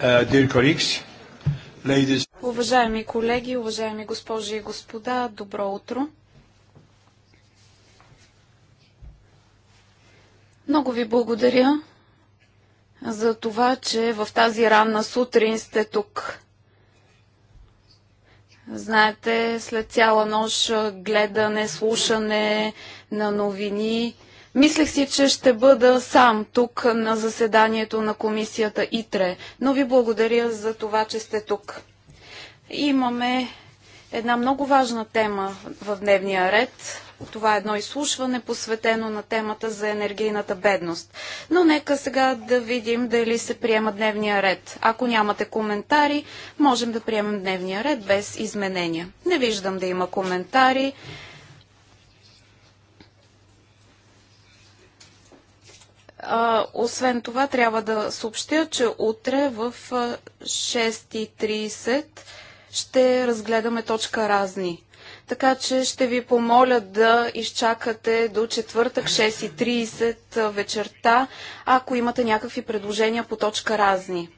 Uh, уважаеми колеги, уважаеми госпожи и господа, добро утро! Много ви благодаря за това, че в тази ранна сутрин сте тук. Знаете, след цяла нощ гледане, слушане на новини – Мислех си, че ще бъда сам тук на заседанието на комисията ИТРЕ, но ви благодаря за това, че сте тук. Имаме една много важна тема в дневния ред. Това е едно изслушване, посветено на темата за енергийната бедност. Но нека сега да видим дали се приема дневния ред. Ако нямате коментари, можем да приемем дневния ред без изменения. Не виждам да има коментари. А, освен това, трябва да съобщя, че утре в 6.30 ще разгледаме точка разни. Така че ще ви помоля да изчакате до четвъртък 6.30 вечерта, ако имате някакви предложения по точка разни.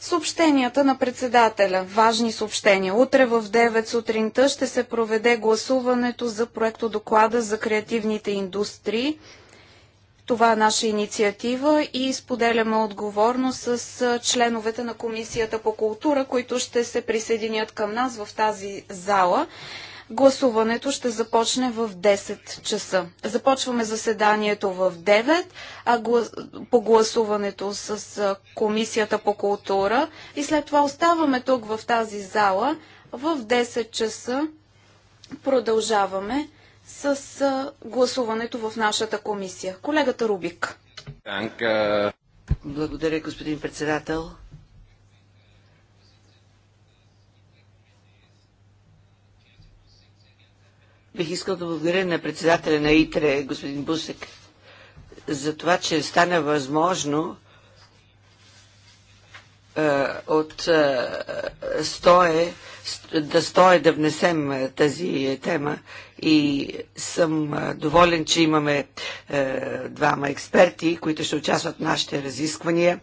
Съобщенията на председателя. Важни съобщения. Утре в 9 сутринта ще се проведе гласуването за проекто доклада за креативните индустрии. Това е наша инициатива и споделяме отговорност с членовете на Комисията по култура, които ще се присъединят към нас в тази зала. Гласуването ще започне в 10 часа. Започваме заседанието в 9, а глас... по гласуването с Комисията по култура и след това оставаме тук в тази зала в 10 часа. Продължаваме с гласуването в нашата комисия. Колегата Рубик. Благодаря, господин председател. Бих искал да благодаря на председателя на ИТРЕ, господин Бусек, за това, че стана възможно е, от е, стое, да стое да внесем тази тема и съм доволен, че имаме е, двама експерти, които ще участват в нашите разисквания.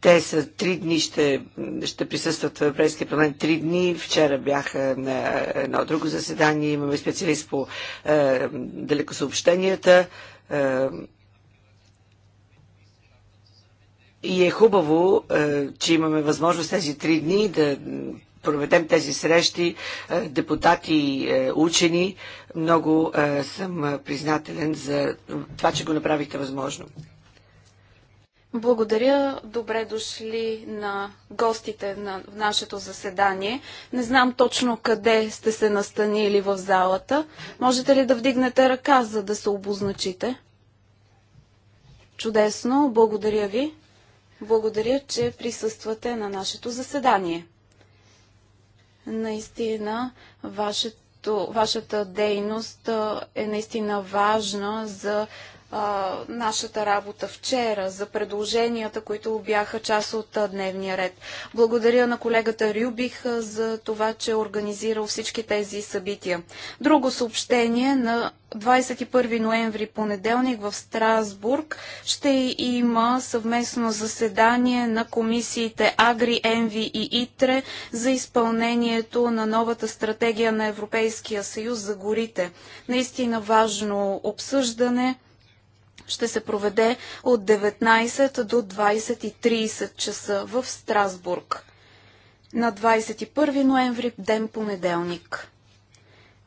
Те са три дни, ще, ще присъстват в Европейския парламент три дни. Вчера бяха на едно друго заседание. Имаме специалист по е, далекосъобщенията. Е, и е хубаво, е, че имаме възможност тези три дни да проведем тези срещи, е, депутати и е, учени. Много е, съм признателен за това, че го направихте възможно. Благодаря. Добре дошли на гостите на нашето заседание. Не знам точно къде сте се настанили в залата. Можете ли да вдигнете ръка, за да се обозначите? Чудесно. Благодаря ви. Благодаря, че присъствате на нашето заседание. Наистина, вашето, вашата дейност е наистина важна за нашата работа вчера, за предложенията, които бяха част от дневния ред. Благодаря на колегата Рюбих за това, че е организирал всички тези събития. Друго съобщение на 21 ноември понеделник в Страсбург ще има съвместно заседание на комисиите Агри, Енви и ИТРЕ за изпълнението на новата стратегия на Европейския съюз за горите. Наистина важно обсъждане ще се проведе от 19 до 20.30 часа в Страсбург на 21 ноември, ден понеделник.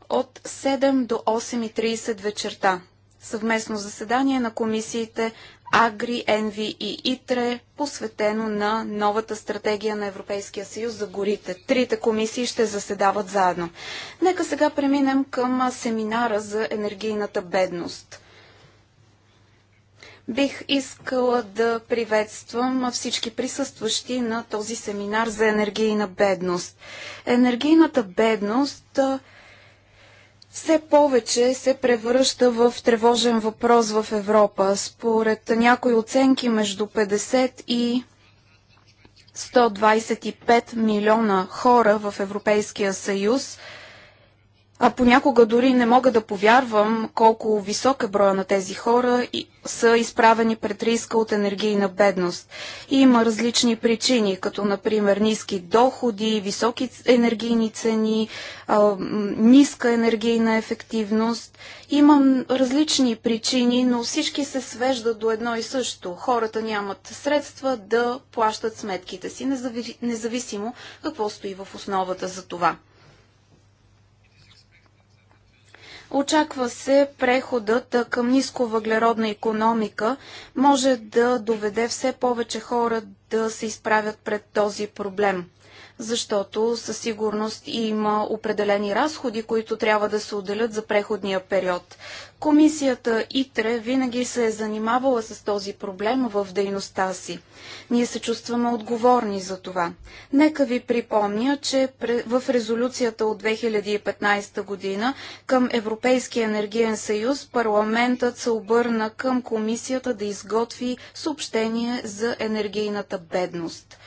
От 7 до 8.30 вечерта. Съвместно заседание на комисиите Агри, Енви и Итре, посветено на новата стратегия на Европейския съюз за горите. Трите комисии ще заседават заедно. Нека сега преминем към семинара за енергийната бедност. Бих искала да приветствам всички присъстващи на този семинар за енергийна бедност. Енергийната бедност все повече се превръща в тревожен въпрос в Европа. Според някои оценки между 50 и 125 милиона хора в Европейския съюз – а понякога дори не мога да повярвам колко висок е броя на тези хора и са изправени пред риска от енергийна бедност. И има различни причини, като например ниски доходи, високи енергийни цени, ниска енергийна ефективност. Имам различни причини, но всички се свеждат до едно и също. Хората нямат средства да плащат сметките си, независимо какво стои в основата за това. Очаква се преходът към ниско въглеродна економика може да доведе все повече хора да се изправят пред този проблем защото със сигурност има определени разходи, които трябва да се отделят за преходния период. Комисията ИТРЕ винаги се е занимавала с този проблем в дейността си. Ние се чувстваме отговорни за това. Нека ви припомня, че в резолюцията от 2015 година към Европейския енергиен съюз парламентът се обърна към комисията да изготви съобщение за енергийната бедност.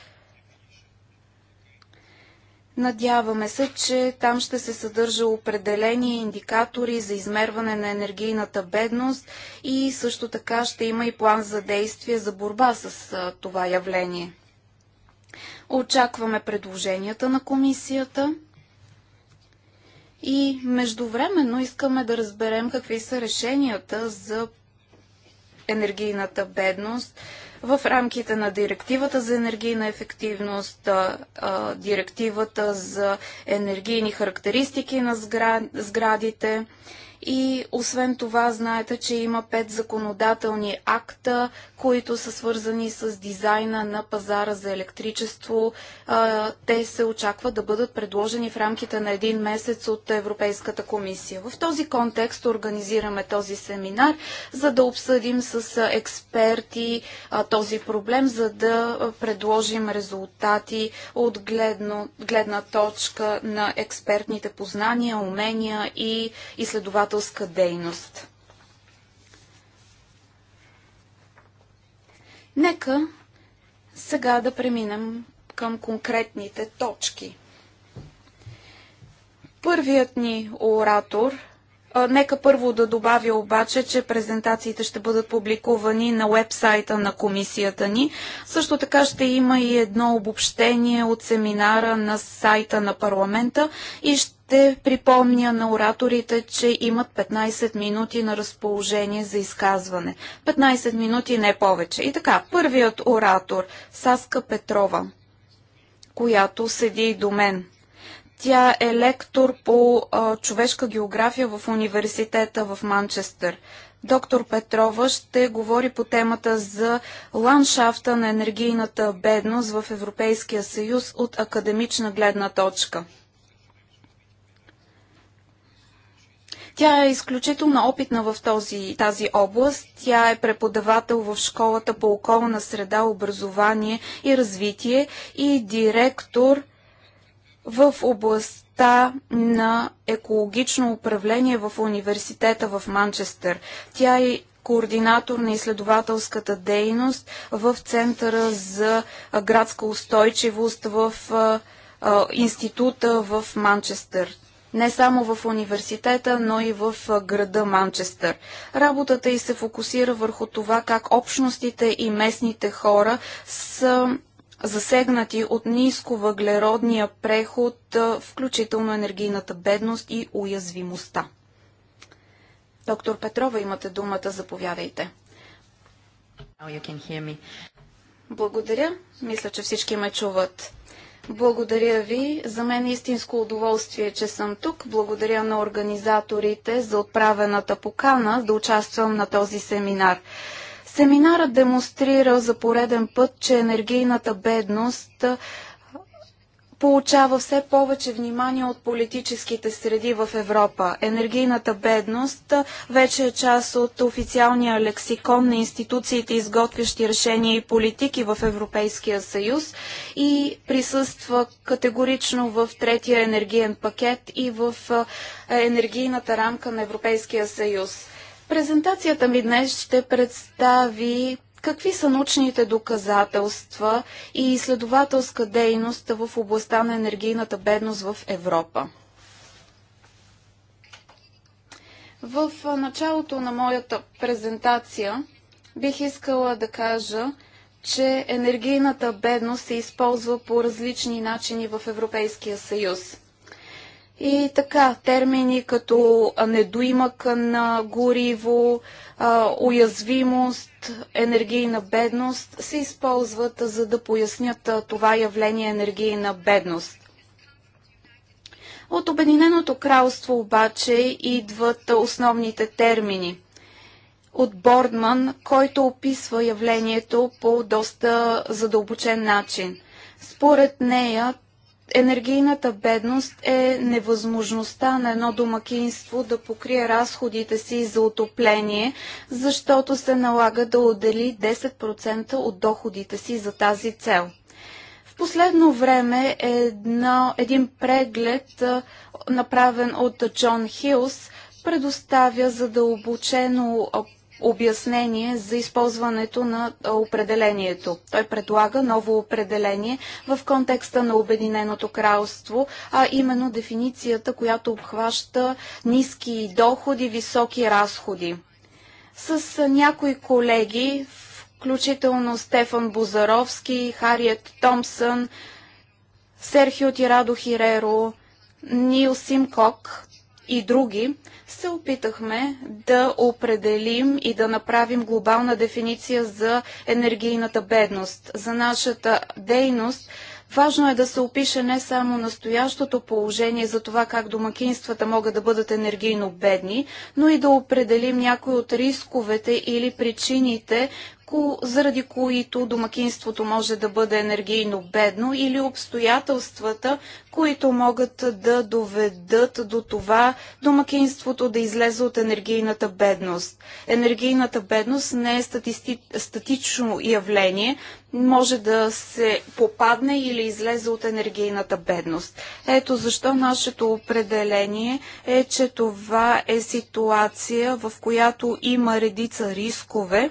Надяваме се, че там ще се съдържа определени индикатори за измерване на енергийната бедност и също така ще има и план за действие за борба с това явление. Очакваме предложенията на комисията. И междувременно искаме да разберем какви са решенията за енергийната бедност, в рамките на директивата за енергийна ефективност, директивата за енергийни характеристики на сградите и освен това, знаете, че има пет законодателни акта, които са свързани с дизайна на пазара за електричество. Те се очакват да бъдат предложени в рамките на един месец от Европейската комисия. В този контекст организираме този семинар, за да обсъдим с експерти този проблем, за да предложим резултати от гледно, гледна точка на експертните познания, умения и изследователите изследователска дейност. Нека сега да преминем към конкретните точки. Първият ни оратор Нека първо да добавя обаче, че презентациите ще бъдат публикувани на вебсайта на комисията ни. Също така ще има и едно обобщение от семинара на сайта на парламента и ще ще припомня на ораторите, че имат 15 минути на разположение за изказване. 15 минути не повече. И така, първият оратор, Саска Петрова, която седи до мен. Тя е лектор по а, човешка география в университета в Манчестър. Доктор Петрова ще говори по темата за ландшафта на енергийната бедност в Европейския съюз от академична гледна точка. Тя е изключително опитна в този, тази област. Тя е преподавател в школата по околна среда, образование и развитие и директор – в областта на екологично управление в университета в Манчестър. Тя е координатор на изследователската дейност в Центъра за градска устойчивост в института в Манчестър не само в университета, но и в града Манчестър. Работата й се фокусира върху това как общностите и местните хора са засегнати от ниско въглеродния преход, включително енергийната бедност и уязвимостта. Доктор Петрова, имате думата, заповядайте. Благодаря. Мисля, че всички ме чуват. Благодаря ви. За мен е истинско удоволствие, че съм тук. Благодаря на организаторите за отправената покана да участвам на този семинар. Семинарът демонстрира за пореден път, че енергийната бедност получава все повече внимание от политическите среди в Европа. Енергийната бедност вече е част от официалния лексикон на институциите, изготвящи решения и политики в Европейския съюз и присъства категорично в третия енергиен пакет и в енергийната рамка на Европейския съюз. Презентацията ми днес ще представи какви са научните доказателства и изследователска дейност в областта на енергийната бедност в Европа. В началото на моята презентация бих искала да кажа, че енергийната бедност се използва по различни начини в Европейския съюз. И така, термини като недоимък на гориво, уязвимост, енергийна бедност се използват за да пояснят това явление енергийна бедност. От Обединеното кралство обаче идват основните термини. От Бордман, който описва явлението по доста задълбочен начин. Според нея Енергийната бедност е невъзможността на едно домакинство да покрие разходите си за отопление, защото се налага да отдели 10% от доходите си за тази цел В последно време е едно, един преглед, направен от Джон Хилс, предоставя задълбочено обяснение за използването на определението. Той предлага ново определение в контекста на Обединеното кралство, а именно дефиницията, която обхваща ниски доходи, високи разходи. С някои колеги, включително Стефан Бозаровски, Хариет Томсън, Серхио Тирадо Хиреро, Нил Симкок, и други, се опитахме да определим и да направим глобална дефиниция за енергийната бедност. За нашата дейност Важно е да се опише не само настоящото положение за това как домакинствата могат да бъдат енергийно бедни, но и да определим някои от рисковете или причините, ко... заради които домакинството може да бъде енергийно бедно или обстоятелствата, които могат да доведат до това домакинството да излезе от енергийната бедност. Енергийната бедност не е стати... статично явление, може да се попадне или излезе от енергийната бедност. Ето защо нашето определение е, че това е ситуация, в която има редица рискове,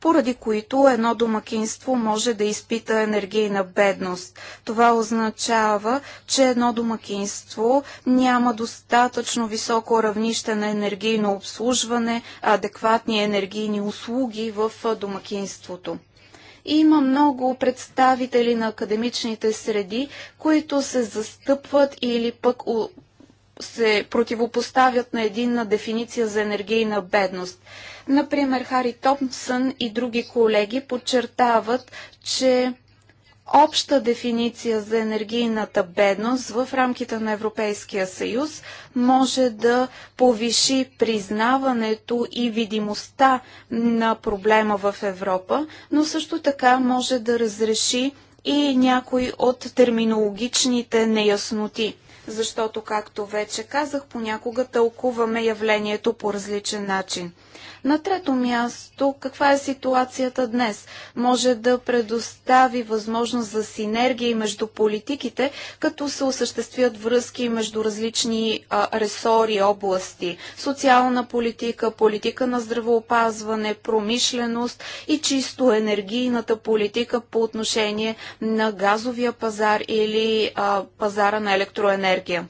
поради които едно домакинство може да изпита енергийна бедност. Това означава, че едно домакинство няма достатъчно високо равнище на енергийно обслужване, адекватни енергийни услуги в домакинството има много представители на академичните среди, които се застъпват или пък се противопоставят на единна дефиниция за енергийна бедност. Например, Хари Томпсън и други колеги подчертават, че обща дефиниция за енергийната бедност в рамките на Европейския съюз може да повиши признаването и видимостта на проблема в Европа, но също така може да разреши и някои от терминологичните неясноти защото, както вече казах, понякога тълкуваме явлението по различен начин. На трето място, каква е ситуацията днес? Може да предостави възможност за синергии между политиките, като се осъществят връзки между различни а, ресори, области. Социална политика, политика на здравоопазване, промишленост и чисто енергийната политика по отношение на газовия пазар или а, пазара на електроенергия.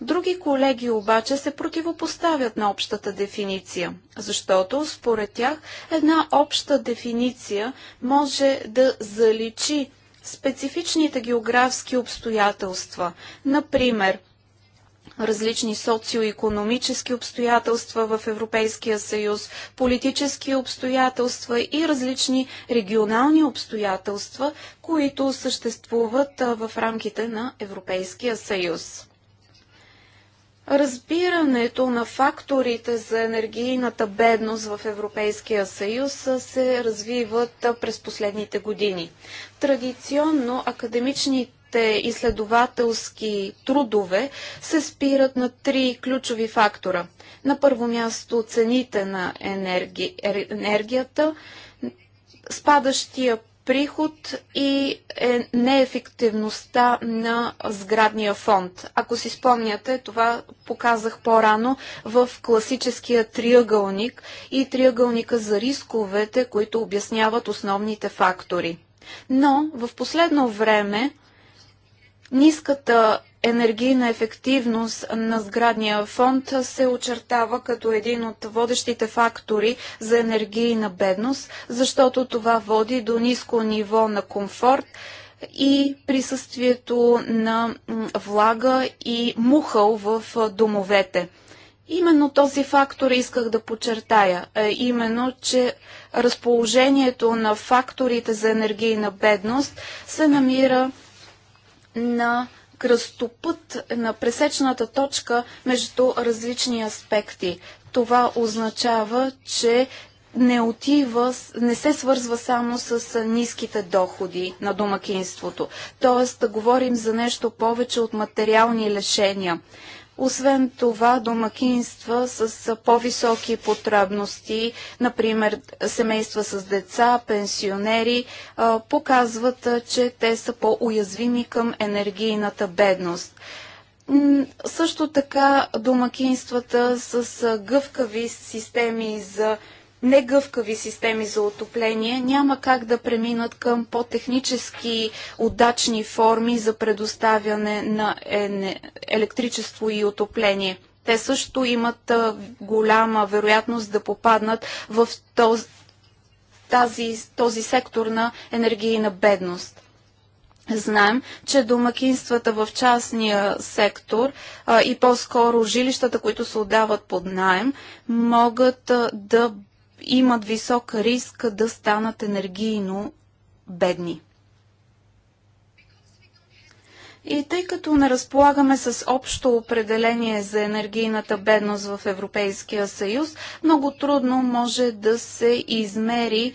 Други колеги обаче се противопоставят на общата дефиниция, защото според тях една обща дефиниция може да заличи специфичните географски обстоятелства, например различни социо економически обстоятелства в Европейския съюз, политически обстоятелства и различни регионални обстоятелства, които съществуват в рамките на Европейския съюз. Разбирането на факторите за енергийната бедност в Европейския съюз се развиват през последните години. Традиционно академичните изследователски трудове се спират на три ключови фактора. На първо място цените на енерги... Е, енергията, спадащия приход и е неефективността на сградния фонд. Ако си спомняте, това показах по-рано в класическия триъгълник и триъгълника за рисковете, които обясняват основните фактори. Но в последно време ниската енергийна ефективност на сградния фонд се очертава като един от водещите фактори за енергийна бедност, защото това води до ниско ниво на комфорт и присъствието на влага и мухъл в домовете. Именно този фактор исках да подчертая, именно, че разположението на факторите за енергийна бедност се намира на кръстопът на пресечната точка между различни аспекти. Това означава, че не отива, не се свързва само с ниските доходи на домакинството. Тоест, говорим за нещо повече от материални лишения. Освен това, домакинства с по-високи потребности, например семейства с деца, пенсионери, показват, че те са по-уязвими към енергийната бедност. Също така домакинствата с гъвкави системи за негъвкави системи за отопление няма как да преминат към по-технически удачни форми за предоставяне на електричество и отопление те също имат голяма вероятност да попаднат в този, тази, този сектор на енергийна бедност. Знаем, че домакинствата в частния сектор а, и по-скоро жилищата, които се отдават под найем, могат а, да имат висок риск да станат енергийно бедни. И тъй като не разполагаме с общо определение за енергийната бедност в Европейския съюз, много трудно може да се измери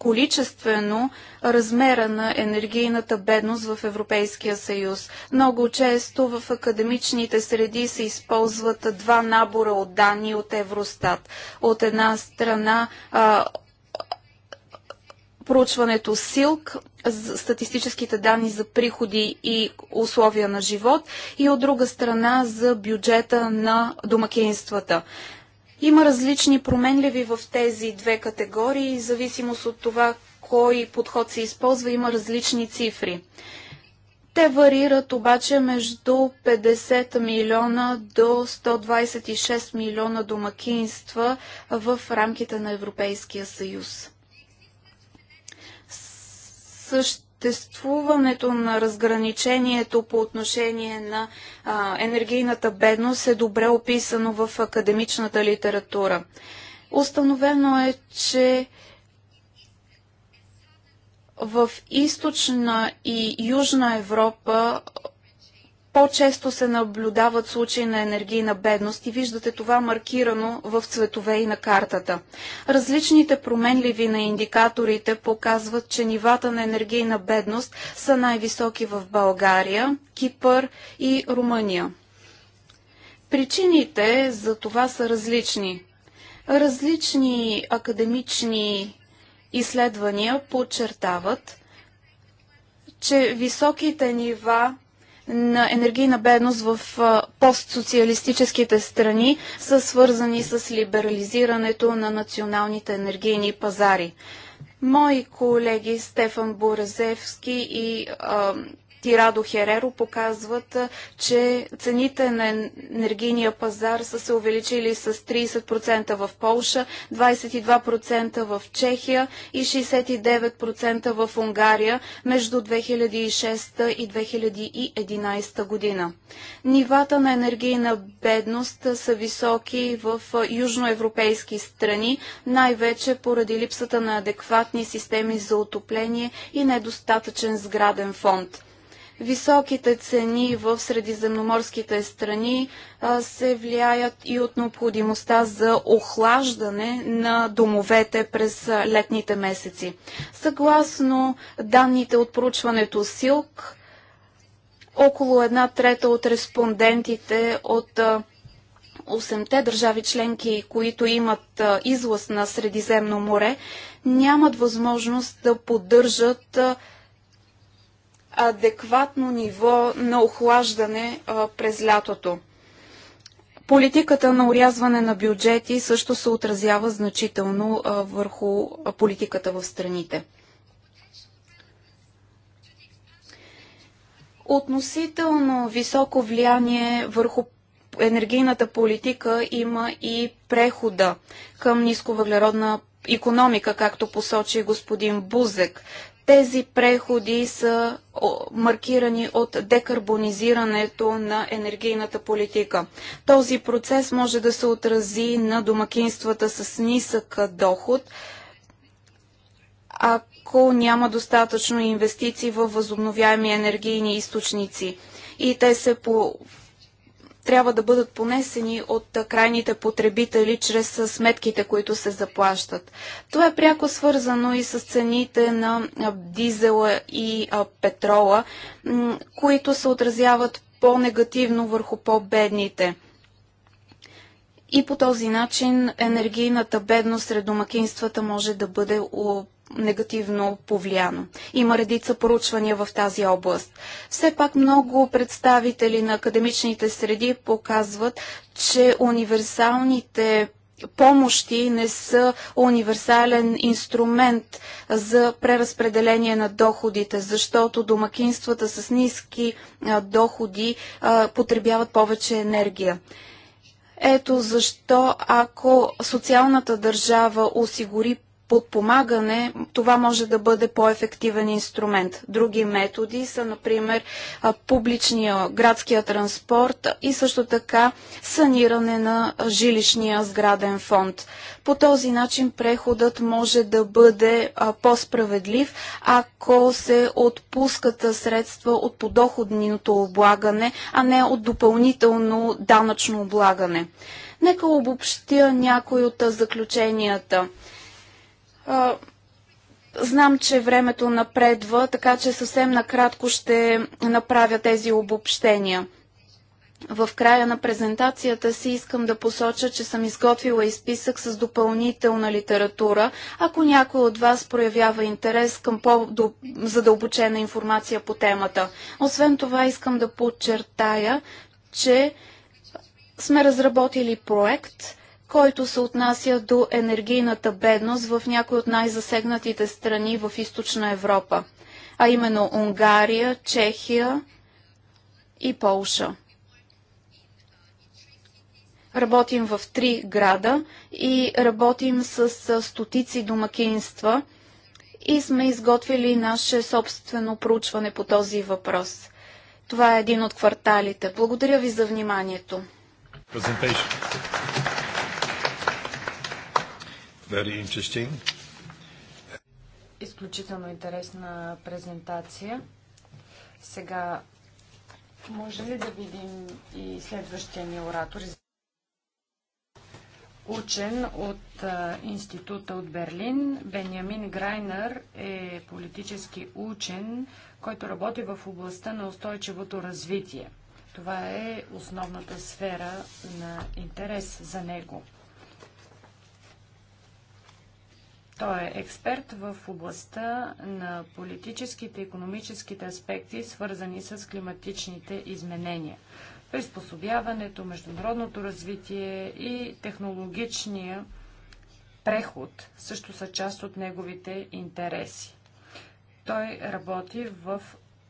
количествено размера на енергийната бедност в Европейския съюз. Много често в академичните среди се използват два набора от данни от Евростат. От една страна а, проучването СИЛК, статистическите данни за приходи и условия на живот и от друга страна за бюджета на домакинствата. Има различни променливи в тези две категории, в зависимост от това кой подход се използва, има различни цифри. Те варират обаче между 50 милиона до 126 милиона домакинства в рамките на Европейския съюз. Също протествуването на разграничението по отношение на а, енергийната бедност е добре описано в академичната литература. Установено е, че в източна и южна Европа по-често се наблюдават случаи на енергийна бедност и виждате това маркирано в цветове и на картата. Различните променливи на индикаторите показват, че нивата на енергийна бедност са най-високи в България, Кипър и Румъния. Причините за това са различни. Различни академични изследвания подчертават, че високите нива на енергийна бедност в постсоциалистическите страни са свързани с либерализирането на националните енергийни пазари. Мои колеги Стефан Борезевски и а, Тирадо Хереро показват, че цените на енергийния пазар са се увеличили с 30% в Полша, 22% в Чехия и 69% в Унгария между 2006 и 2011 година. Нивата на енергийна бедност са високи в южноевропейски страни, най-вече поради липсата на адекватни системи за отопление и недостатъчен сграден фонд. Високите цени в средиземноморските страни се влияят и от необходимостта за охлаждане на домовете през летните месеци. Съгласно данните от проучването СИЛК, около една трета от респондентите от 8-те държави членки, които имат излъз на Средиземно море, нямат възможност да поддържат адекватно ниво на охлаждане а, през лятото. Политиката на урязване на бюджети също се отразява значително а, върху политиката в страните. Относително високо влияние върху енергийната политика има и прехода към нисковъглеродна економика, както посочи господин Бузек. Тези преходи са маркирани от декарбонизирането на енергийната политика. Този процес може да се отрази на домакинствата с нисък доход, ако няма достатъчно инвестиции в възобновяеми енергийни източници и те се по трябва да бъдат понесени от крайните потребители чрез сметките, които се заплащат. Това е пряко свързано и с цените на дизела и петрола, които се отразяват по-негативно върху по-бедните. И по този начин енергийната бедност сред домакинствата може да бъде негативно повлияно. Има редица поручвания в тази област. Все пак много представители на академичните среди показват, че универсалните помощи не са универсален инструмент за преразпределение на доходите, защото домакинствата с ниски доходи потребяват повече енергия. Ето защо, ако социалната държава осигури подпомагане, това може да бъде по-ефективен инструмент. Други методи са, например, публичния градския транспорт и също така саниране на жилищния сграден фонд. По този начин преходът може да бъде по-справедлив, ако се отпускат средства от подоходното облагане, а не от допълнително данъчно облагане. Нека обобщя някои от заключенията. Знам, че времето напредва, така че съвсем накратко ще направя тези обобщения. В края на презентацията си искам да посоча, че съм изготвила изписък с допълнителна литература. Ако някой от вас проявява интерес към по-задълбочена информация по темата. Освен това искам да подчертая, че сме разработили проект – който се отнася до енергийната бедност в някои от най-засегнатите страни в източна Европа, а именно Унгария, Чехия и Полша. Работим в три града и работим с стотици домакинства и сме изготвили наше собствено проучване по този въпрос. Това е един от кварталите. Благодаря ви за вниманието. Very interesting. Изключително интересна презентация. Сега може ли да видим и следващия ни оратор? Учен от института от Берлин, Бенямин Грайнер е политически учен, който работи в областта на устойчивото развитие. Това е основната сфера на интерес за него. Той е експерт в областта на политическите и економическите аспекти, свързани с климатичните изменения приспособяването, международното развитие и технологичния преход също са част от неговите интереси. Той работи в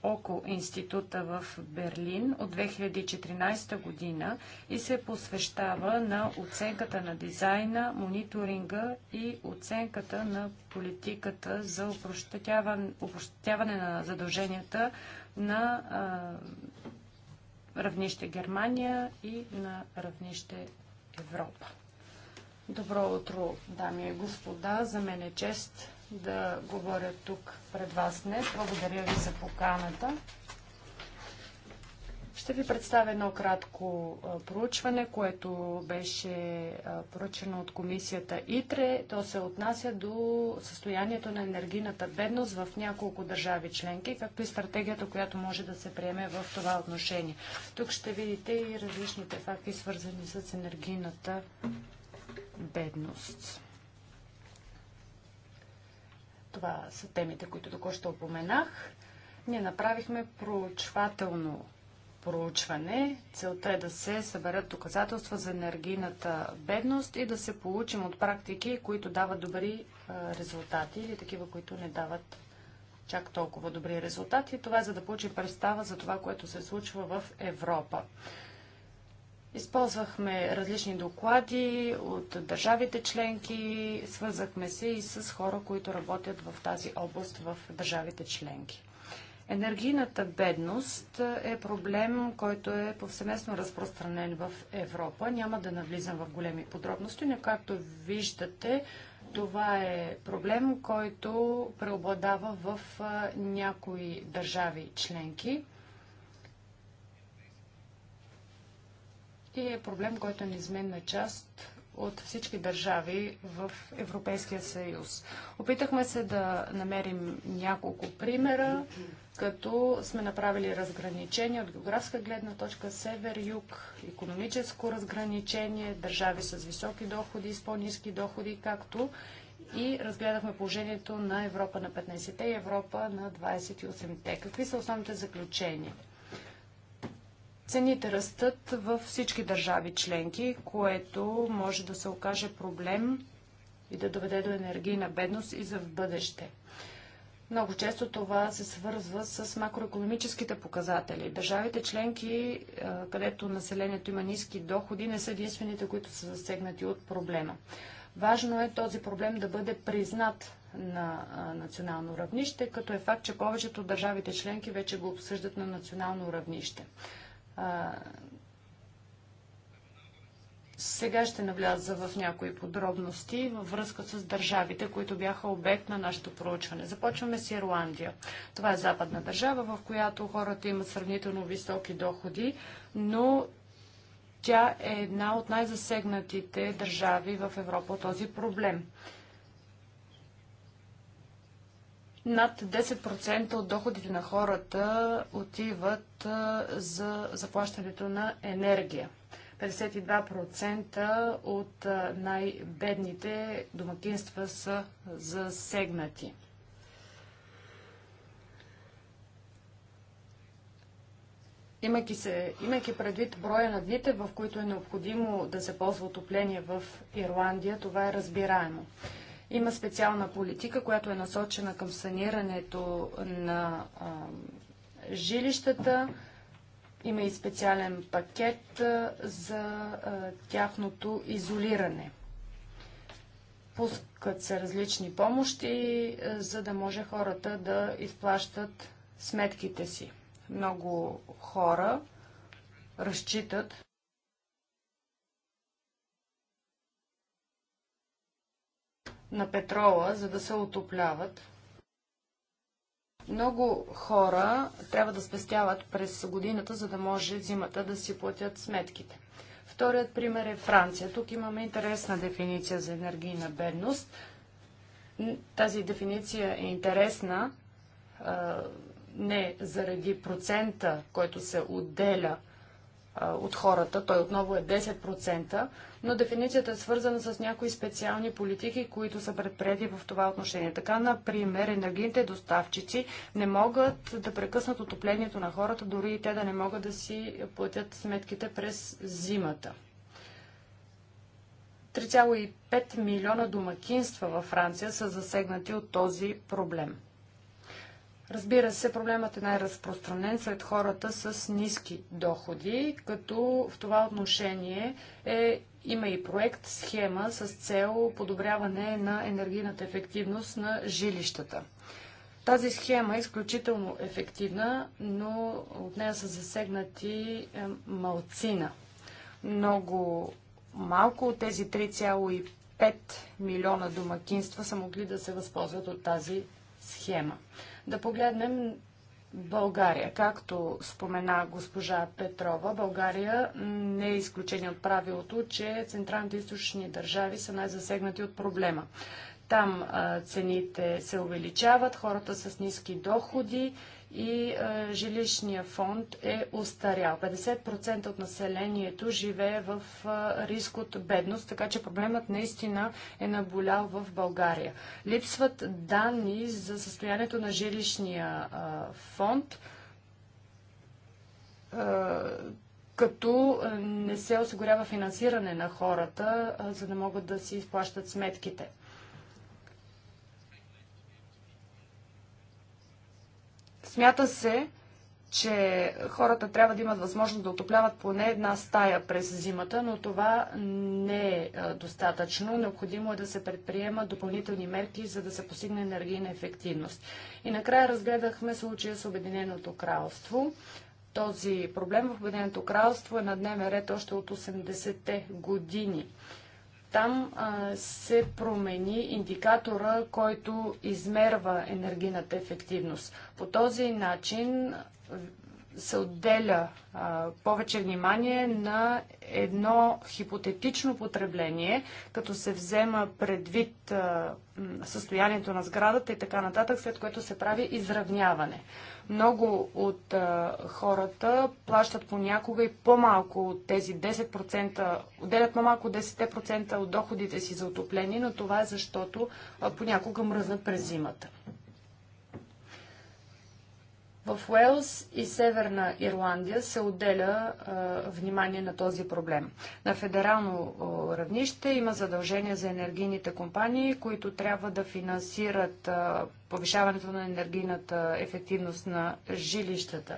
ОКО института в Берлин от 2014 година и се посвещава на оценката на дизайна, мониторинга и оценката на политиката за упрощаване на задълженията на а, равнище Германия и на равнище Европа. Добро утро, дами и господа! За мен е чест да говоря тук пред вас днес. Благодаря ви за поканата. Ще ви представя едно кратко проучване, което беше поръчено от комисията ИТРЕ. То се отнася до състоянието на енергийната бедност в няколко държави членки, както и стратегията, която може да се приеме в това отношение. Тук ще видите и различните факти, свързани с енергийната бедност. Това са темите, които току-що упоменах. Ние направихме проучвателно проучване. Целта е да се съберат доказателства за енергийната бедност и да се получим от практики, които дават добри резултати или такива, които не дават чак толкова добри резултати. Това е за да получим представа за това, което се случва в Европа. Използвахме различни доклади от държавите членки, свързахме се и с хора, които работят в тази област в държавите членки. Енергийната бедност е проблем, който е повсеместно разпространен в Европа. Няма да навлизам в големи подробности, но както виждате, това е проблем, който преобладава в някои държави членки. и е проблем, който е неизменна част от всички държави в Европейския съюз. Опитахме се да намерим няколко примера, като сме направили разграничение от географска гледна точка север-юг, економическо разграничение, държави с високи доходи и с по-низки доходи, както и разгледахме положението на Европа на 15-те и Европа на 28-те. Какви са основните заключения? Цените растат във всички държави членки, което може да се окаже проблем и да доведе до енергийна бедност и за в бъдеще. Много често това се свързва с макроекономическите показатели. Държавите членки, е, където населението има ниски доходи, не са единствените, които са засегнати от проблема. Важно е този проблем да бъде признат на национално равнище, като е факт, че повечето от държавите членки вече го обсъждат на национално равнище. А, сега ще навляза в някои подробности във връзка с държавите, които бяха обект на нашето проучване. Започваме с Ирландия. Това е западна държава, в която хората имат сравнително високи доходи, но тя е една от най-засегнатите държави в Европа от този проблем над 10% от доходите на хората отиват за заплащането на енергия. 52% от най-бедните домакинства са засегнати. Имайки, се, имайки предвид броя на дните, в които е необходимо да се ползва отопление в Ирландия, това е разбираемо. Има специална политика, която е насочена към санирането на жилищата. Има и специален пакет за тяхното изолиране. Пускат се различни помощи, за да може хората да изплащат сметките си. Много хора разчитат на петрола, за да се отопляват. Много хора трябва да спестяват през годината, за да може зимата да си платят сметките. Вторият пример е Франция. Тук имаме интересна дефиниция за енергийна бедност. Тази дефиниция е интересна не заради процента, който се отделя – от хората. Той отново е 10%, но дефиницията е свързана с някои специални политики, които са предприяти в това отношение. Така, например, енергийните доставчици не могат да прекъснат отоплението на хората, дори и те да не могат да си платят сметките през зимата. 3,5 милиона домакинства във Франция са засегнати от този проблем. Разбира се, проблемът е най-разпространен сред хората с ниски доходи, като в това отношение е, има и проект, схема с цел подобряване на енергийната ефективност на жилищата. Тази схема е изключително ефективна, но от нея са засегнати е, малцина. Много малко от тези 3,5 милиона домакинства са могли да се възползват от тази схема. Да погледнем България. Както спомена госпожа Петрова, България не е изключение от правилото, че централните източни държави са най-засегнати от проблема. Там цените се увеличават, хората с ниски доходи и е, жилищния фонд е устарял. 50% от населението живее в е, риск от бедност, така че проблемът наистина е наболял в България. Липсват данни за състоянието на жилищния е, фонд като не се осигурява финансиране на хората, за да могат да си изплащат сметките. Смята се, че хората трябва да имат възможност да отопляват поне една стая през зимата, но това не е достатъчно. Необходимо е да се предприемат допълнителни мерки, за да се постигне енергийна ефективност. И накрая разгледахме случая с Обединеното кралство. Този проблем в Обединеното кралство е на дневен ред още от 80-те години. Там а, се промени индикатора, който измерва енергийната ефективност. По този начин се отделя а, повече внимание на едно хипотетично потребление, като се взема предвид а, състоянието на сградата и така нататък, след което се прави изравняване. Много от а, хората плащат понякога и по-малко от тези 10%, отделят по-малко от 10% от доходите си за отопление, но това е защото а, понякога мръзнат през зимата. В Уелс и Северна Ирландия се отделя а, внимание на този проблем. На федерално а, равнище има задължения за енергийните компании, които трябва да финансират а, повишаването на енергийната ефективност на жилищата.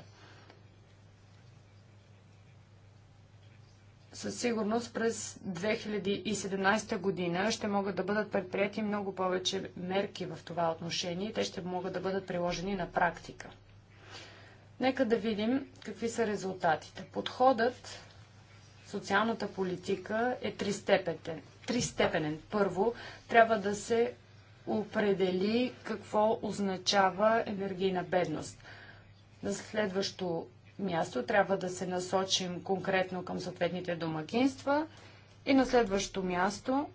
със сигурност през 2017 година ще могат да бъдат предприяти много повече мерки в това отношение и те ще могат да бъдат приложени на практика. Нека да видим какви са резултатите. Подходът, социалната политика е тристепенен. тристепенен. Първо, трябва да се определи какво означава енергийна бедност. На следващо място трябва да се насочим конкретно към съответните домакинства. И на следващо място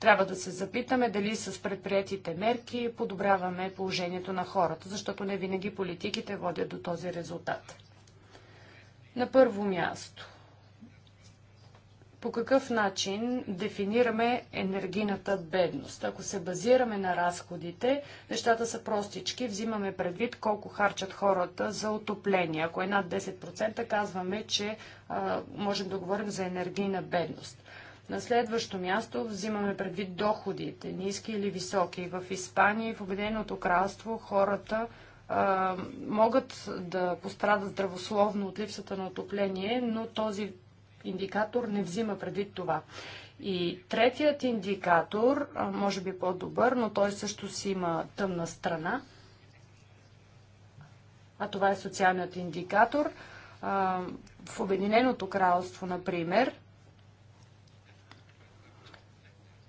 Трябва да се запитаме дали с предприятите мерки подобряваме положението на хората, защото не винаги политиките водят до този резултат. На първо място, по какъв начин дефинираме енергийната бедност? Ако се базираме на разходите, нещата са простички. Взимаме предвид колко харчат хората за отопление. Ако е над 10%, казваме, че а, можем да говорим за енергийна бедност. На следващо място взимаме предвид доходите, ниски или високи. В Испания и в Обединеното кралство хората а, могат да пострадат здравословно от липсата на отопление, но този индикатор не взима предвид това. И третият индикатор, а, може би по-добър, но той също си има тъмна страна, а това е социалният индикатор. А, в Обединеното кралство, например,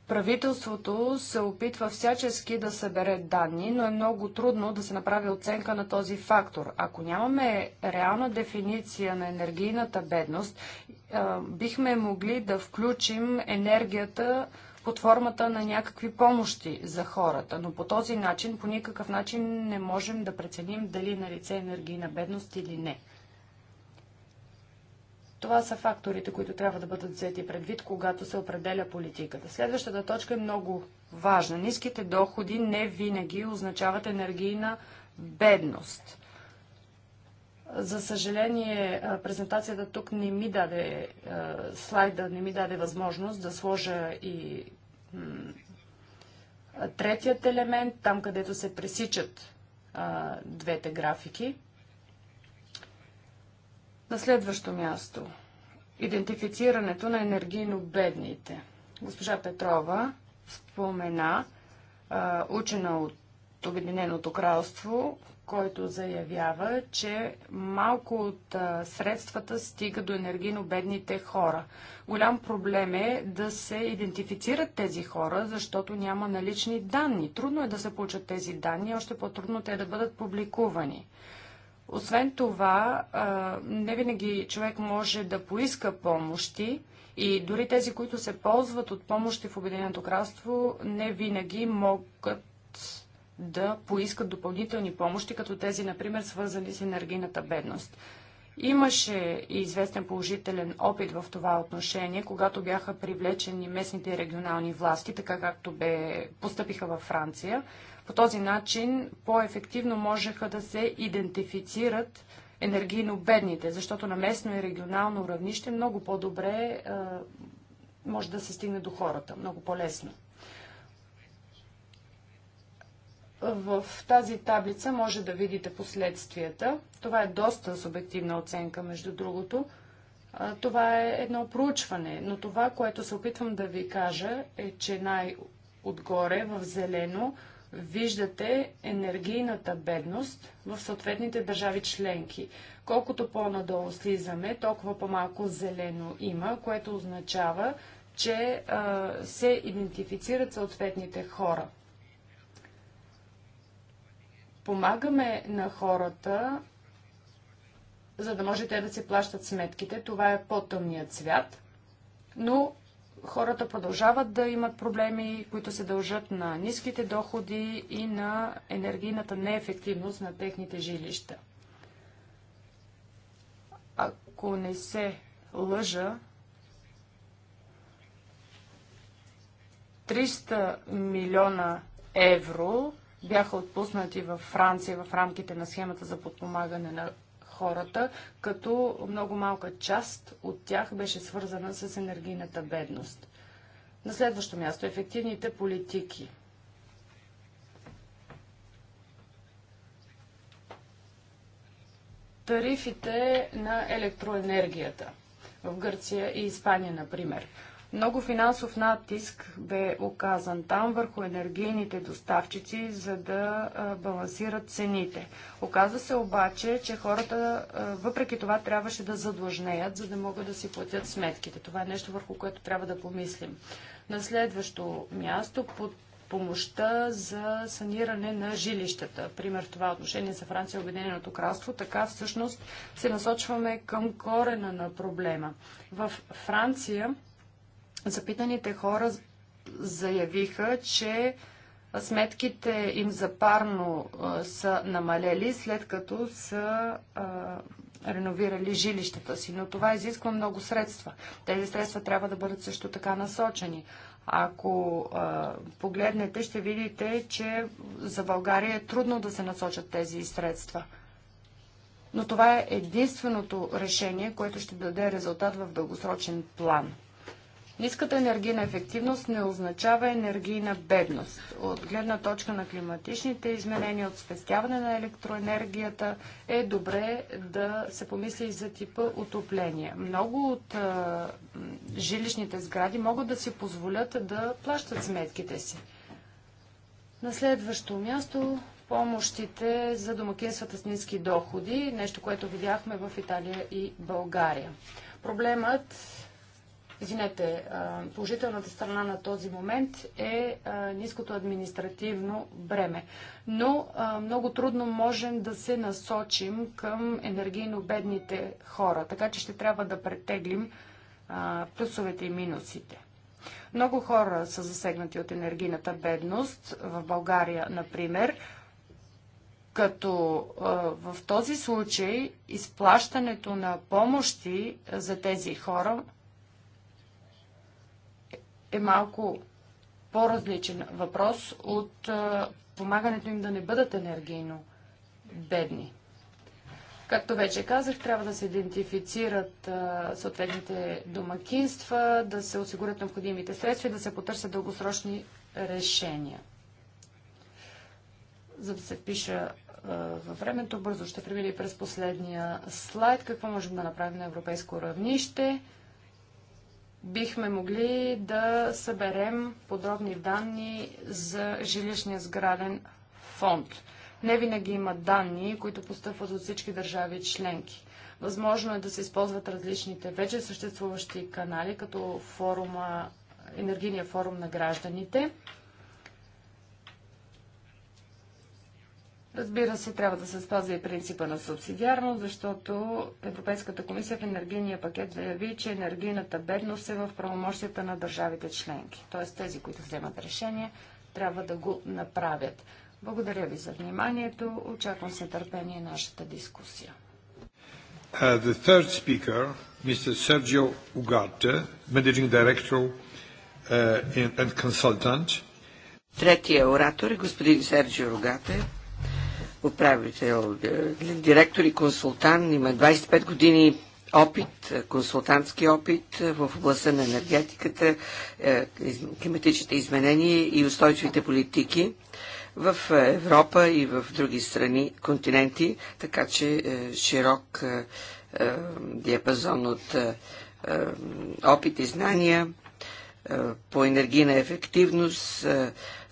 Правителството се опитва всячески да събере данни, но е много трудно да се направи оценка на този фактор. Ако нямаме реална дефиниция на енергийната бедност, бихме могли да включим енергията под формата на някакви помощи за хората, но по този начин, по никакъв начин не можем да преценим дали е на лице енергийна бедност или не. Това са факторите, които трябва да бъдат взети предвид, когато се определя политиката. Следващата точка е много важна. Ниските доходи не винаги означават енергийна бедност. За съжаление, презентацията тук не ми даде, слайда не ми даде възможност да сложа и третият елемент, там където се пресичат двете графики. На следващо място. Идентифицирането на енергийно бедните. Госпожа Петрова спомена учена от Обединеното кралство, който заявява, че малко от средствата стига до енергийно бедните хора. Голям проблем е да се идентифицират тези хора, защото няма налични данни. Трудно е да се получат тези данни, още по-трудно те да бъдат публикувани. Освен това, не винаги човек може да поиска помощи и дори тези, които се ползват от помощи в Обединеното кралство, не винаги могат да поискат допълнителни помощи, като тези, например, свързани с енергийната бедност. Имаше и известен положителен опит в това отношение, когато бяха привлечени местните и регионални власти, така както бе, постъпиха във Франция. По този начин по-ефективно можеха да се идентифицират енергийно бедните, защото на местно и регионално равнище много по-добре е, може да се стигне до хората, много по-лесно. В тази таблица може да видите последствията. Това е доста субективна оценка, между другото. Това е едно проучване, но това, което се опитвам да ви кажа е, че най-отгоре в зелено виждате енергийната бедност в съответните държави членки. Колкото по-надолу слизаме, толкова по-малко зелено има, което означава, че а, се идентифицират съответните хора. Помагаме на хората, за да може те да си плащат сметките. Това е по-тъмният свят, но хората продължават да имат проблеми, които се дължат на ниските доходи и на енергийната неефективност на техните жилища. Ако не се лъжа, 300 милиона евро бяха отпуснати във Франция в рамките на схемата за подпомагане на хората, като много малка част от тях беше свързана с енергийната бедност. На следващо място ефективните политики. Тарифите на електроенергията в Гърция и Испания, например. Много финансов натиск бе оказан там върху енергийните доставчици, за да балансират цените. Оказа се обаче, че хората въпреки това трябваше да задлъжнеят, за да могат да си платят сметките. Това е нещо върху което трябва да помислим. На следващо място под помощта за саниране на жилищата. Пример в това отношение за Франция и Обединеното кралство. Така всъщност се насочваме към корена на проблема. В Франция Запитаните хора заявиха, че сметките им за парно са намалели, след като са реновирали жилищата си. Но това изисква много средства. Тези средства трябва да бъдат също така насочени. Ако а, погледнете, ще видите, че за България е трудно да се насочат тези средства. Но това е единственото решение, което ще даде резултат в дългосрочен план. Ниската енергийна ефективност не означава енергийна бедност. От гледна точка на климатичните изменения от спестяване на електроенергията е добре да се помисли и за типа отопление. Много от а, жилищните сгради могат да си позволят да плащат сметките си. На следващо място помощите за домакинствата с ниски доходи, нещо, което видяхме в Италия и България. Проблемът Извинете, положителната страна на този момент е ниското административно бреме. Но много трудно можем да се насочим към енергийно бедните хора, така че ще трябва да претеглим плюсовете и минусите. Много хора са засегнати от енергийната бедност в България, например, като в този случай изплащането на помощи за тези хора е малко по-различен въпрос от помагането им да не бъдат енергийно бедни. Както вече казах, трябва да се идентифицират съответните домакинства, да се осигурят необходимите средства и да се потърсят дългосрочни решения. За да се впиша във времето, бързо ще премина през последния слайд. Какво можем да направим на европейско равнище? бихме могли да съберем подробни данни за жилищния сграден фонд. Не винаги има данни, които постъпват от всички държави членки. Възможно е да се използват различните вече съществуващи канали, като форума, енергийния форум на гражданите. Разбира се, трябва да се спази и принципа на субсидиарност, защото Европейската комисия в енергийния пакет заяви, че енергийната бедност е в правомощията на държавите членки. Т.е. тези, които вземат решение, трябва да го направят. Благодаря ви за вниманието. Очаквам с нетърпение нашата дискусия. Uh, the third speaker, Mr. Sergio Ugarte, Managing Director uh, and Consultant. Третия оратор е господин Серджио Рогате, управител, директор и консултант. Има 25 години опит, консултантски опит в областта на енергетиката, е, климатичните изменения и устойчивите политики в Европа и в други страни, континенти, така че е, широк е, диапазон от опит и знания по енергийна ефективност,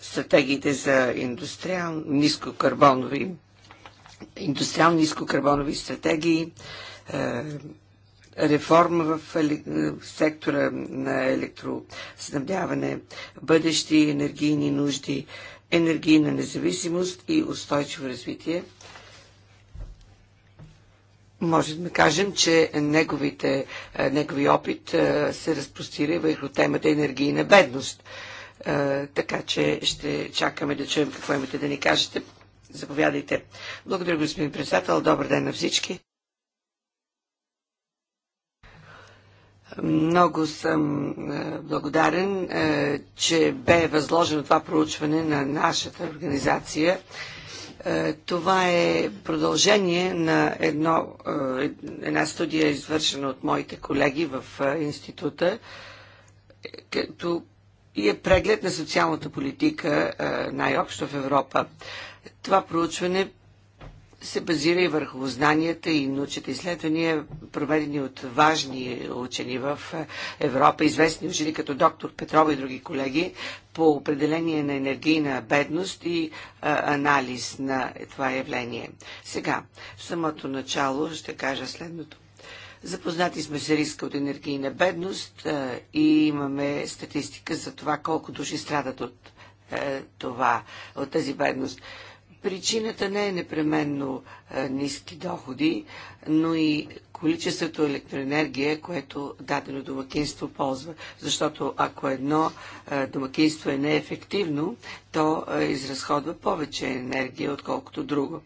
стратегиите за нискокарбонови, индустриални нискокарбонови стратегии, е, реформа в сектора на електроснабдяване, бъдещи енергийни нужди, енергийна независимост и устойчиво развитие. Може да кажем, че неговите, е, негови опит е, се разпростира върху темата енергийна бедност така че ще чакаме да чуем какво имате да ни кажете. Заповядайте. Благодаря, господин председател. Добър ден на всички. Много съм благодарен, че бе възложено това проучване на нашата организация. Това е продължение на едно, е, една студия, извършена от моите колеги в института, като и е преглед на социалната политика най-общо в Европа. Това проучване се базира и върху знанията и научните изследвания, проведени от важни учени в Европа, известни учени като доктор Петрова и други колеги, по определение на енергийна бедност и а, анализ на това явление. Сега, в самото начало ще кажа следното. Запознати сме с риска от енергийна бедност и имаме статистика за това колко души страдат от е, това, от тази бедност. Причината не е непременно е, ниски доходи, но и количеството електроенергия, което дадено домакинство ползва. Защото ако едно е, домакинство е неефективно, то изразходва повече енергия, отколкото друго.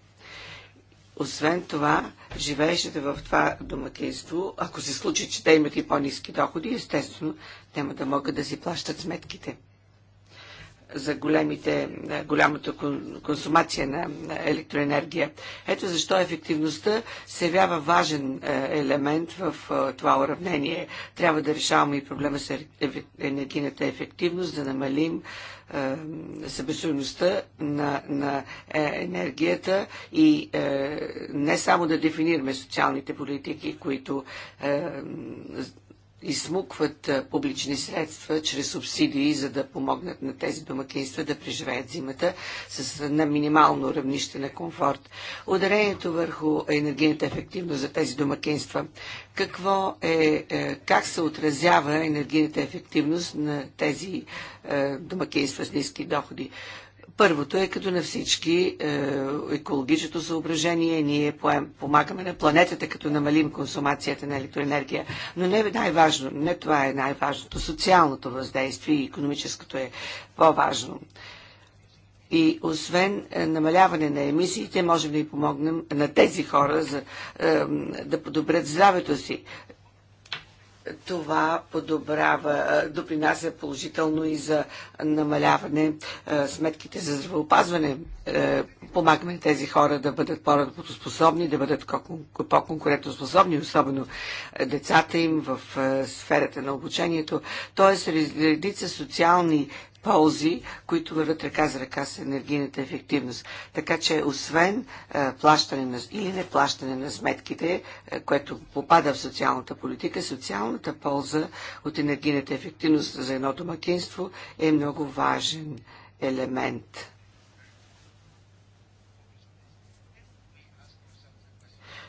Освен това, живеещите в това домакинство, ако се случи, че те имат и по-низки доходи, естествено, няма да могат да си плащат сметките за големите, голямата консумация на електроенергия. Ето защо ефективността се явява важен е, елемент в е, това уравнение. Трябва да решаваме и проблема с енергийната ефективност, да намалим е, събесуемостта на, на енергията и не само да дефинираме социалните политики, които измукват публични средства чрез субсидии, за да помогнат на тези домакинства да преживеят зимата с, на минимално равнище на комфорт. Ударението върху енергийната ефективност за тези домакинства. Какво е, е как се отразява енергийната ефективност на тези е, домакинства с ниски доходи? Първото е като на всички е, екологичното съображение. Ние поем, помагаме на планетата, като намалим консумацията на електроенергия. Но не е най-важно. Не това е най-важното. Социалното въздействие и економическото е по-важно. И освен е, намаляване на емисиите, можем да и помогнем на тези хора за, е, да подобрят здравето си това подобрява, допринася положително и за намаляване сметките за здравеопазване. Е, помагаме тези хора да бъдат по-работоспособни, да бъдат по-конкурентоспособни, особено е, децата им в е, сферата на обучението. Тоест, редица социални ползи, които върват ръка за ръка с енергийната ефективност. Така че, освен е, плащане на, или не плащане на сметките, е, което попада в социалната политика, социалната полза от енергийната ефективност за едно домакинство е много важен елемент.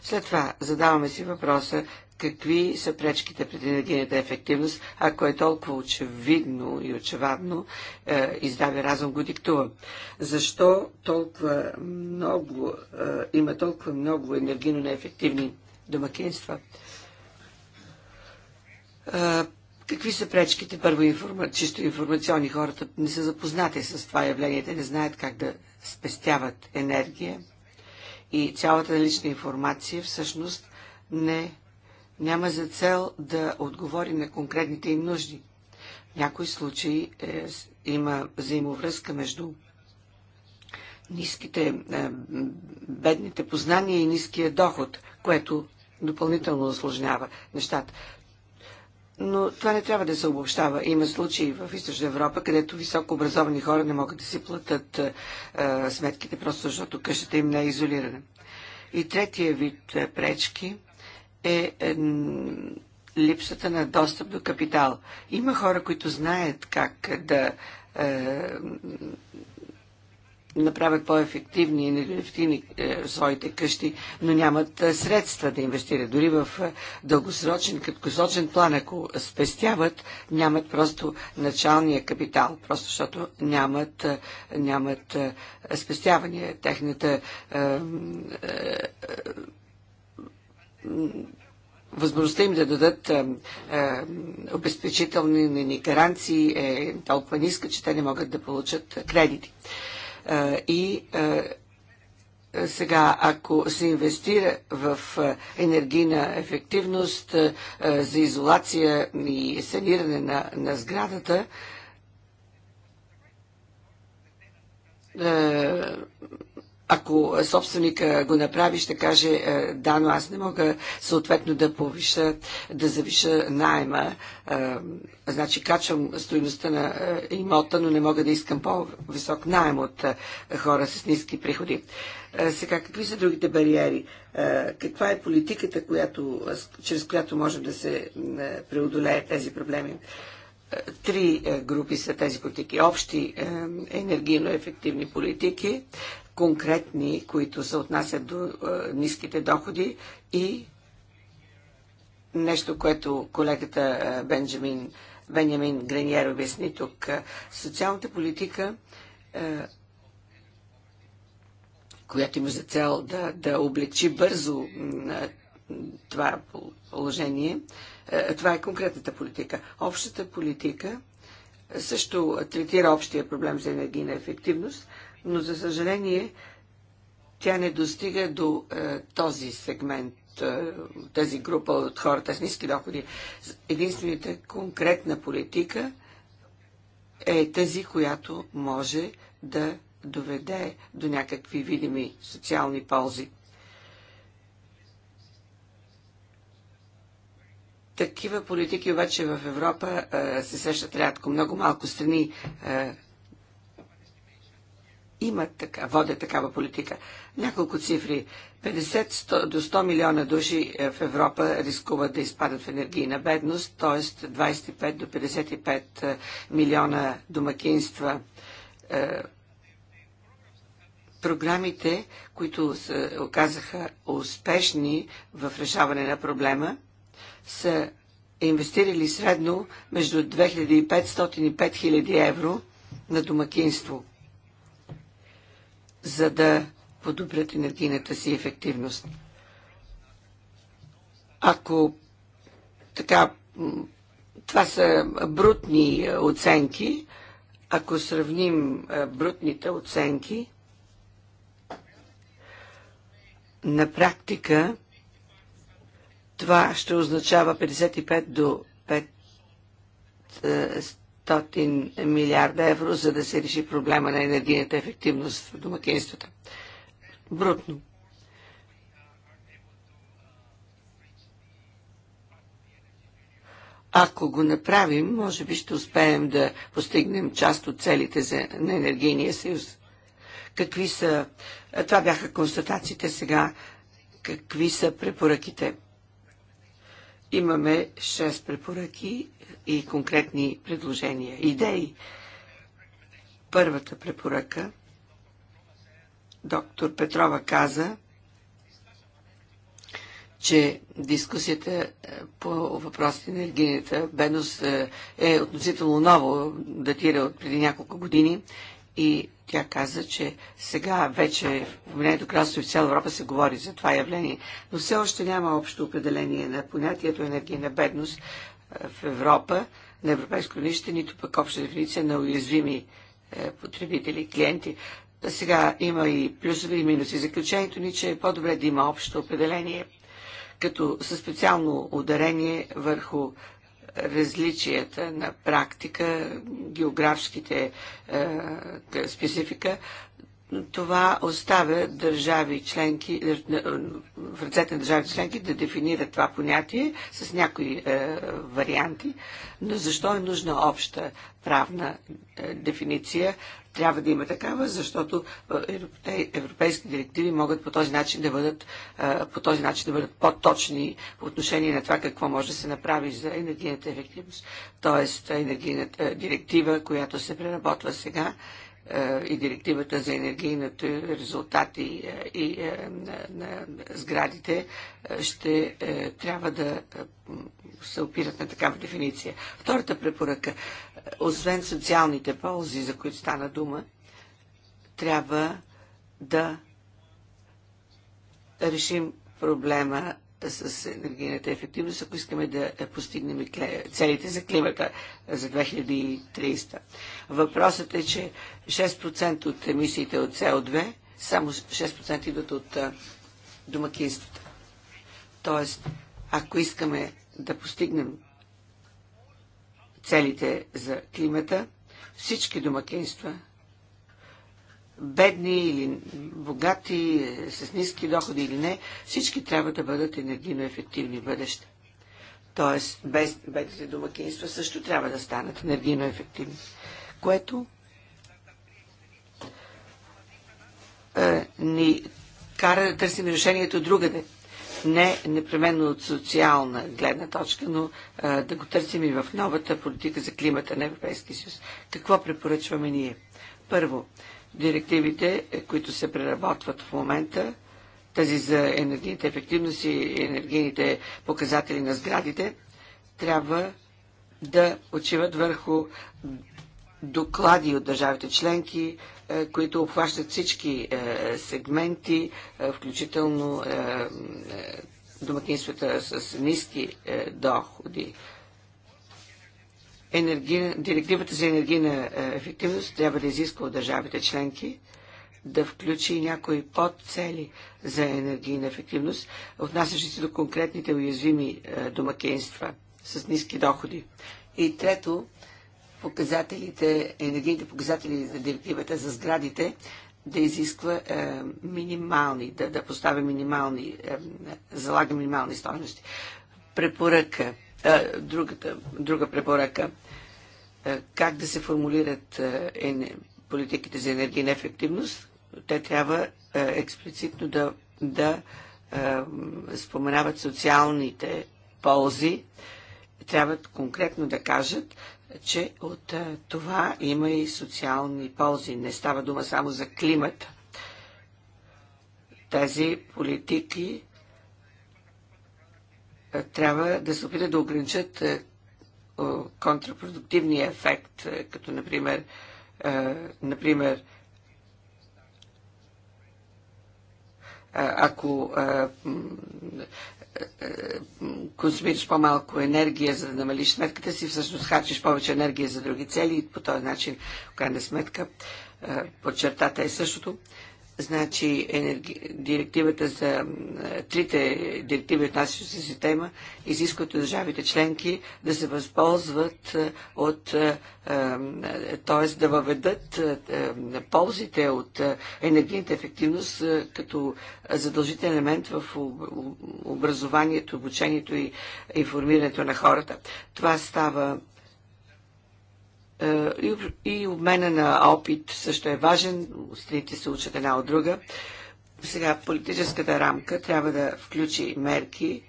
След това задаваме си въпроса какви са пречките пред енергийната ефективност, ако е толкова очевидно и очевадно, е, издавя разум го диктува. Защо толкова много, е, има толкова много енергийно неефективни домакинства? Е, Какви са пречките? Първо, информа... чисто информационни. Хората не са запознати с това явление. Те не знаят как да спестяват енергия. И цялата налична информация всъщност не няма за цел да отговори на конкретните им нужди. В някои случаи е, има взаимовръзка между ниските, е, бедните познания и ниския доход, което допълнително осложнява нещата. Но това не трябва да се обобщава. Има случаи в Източна Европа, където високо образовани хора не могат да си платят е, е, сметките, просто защото къщата им не е изолирана. И третия вид е, пречки – е, е липсата на достъп до капитал. Има хора, които знаят как да е, направят по-ефективни и неефективни е, своите къщи, но нямат е, средства да инвестират. Дори в е, дългосрочен, краткосрочен план, ако спестяват, нямат просто началния капитал, просто защото нямат, е, нямат е, спестявания. е, е възможността им да дадат а, а, обезпечителни гаранции е толкова ниска, че те не могат да получат кредити. А, и а, сега, ако се инвестира в енергийна ефективност, а, за изолация и саниране на, на сградата, а, ако собственика го направи, ще каже, е, да, но аз не мога съответно да повиша, да завиша найема. Е, значи качвам стоиността на е, имота, но не мога да искам по-висок найем от хора с ниски приходи. Сега, какви са другите бариери? Каква е политиката, която, чрез която може да се преодолее тези проблеми? Три е, групи са тези политики. Общи е, енергийно ефективни политики, конкретни, които се отнасят до е, ниските доходи и нещо, което колегата Бенджамин, Бенямин Греньер обясни тук. Социалната политика която има за цел да, да облегчи бързо това положение, е, това е конкретната политика. Общата политика също третира общия проблем за енергийна ефективност, но за съжаление тя не достига до е, този сегмент, е, тази група от хората с ниски доходи. Единствената конкретна политика е тази, която може да доведе до някакви видими социални ползи. Такива политики обаче в Европа се срещат рядко. Много малко страни имат така, водят такава политика. Няколко цифри. 50 100, до 100 милиона души в Европа рискуват да изпадат в енергийна бедност, т.е. 25 до 55 милиона домакинства. Програмите, които се оказаха успешни в решаване на проблема, са инвестирали средно между 2500 и 5000 евро на домакинство, за да подобрят енергийната си ефективност. Ако така, това са брутни е, оценки, ако сравним е, брутните оценки, на практика това ще означава 55 до 500 милиарда евро, за да се реши проблема на енергийната ефективност в домакинствата. Брутно. Ако го направим, може би ще успеем да постигнем част от целите за, на енергийния съюз. Какви са... Това бяха констатациите сега. Какви са препоръките? Имаме 6 препоръки и конкретни предложения, идеи. Първата препоръка, доктор Петрова каза, че дискусията е, по въпросите на енергийната бедност е, е относително ново, датира от преди няколко години и тя каза, че сега вече в Обединеното кралство и в цяла Европа се говори за това явление, но все още няма общо определение на понятието енергийна бедност е, в Европа, на европейско нище, нито пък обща дефиниция на уязвими е, потребители, клиенти. А сега има и плюсове и минуси. Заключението ни, че е по-добре да има общо определение, като със специално ударение върху различията на практика, географските е, специфика, това оставя държави членки, е, в ръцете на държави членки да дефинират това понятие с някои е, варианти, но защо е нужна обща правна е, дефиниция, трябва да има такава, защото е, европейски директиви могат по този начин да бъдат, е, по този начин да бъдат по-точни по отношение на това какво може да се направи за енергийната ефективност, т.е. енергийната е, директива, която се преработва сега е, и директивата за енергийните резултати е, и е, на, на сградите ще трябва да се опират на такава дефиниция. Втората препоръка, освен социалните ползи, за които стана дума, трябва да решим проблема с енергийната ефективност, ако искаме да постигнем целите за климата за 2300. Въпросът е, че 6% от емисиите от СО2, само 6% идват от домакинствата. Тоест, ако искаме да постигнем целите за климата, всички домакинства бедни или богати, е, с ниски доходи или не, всички трябва да бъдат енергийно ефективни в бъдеще. Тоест, без бедните домакинства също трябва да станат енергийно ефективни. Което е, ни кара да търсим решението другаде. Не непременно от социална гледна точка, но е, да го търсим и в новата политика за климата на Европейския съюз. Какво препоръчваме ние? Първо, директивите, е, които се преработват в момента, тази за енергийната ефективност и енергийните показатели на сградите, трябва да почиват върху доклади от държавите членки, е, които обхващат всички е, сегменти, включително домакинствата с ниски доходи енергия, директивата за енергийна е, ефективност трябва да изисква от държавите членки да включи някои подцели за енергийна ефективност, отнасящи се до конкретните уязвими е, домакинства с ниски доходи. И трето, показателите, енергийните показатели за директивата за сградите да изисква е, минимални, да, да поставя минимални, е, залага минимални стоености. Препоръка Другата, друга препоръка. Как да се формулират политиките за енергийна ефективност? Те трябва експлицитно да, да споменават социалните ползи. Трябва конкретно да кажат, че от това има и социални ползи. Не става дума само за климата. Тези политики трябва да се опитат да ограничат е, контрапродуктивния ефект, е, като например, е, например ако консумираш по-малко енергия, за да намалиш сметката си, всъщност харчиш повече енергия за други цели и по този начин, в крайна сметка, подчертата е същото. Значи енерги... директивата за трите директиви от нашата система изискват от държавите членки да се възползват е, от, т.е. Е, да въведат е, ползите от енергийната ефективност като задължителен елемент в образованието, обучението и информирането на хората. Това става е, и обмена на опит също е важен. Страните се учат една от друга. Сега политическата рамка трябва да включи мерки,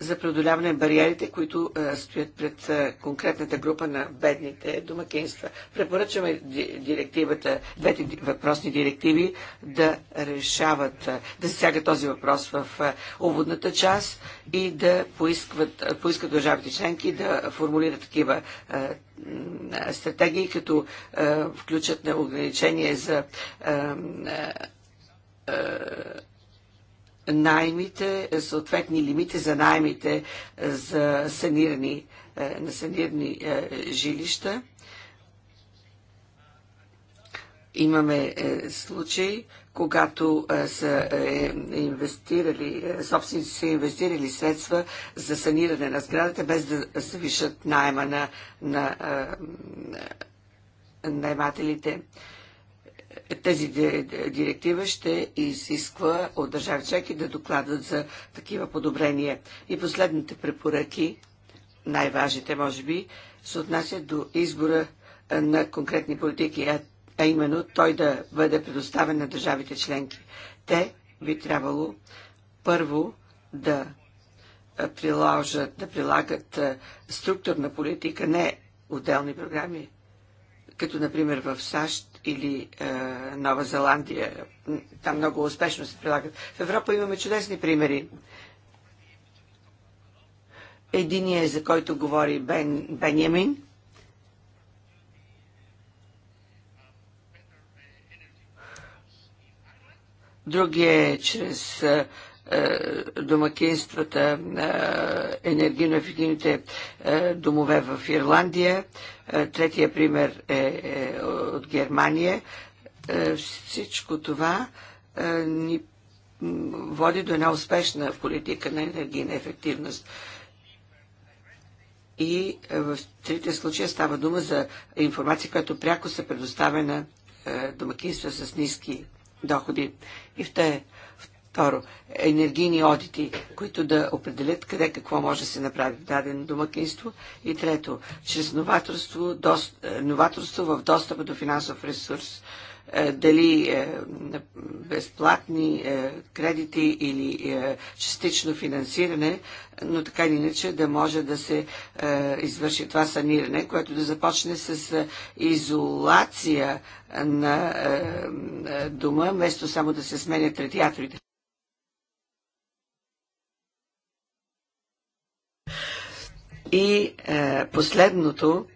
за преодоляване на бариерите, които е, стоят пред е, конкретната група на бедните домакинства. Препоръчваме директивата, двете въпросни директиви да решават, е, да засягат този въпрос в уводната част и да поискват, поискат държавите членки да формулират такива стратегии, като включат на ограничение за наймите, е, съответни лимити за наймите е, за санирани, е, на санирани жилища. Имаме случай, когато са инвестирали, собственици са инвестирали средства за саниране на сградата, без да свишат найма на, на, на наймателите. На тези директива ще изисква от държави чеки да докладват за такива подобрения. И последните препоръки, най-важните може би, се отнасят до избора на конкретни политики, а именно той да бъде предоставен на държавите членки. Те би трябвало първо да приложат, да прилагат структурна политика, не отделни програми, като например в САЩ или е, Нова Зеландия. Там много успешно се прилагат. В Европа имаме чудесни примери. Единият, за който говори Бен, Бенямин, другия е чрез е, е, домакинствата, е, енергийно ефективните е, домове в Ирландия. Третия пример е от Германия. Всичко това ни води до една успешна политика на енергийна ефективност. И в трите случая става дума за информация, която пряко се предоставя на домакинства с ниски доходи. И в те Второ, енергийни одити, които да определят къде какво може да се направи в дадено домакинство. И трето, чрез новаторство, дос, е, новаторство в достъпа до финансов ресурс, е, дали е, безплатни кредити или частично финансиране, но така или иначе да може да се извърши това саниране, което да започне с изолация на дома, вместо само да се сменят радиаторите. И е, последното,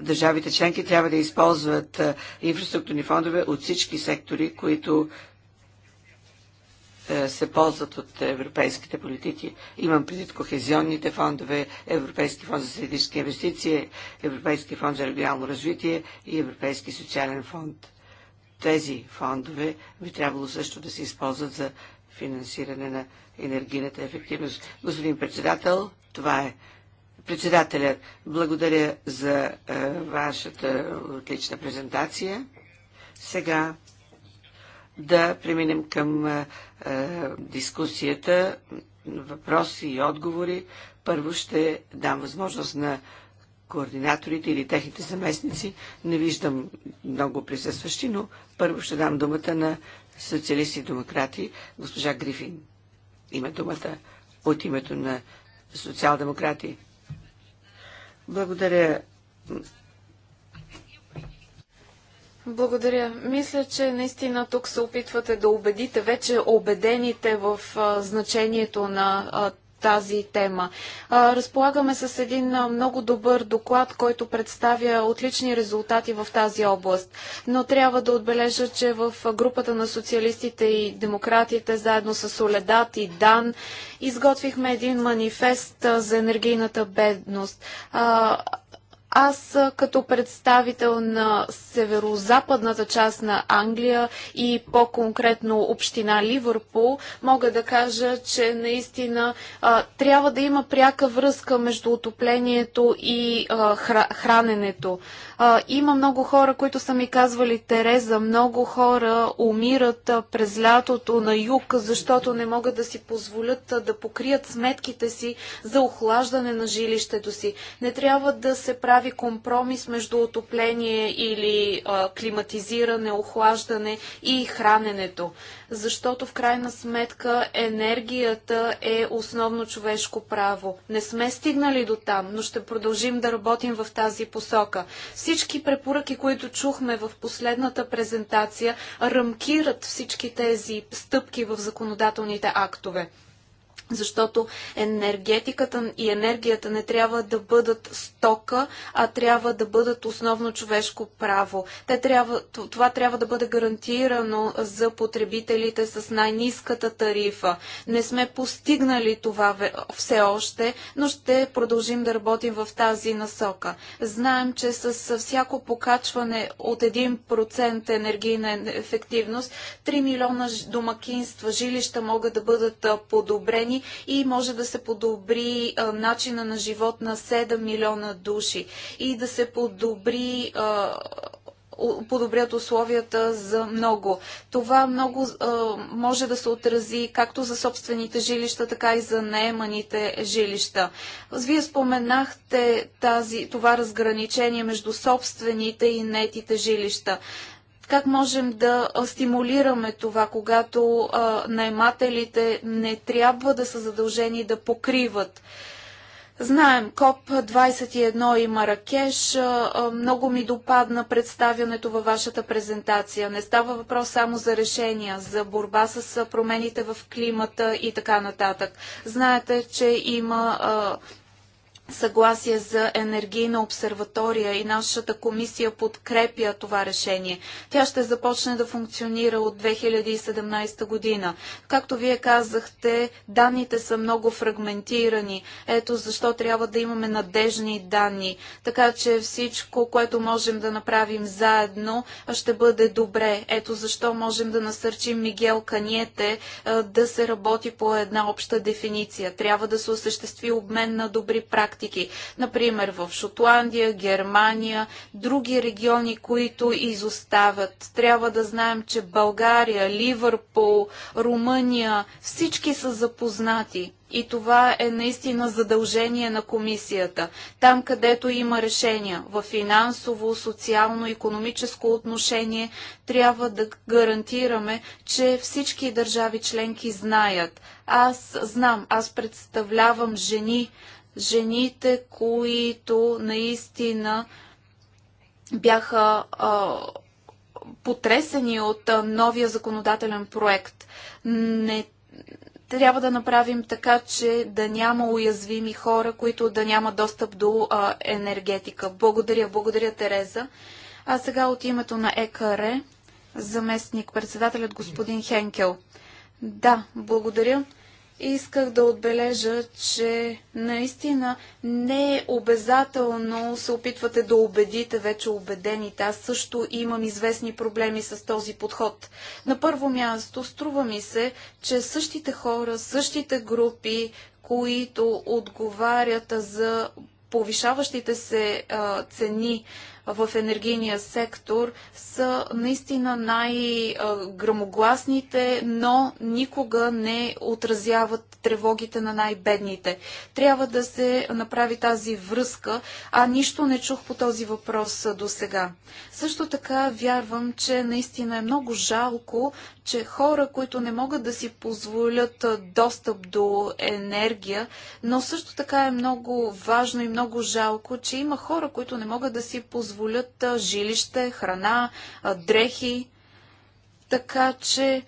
държавите членки трябва да използват е, инфраструктурни фондове от всички сектори, които е, се ползват от европейските политики. Имам предвид кохезионните фондове, Европейски фонд за средически инвестиции, Европейски фонд за регионално развитие и Европейски социален фонд. Тези фондове би трябвало също да се използват за финансиране на енергийната ефективност. Господин председател, това е. Председателя, благодаря за е, вашата отлична презентация. Сега да преминем към е, е, дискусията, въпроси и отговори. Първо ще дам възможност на координаторите или техните заместници. Не виждам много присъстващи, но първо ще дам думата на социалисти и демократи. Госпожа Грифин има думата от името на социал-демократи. Благодаря. Благодаря. Мисля, че наистина тук се опитвате да убедите вече убедените в а, значението на а, тази тема. Разполагаме с един много добър доклад, който представя отлични резултати в тази област. Но трябва да отбележа, че в групата на социалистите и демократите, заедно с Соледат и Дан, изготвихме един манифест за енергийната бедност. Аз като представител на северо-западната част на Англия и по-конкретно община Ливърпул, мога да кажа, че наистина а, трябва да има пряка връзка между отоплението и а, храненето. А, има много хора, които са ми казвали, Тереза, много хора умират през лятото на юг, защото не могат да си позволят да покрият сметките си за охлаждане на жилището си. Не трябва да се прави прави компромис между отопление или а, климатизиране, охлаждане и храненето. Защото в крайна сметка енергията е основно човешко право. Не сме стигнали до там, но ще продължим да работим в тази посока. Всички препоръки, които чухме в последната презентация, рамкират всички тези стъпки в законодателните актове защото енергетиката и енергията не трябва да бъдат стока, а трябва да бъдат основно човешко право. Те трябва, това трябва да бъде гарантирано за потребителите с най-низката тарифа. Не сме постигнали това все още, но ще продължим да работим в тази насока. Знаем, че с всяко покачване от 1% енергийна ефективност, 3 милиона домакинства, жилища могат да бъдат подобрени и може да се подобри начина на живот на 7 милиона души и да се подобри подобрят условията за много. Това много а, може да се отрази както за собствените жилища, така и за наеманите жилища. Вие споменахте тази, това разграничение между собствените и нетите жилища. Как можем да стимулираме това, когато а, наймателите не трябва да са задължени да покриват? Знаем, КОП-21 и Маракеш. Много ми допадна представянето във вашата презентация. Не става въпрос само за решения, за борба с промените в климата и така нататък. Знаете, че има съгласие за енергийна обсерватория и нашата комисия подкрепя това решение. Тя ще започне да функционира от 2017 година. Както вие казахте, данните са много фрагментирани. Ето защо трябва да имаме надежни данни. Така че всичко, което можем да направим заедно, ще бъде добре. Ето защо можем да насърчим Мигел Каниете да се работи по една обща дефиниция. Трябва да се осъществи обмен на добри практики практики. Например, в Шотландия, Германия, други региони, които изостават. Трябва да знаем, че България, Ливърпул, Румъния, всички са запознати. И това е наистина задължение на комисията. Там, където има решения в финансово, социално, економическо отношение, трябва да гарантираме, че всички държави членки знаят. Аз знам, аз представлявам жени, жените, които наистина бяха а, потресени от а, новия законодателен проект. Не трябва да направим така, че да няма уязвими хора, които да няма достъп до а, енергетика. Благодаря, благодаря Тереза. А сега от името на ЕКР, заместник председателят господин Хенкел. Да, благодаря исках да отбележа, че наистина не е обязателно се опитвате да убедите вече убедените. Аз също имам известни проблеми с този подход. На първо място струва ми се, че същите хора, същите групи, които отговарят за повишаващите се а, цени в енергийния сектор са наистина най-грамогласните, но никога не отразяват тревогите на най-бедните. Трябва да се направи тази връзка, а нищо не чух по този въпрос до сега. Също така вярвам, че наистина е много жалко, че хора, които не могат да си позволят достъп до енергия, но също така е много важно и много жалко, че има хора, които не могат да си позволят позволят жилище, храна, дрехи. Така че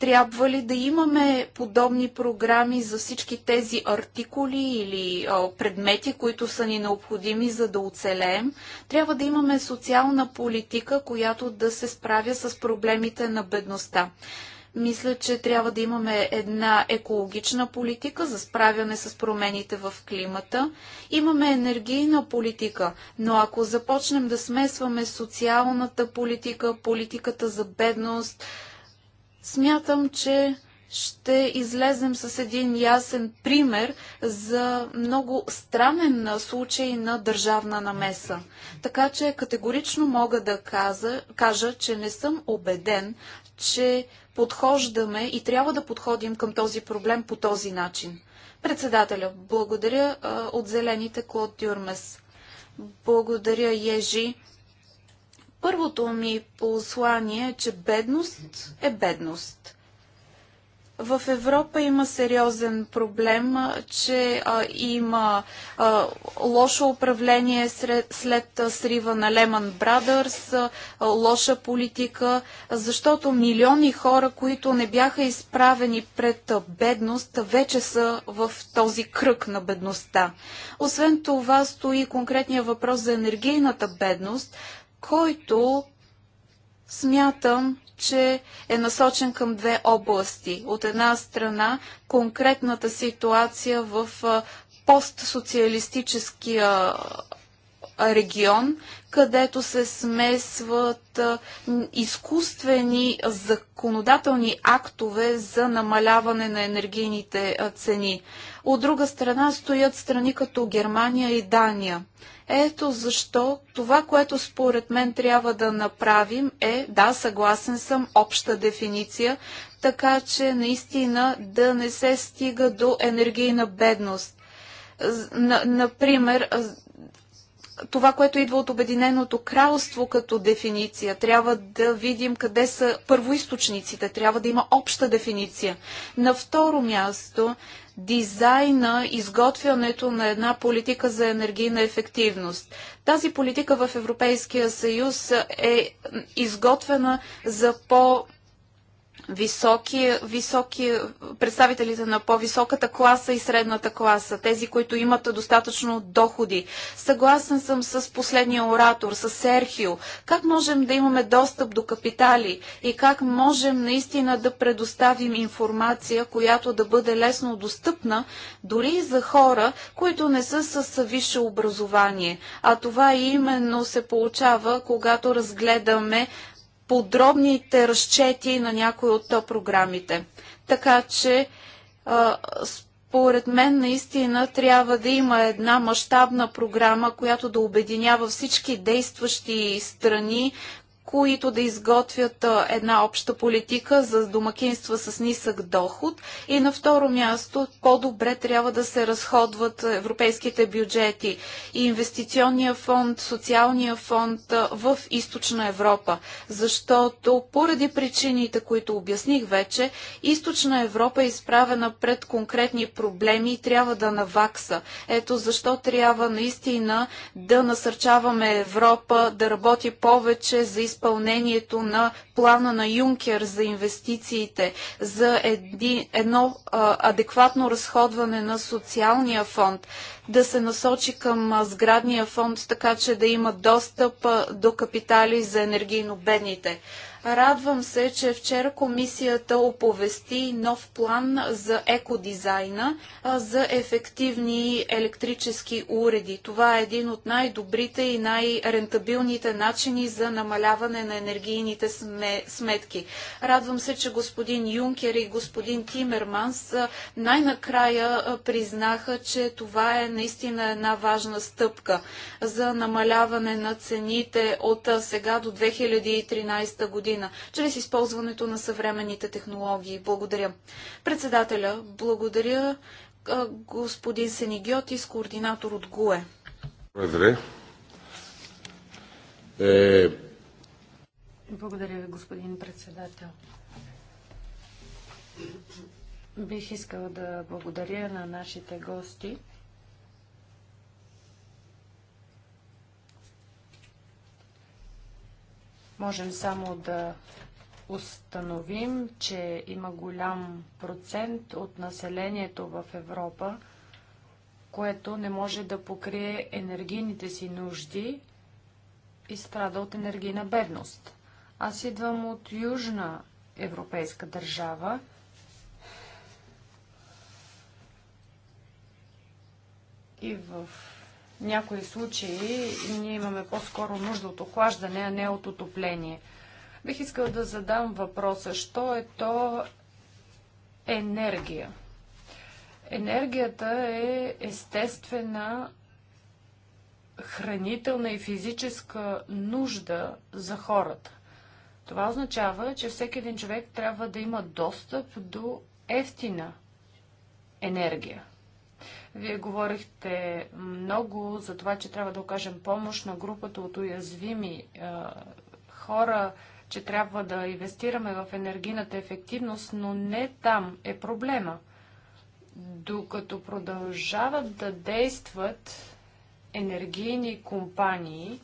трябва ли да имаме подобни програми за всички тези артикули или предмети, които са ни необходими за да оцелеем? Трябва да имаме социална политика, която да се справя с проблемите на бедността. Мисля, че трябва да имаме една екологична политика за справяне с промените в климата. Имаме енергийна политика, но ако започнем да смесваме социалната политика, политиката за бедност, смятам, че ще излезем с един ясен пример за много странен случай на държавна намеса. Така че категорично мога да кажа, че не съм убеден, че подхождаме и трябва да подходим към този проблем по този начин. Председателя, благодаря а, от зелените Клод Тюрмес. Благодаря, Ежи. Първото ми послание е, че бедност е бедност. В Европа има сериозен проблем, че а, има а, лошо управление сред, след а, срива на Lehman Brothers, лоша политика, защото милиони хора, които не бяха изправени пред бедност, вече са в този кръг на бедността. Освен това стои конкретния въпрос за енергийната бедност, който смятам че е насочен към две области. От една страна конкретната ситуация в постсоциалистическия регион където се смесват изкуствени законодателни актове за намаляване на енергийните цени. От друга страна стоят страни като Германия и Дания. Ето защо това, което според мен трябва да направим е, да, съгласен съм, обща дефиниция, така че наистина да не се стига до енергийна бедност. Например, това, което идва от Обединеното кралство като дефиниция. Трябва да видим къде са първоисточниците. Трябва да има обща дефиниция. На второ място, дизайна, изготвянето на една политика за енергийна ефективност. Тази политика в Европейския съюз е изготвена за по- високи, високи представителите на по-високата класа и средната класа, тези, които имат достатъчно доходи. Съгласен съм с последния оратор, с Серхио. Как можем да имаме достъп до капитали и как можем наистина да предоставим информация, която да бъде лесно достъпна, дори и за хора, които не са с висше образование. А това именно се получава, когато разгледаме подробните разчети на някои от програмите. Така че според мен наистина трябва да има една мащабна програма, която да обединява всички действащи страни които да изготвят една обща политика за домакинства с нисък доход и на второ място по-добре трябва да се разходват европейските бюджети и инвестиционния фонд, социалния фонд в източна Европа, защото поради причините, които обясних вече, източна Европа е изправена пред конкретни проблеми и трябва да навакса. Ето защо трябва наистина да насърчаваме Европа да работи повече за изпълнението изпълнението на плана на Юнкер за инвестициите, за еди, едно а, адекватно разходване на социалния фонд, да се насочи към а, сградния фонд, така че да има достъп а, до капитали за енергийно бедните. Радвам се, че вчера комисията оповести нов план за екодизайна за ефективни електрически уреди. Това е един от най-добрите и най-рентабилните начини за намаляване на енергийните сметки. Радвам се, че господин Юнкер и господин Тимерманс най-накрая признаха, че това е наистина една важна стъпка за намаляване на цените от сега до 2013 година година, чрез използването на съвременните технологии. Благодаря. Председателя, благодаря господин с координатор от ГУЕ. Благодаря. Е... Благодаря ви, господин председател. Бих искала да благодаря на нашите гости. Можем само да установим, че има голям процент от населението в Европа, което не може да покрие енергийните си нужди и страда от енергийна бедност. Аз идвам от южна европейска държава. И в някои случаи ние имаме по-скоро нужда от охлаждане, а не от отопление. Бих искала да задам въпроса, що е то енергия? Енергията е естествена хранителна и физическа нужда за хората. Това означава, че всеки един човек трябва да има достъп до ефтина енергия. Вие говорихте много за това, че трябва да окажем помощ на групата от уязвими е, хора, че трябва да инвестираме в енергийната ефективност, но не там е проблема. Докато продължават да действат енергийни компании,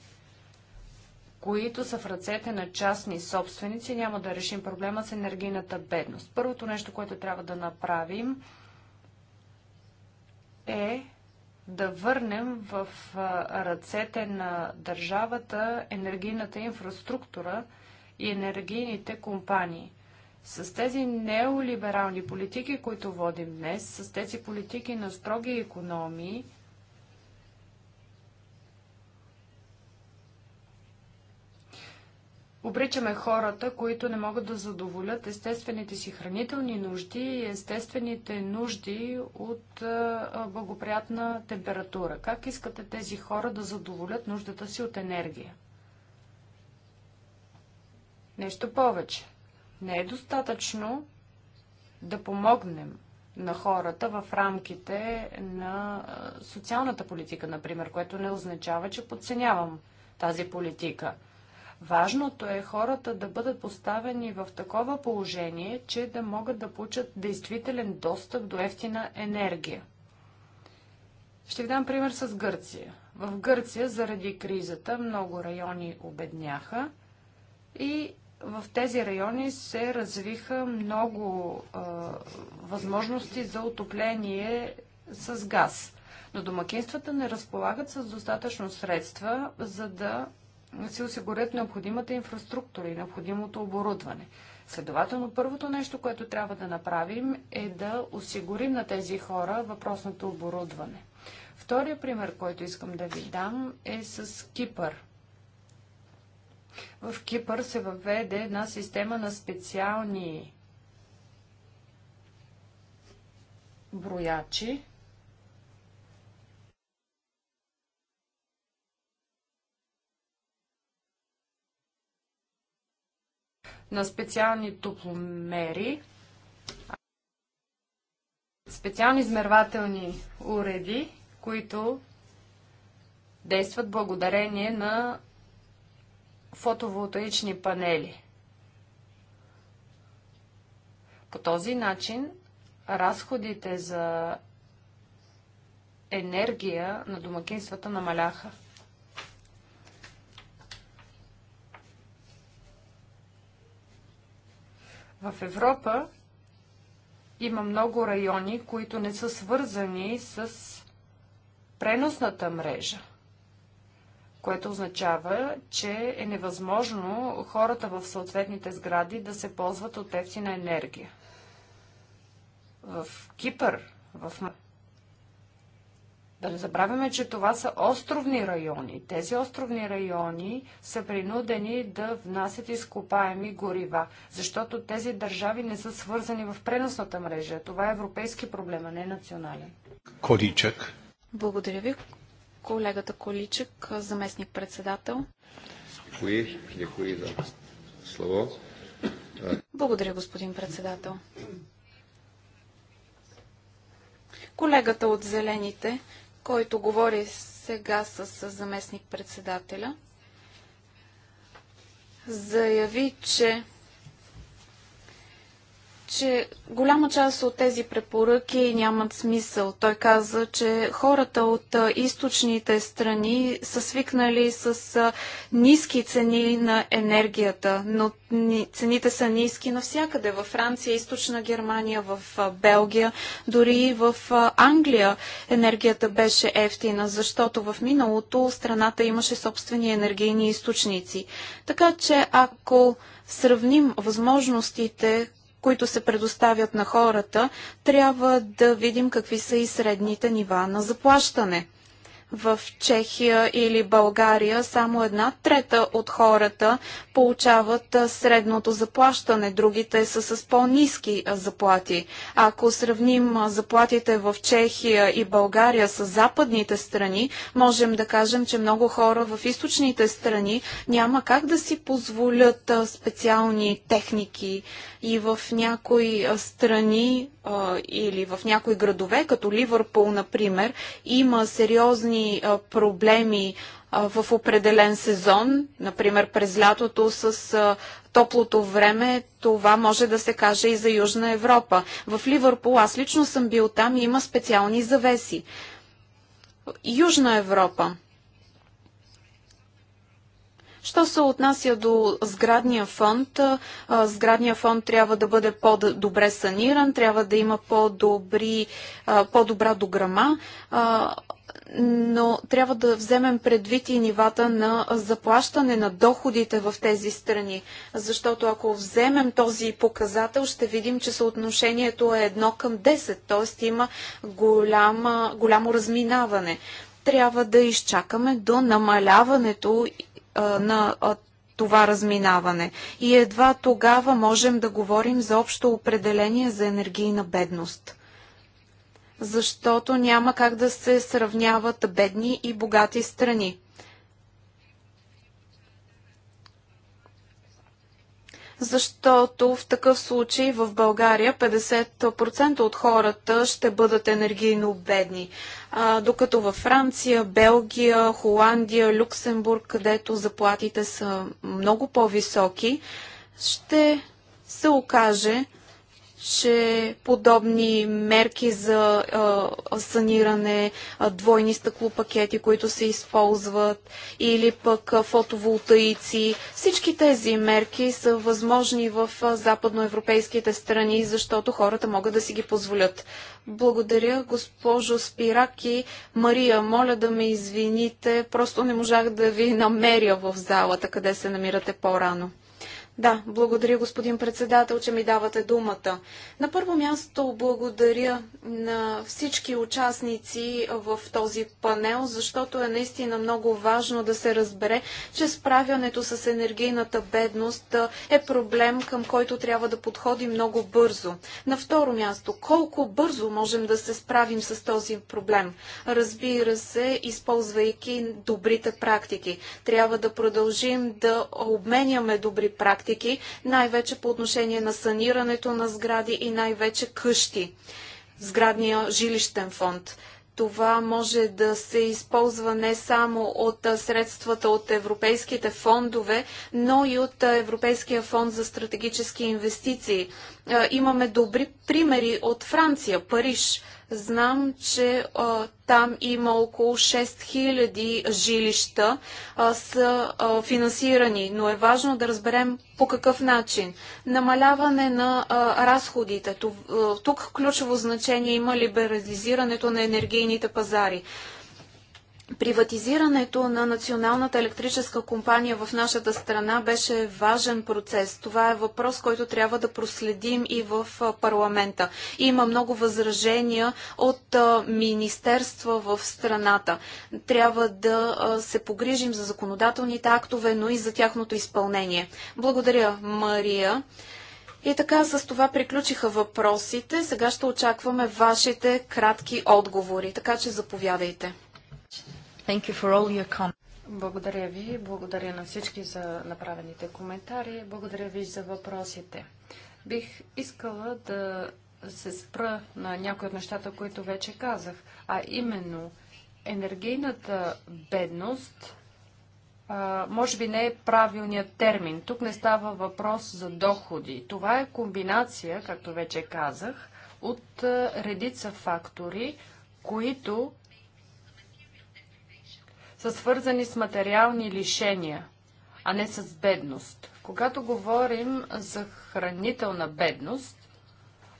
които са в ръцете на частни собственици, няма да решим проблема с енергийната бедност. Първото нещо, което трябва да направим, е да върнем в ръцете на държавата енергийната инфраструктура и енергийните компании. С тези неолиберални политики, които водим днес, с тези политики на строги економии, Обричаме хората, които не могат да задоволят естествените си хранителни нужди и естествените нужди от благоприятна температура. Как искате тези хора да задоволят нуждата си от енергия? Нещо повече. Не е достатъчно да помогнем на хората в рамките на социалната политика, например, което не означава, че подценявам тази политика – Важното е хората да бъдат поставени в такова положение, че да могат да получат действителен достъп до ефтина енергия. Ще ви дам пример с Гърция. В Гърция заради кризата много райони обедняха и в тези райони се развиха много е, възможности за отопление с газ. Но домакинствата не разполагат с достатъчно средства, за да се осигурят необходимата инфраструктура и необходимото оборудване. Следователно, първото нещо, което трябва да направим е да осигурим на тези хора въпросното оборудване. Втория пример, който искам да ви дам е с Кипър. В Кипър се въведе една система на специални броячи, на специални топломери, специални измервателни уреди, които действат благодарение на фотоволтаични панели. По този начин разходите за енергия на домакинствата намаляха. В Европа има много райони, които не са свързани с преносната мрежа, което означава, че е невъзможно хората в съответните сгради да се ползват от ефтина енергия. В Кипър, в да не забравяме, че това са островни райони. Тези островни райони са принудени да внасят изкопаеми горива, защото тези държави не са свързани в преносната мрежа. Това е европейски проблем, а не национален. Количък. Благодаря ви. Колегата Количък, заместник председател. за слово. Благодаря, господин председател. Колегата от Зелените който говори сега с заместник-председателя, заяви, че че голяма част от тези препоръки нямат смисъл. Той каза, че хората от източните страни са свикнали с ниски цени на енергията, но цените са ниски навсякъде. Във Франция, източна Германия, в Белгия, дори в Англия енергията беше ефтина, защото в миналото страната имаше собствени енергийни източници. Така че ако сравним възможностите, които се предоставят на хората, трябва да видим какви са и средните нива на заплащане в Чехия или България само една трета от хората получават средното заплащане, другите са с по-низки заплати. Ако сравним заплатите в Чехия и България с западните страни, можем да кажем, че много хора в източните страни няма как да си позволят специални техники и в някои страни или в някои градове, като Ливърпул, например, има сериозни проблеми в определен сезон, например през лятото с топлото време, това може да се каже и за Южна Европа. В Ливърпул, аз лично съм бил там и има специални завеси. Южна Европа. Що се отнася до сградния фонд, сградния фонд трябва да бъде по-добре саниран, трябва да има по-добра дограма но трябва да вземем предвид и нивата на заплащане на доходите в тези страни, защото ако вземем този показател, ще видим, че съотношението е 1 към 10, т.е. има голяма, голямо разминаване. Трябва да изчакаме до намаляването а, на а, това разминаване и едва тогава можем да говорим за общо определение за енергийна бедност защото няма как да се сравняват бедни и богати страни. защото в такъв случай в България 50% от хората ще бъдат енергийно бедни. А, докато във Франция, Белгия, Холандия, Люксембург, където заплатите са много по-високи, ще се окаже, че подобни мерки за а, саниране, а, двойни стъклопакети, които се използват, или пък а, фотоволтаици, всички тези мерки са възможни в а, западноевропейските страни, защото хората могат да си ги позволят. Благодаря, госпожо Спираки. Мария, моля да ме извините, просто не можах да ви намеря в залата, къде се намирате по-рано. Да, благодаря господин председател, че ми давате думата. На първо място благодаря на всички участници в този панел, защото е наистина много важно да се разбере, че справянето с енергийната бедност е проблем, към който трябва да подходим много бързо. На второ място, колко бързо можем да се справим с този проблем? Разбира се, използвайки добрите практики. Трябва да продължим да обменяме добри практики практики, най-вече по отношение на санирането на сгради и най-вече къщи, сградния жилищен фонд. Това може да се използва не само от средствата от европейските фондове, но и от Европейския фонд за стратегически инвестиции. Е, имаме добри примери от Франция, Париж. Знам, че а, е, там има около 6000 жилища а, е, са а, финансирани, но е важно да разберем по какъв начин. Намаляване на а, разходите. Тук, тук ключово значение има либерализирането на енергийните пазари. Приватизирането на Националната електрическа компания в нашата страна беше важен процес. Това е въпрос, който трябва да проследим и в парламента. Има много възражения от министерства в страната. Трябва да се погрижим за законодателните актове, но и за тяхното изпълнение. Благодаря, Мария. И така, с това приключиха въпросите. Сега ще очакваме вашите кратки отговори, така че заповядайте. Thank you for all your comments. Благодаря ви. Благодаря на всички за направените коментари. Благодаря ви за въпросите. Бих искала да се спра на някои от нещата, които вече казах, а именно енергийната бедност а, може би не е правилният термин. Тук не става въпрос за доходи. Това е комбинация, както вече казах, от а, редица фактори, които са свързани с материални лишения, а не с бедност. Когато говорим за хранителна бедност,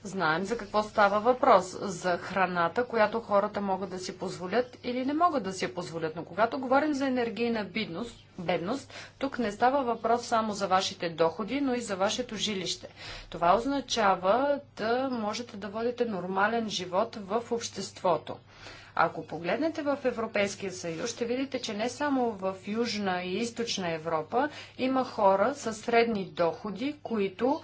знаем за какво става въпрос. За храната, която хората могат да си позволят или не могат да си позволят. Но когато говорим за енергийна бедност, бедност, тук не става въпрос само за вашите доходи, но и за вашето жилище. Това означава да можете да водите нормален живот в обществото. Ако погледнете в Европейския съюз, ще видите, че не само в Южна и Източна Европа има хора с средни доходи, които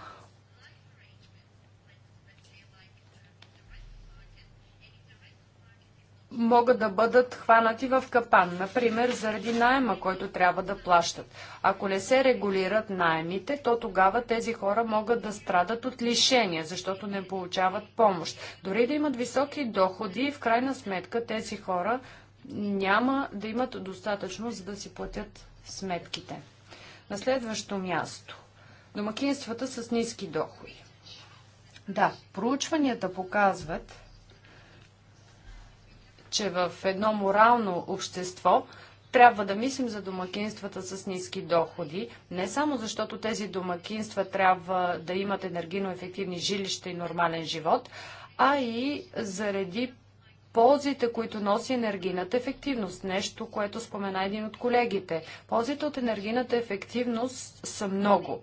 могат да бъдат хванати в капан, например заради найема, който трябва да плащат. Ако не се регулират найемите, то тогава тези хора могат да страдат от лишения, защото не получават помощ. Дори да имат високи доходи, в крайна сметка тези хора няма да имат достатъчно, за да си платят сметките. На следващо място. Домакинствата с ниски доходи. Да, проучванията показват, че в едно морално общество трябва да мислим за домакинствата с ниски доходи, не само защото тези домакинства трябва да имат енергийно ефективни жилища и нормален живот, а и заради ползите, които носи енергийната ефективност. Нещо, което спомена един от колегите. Ползите от енергийната ефективност са много.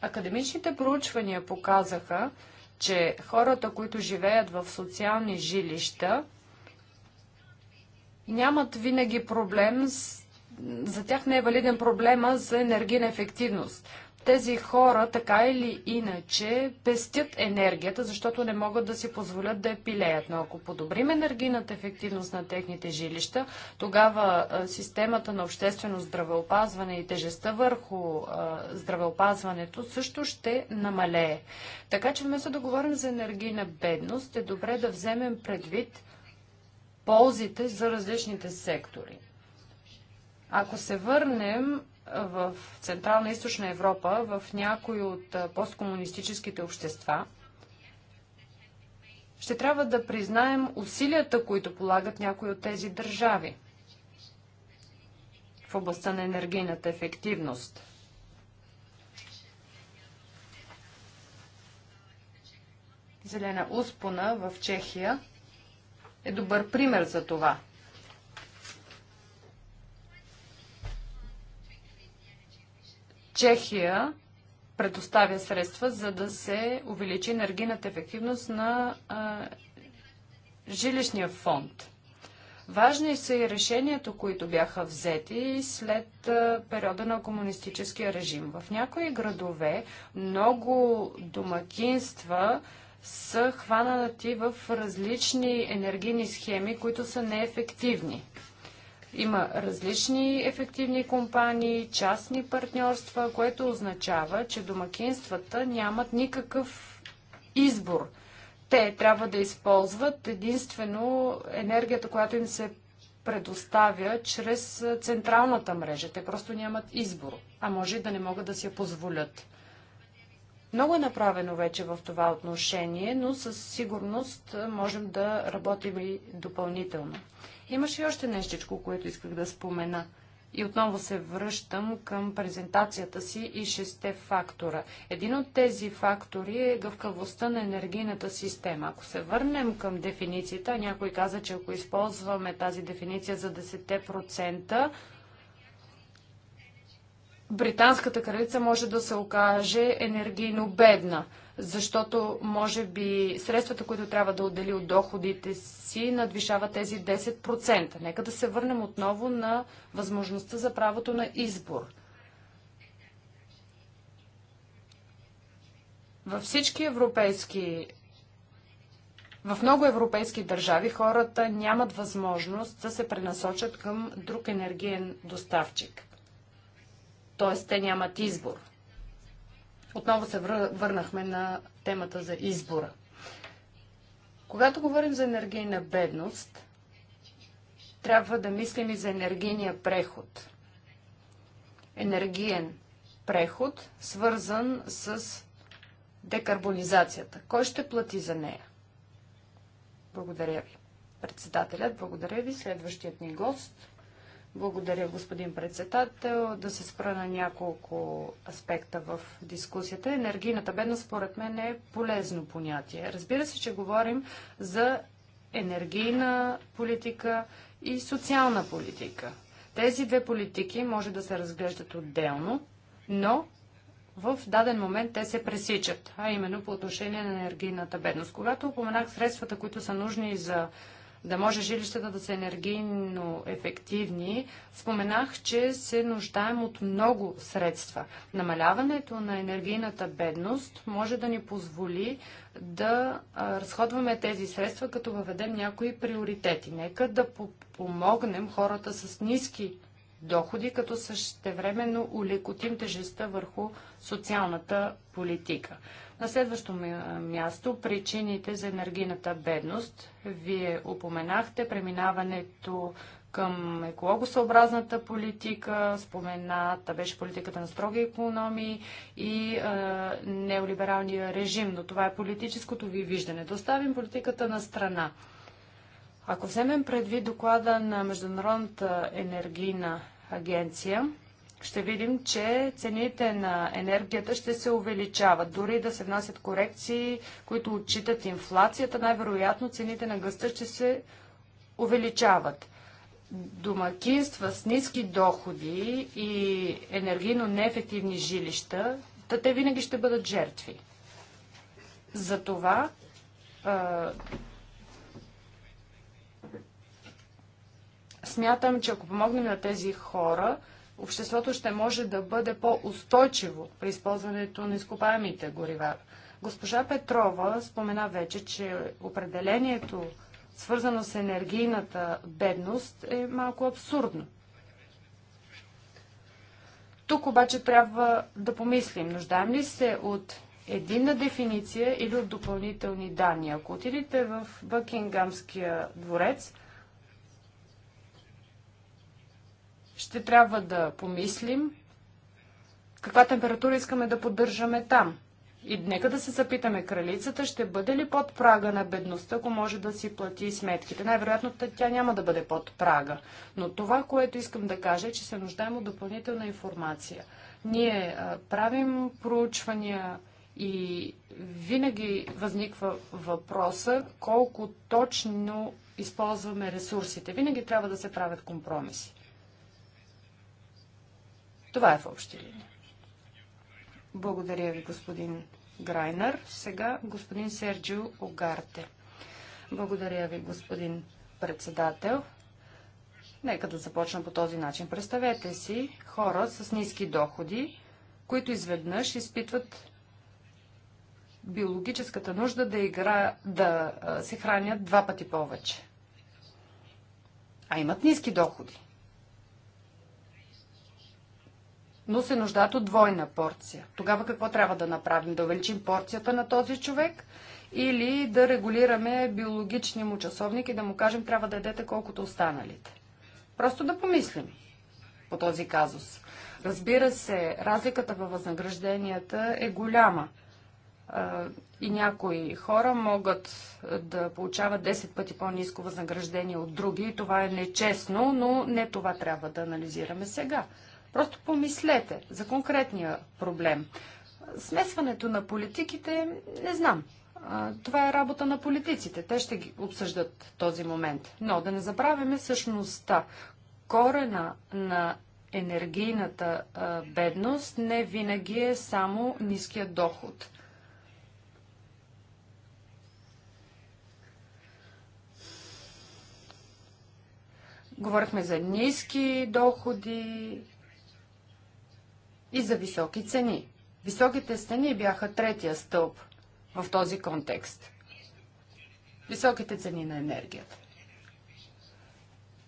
Академичните проучвания показаха, че хората, които живеят в социални жилища, нямат винаги проблем с за тях не е валиден проблема за енергийна ефективност. Тези хора, така или иначе, пестят енергията, защото не могат да си позволят да я пилеят. Но ако подобрим енергийната ефективност на техните жилища, тогава системата на обществено здравеопазване и тежестта върху здравеопазването също ще намалее. Така че вместо да говорим за енергийна бедност, е добре да вземем предвид ползите за различните сектори. Ако се върнем в Централна и Източна Европа, в някои от посткомунистическите общества, ще трябва да признаем усилията, които полагат някои от тези държави в областта на енергийната ефективност. Зелена Успона в Чехия е добър пример за това – Чехия предоставя средства, за да се увеличи енергийната ефективност на а, жилищния фонд. Важни са и решенията, които бяха взети след а, периода на комунистическия режим. В някои градове много домакинства са хванати в различни енергийни схеми, които са неефективни. Има различни ефективни компании, частни партньорства, което означава, че домакинствата нямат никакъв избор. Те трябва да използват единствено енергията, която им се предоставя чрез централната мрежа. Те просто нямат избор, а може и да не могат да си я позволят. Много е направено вече в това отношение, но със сигурност можем да работим и допълнително. Имаше и още нещичко, което исках да спомена. И отново се връщам към презентацията си и шесте фактора. Един от тези фактори е гъвкавостта на енергийната система. Ако се върнем към дефиницията, някой каза, че ако използваме тази дефиниция за 10%, британската кралица може да се окаже енергийно бедна защото може би средствата, които трябва да отдели от доходите си, надвишават тези 10%. Нека да се върнем отново на възможността за правото на избор. Във всички европейски в много европейски държави хората нямат възможност да се пренасочат към друг енергиен доставчик. Тоест, те нямат избор отново се върнахме на темата за избора. Когато говорим за енергийна бедност, трябва да мислим и за енергийния преход. Енергиен преход, свързан с декарбонизацията. Кой ще плати за нея? Благодаря ви. Председателят, благодаря ви. Следващият ни гост. Благодаря, господин председател. Да се спра на няколко аспекта в дискусията. Енергийната бедност, според мен, е полезно понятие. Разбира се, че говорим за енергийна политика и социална политика. Тези две политики може да се разглеждат отделно, но в даден момент те се пресичат, а именно по отношение на енергийната бедност. Когато упоменах средствата, които са нужни за да може жилищата да са енергийно ефективни, споменах, че се нуждаем от много средства. Намаляването на енергийната бедност може да ни позволи да разходваме тези средства, като въведем някои приоритети. Нека да помогнем хората с ниски доходи, като същевременно улекотим тежестта върху социалната политика. На следващо място причините за енергийната бедност. Вие упоменахте преминаването към екологосъобразната политика, спомената беше политиката на строги економии и е, неолибералния режим, но това е политическото ви виждане. Доставим политиката на страна. Ако вземем предвид доклада на Международната енергийна агенция, ще видим, че цените на енергията ще се увеличават. Дори да се внасят корекции, които отчитат инфлацията, най-вероятно цените на гъста ще се увеличават. Домакинства с ниски доходи и енергийно неефективни жилища, та те винаги ще бъдат жертви. Затова Смятам, че ако помогнем на тези хора, обществото ще може да бъде по-устойчиво при използването на изкопаемите горива. Госпожа Петрова спомена вече, че определението, свързано с енергийната бедност, е малко абсурдно. Тук обаче трябва да помислим, нуждаем ли се от единна дефиниция или от допълнителни данни. Ако отидете в Бъкингамския дворец, ще трябва да помислим каква температура искаме да поддържаме там. И нека да се запитаме, кралицата ще бъде ли под прага на бедността, ако може да си плати сметките? Най-вероятно тя няма да бъде под прага. Но това, което искам да кажа, е, че се нуждаем от допълнителна информация. Ние а, правим проучвания и винаги възниква въпроса колко точно използваме ресурсите. Винаги трябва да се правят компромиси. Това е в общи линии. Благодаря ви, господин Грайнер. Сега господин Серджио Огарте. Благодаря ви, господин председател. Нека да започна по този начин. Представете си хора с ниски доходи, които изведнъж изпитват биологическата нужда да, игра, да се хранят два пъти повече. А имат ниски доходи. но се нуждаят от двойна порция. Тогава какво трябва да направим? Да увеличим порцията на този човек или да регулираме биологичния му часовник и да му кажем трябва да ядете колкото останалите? Просто да помислим по този казус. Разбира се, разликата във възнагражденията е голяма. И някои хора могат да получават 10 пъти по-низко възнаграждение от други. Това е нечестно, но не това трябва да анализираме сега. Просто помислете за конкретния проблем. Смесването на политиките, не знам. Това е работа на политиците. Те ще ги обсъждат този момент. Но да не забравяме същността. Корена на енергийната бедност не винаги е само ниския доход. Говорихме за ниски доходи, и за високи цени. Високите цени бяха третия стълб в този контекст. Високите цени на енергията.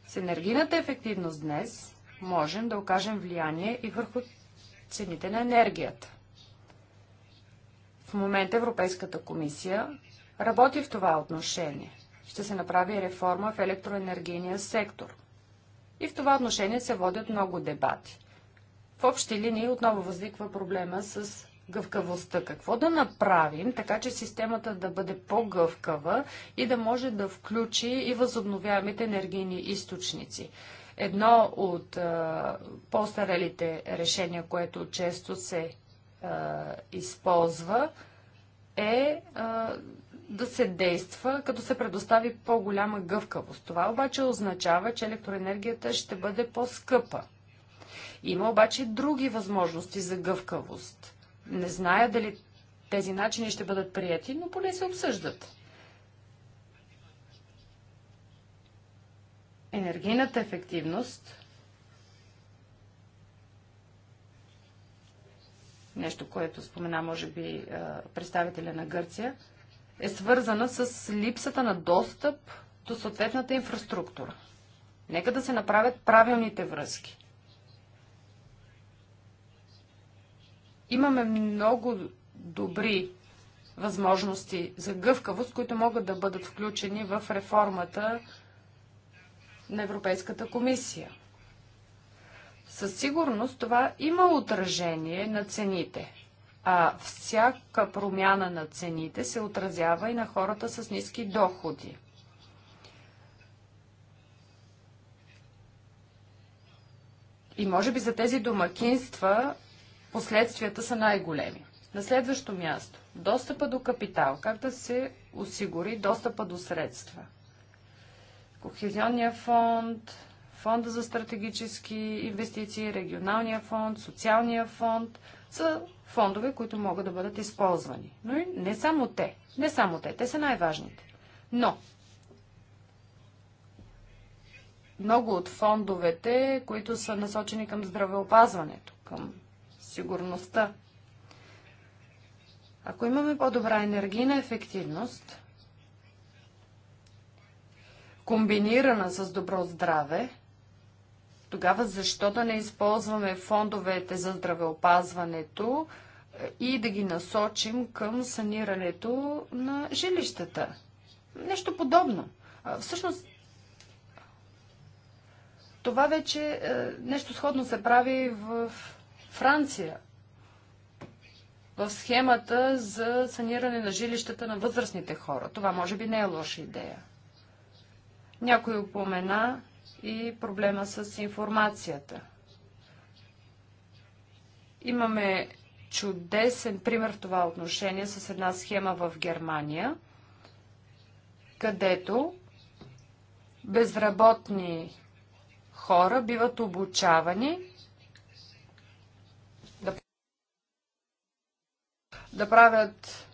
С енергийната ефективност днес можем да окажем влияние и върху цените на енергията. В момента Европейската комисия работи в това отношение. Ще се направи реформа в електроенергийния сектор. И в това отношение се водят много дебати. В общи линии отново възниква проблема с гъвкавостта. Какво да направим, така че системата да бъде по-гъвкава и да може да включи и възобновяемите енергийни източници? Едно от по-старелите решения, което често се а, използва, е а, да се действа, като се предостави по-голяма гъвкавост. Това обаче означава, че електроенергията ще бъде по-скъпа. Има обаче други възможности за гъвкавост. Не зная дали тези начини ще бъдат прияти, но поне се обсъждат. Енергийната ефективност нещо, което спомена, може би, представителя на Гърция, е свързана с липсата на достъп до съответната инфраструктура. Нека да се направят правилните връзки. Имаме много добри възможности за гъвкавост, които могат да бъдат включени в реформата на Европейската комисия. Със сигурност това има отражение на цените, а всяка промяна на цените се отразява и на хората с ниски доходи. И може би за тези домакинства последствията са най-големи. На следващо място, достъпа до капитал. Как да се осигури достъпа до средства? Кохезионния фонд, фонда за стратегически инвестиции, регионалния фонд, социалния фонд са фондове, които могат да бъдат използвани. Но и не само те. Не само те. Те са най-важните. Но много от фондовете, които са насочени към здравеопазването, към сигурността. Ако имаме по-добра енергийна ефективност, комбинирана с добро здраве, тогава защо да не използваме фондовете за здравеопазването е, и да ги насочим към санирането на жилищата? Нещо подобно. Всъщност, това вече е, нещо сходно се прави в Франция в схемата за саниране на жилищата на възрастните хора. Това може би не е лоша идея. Някой упомена и проблема с информацията. Имаме чудесен пример в това отношение с една схема в Германия, където безработни хора биват обучавани да правят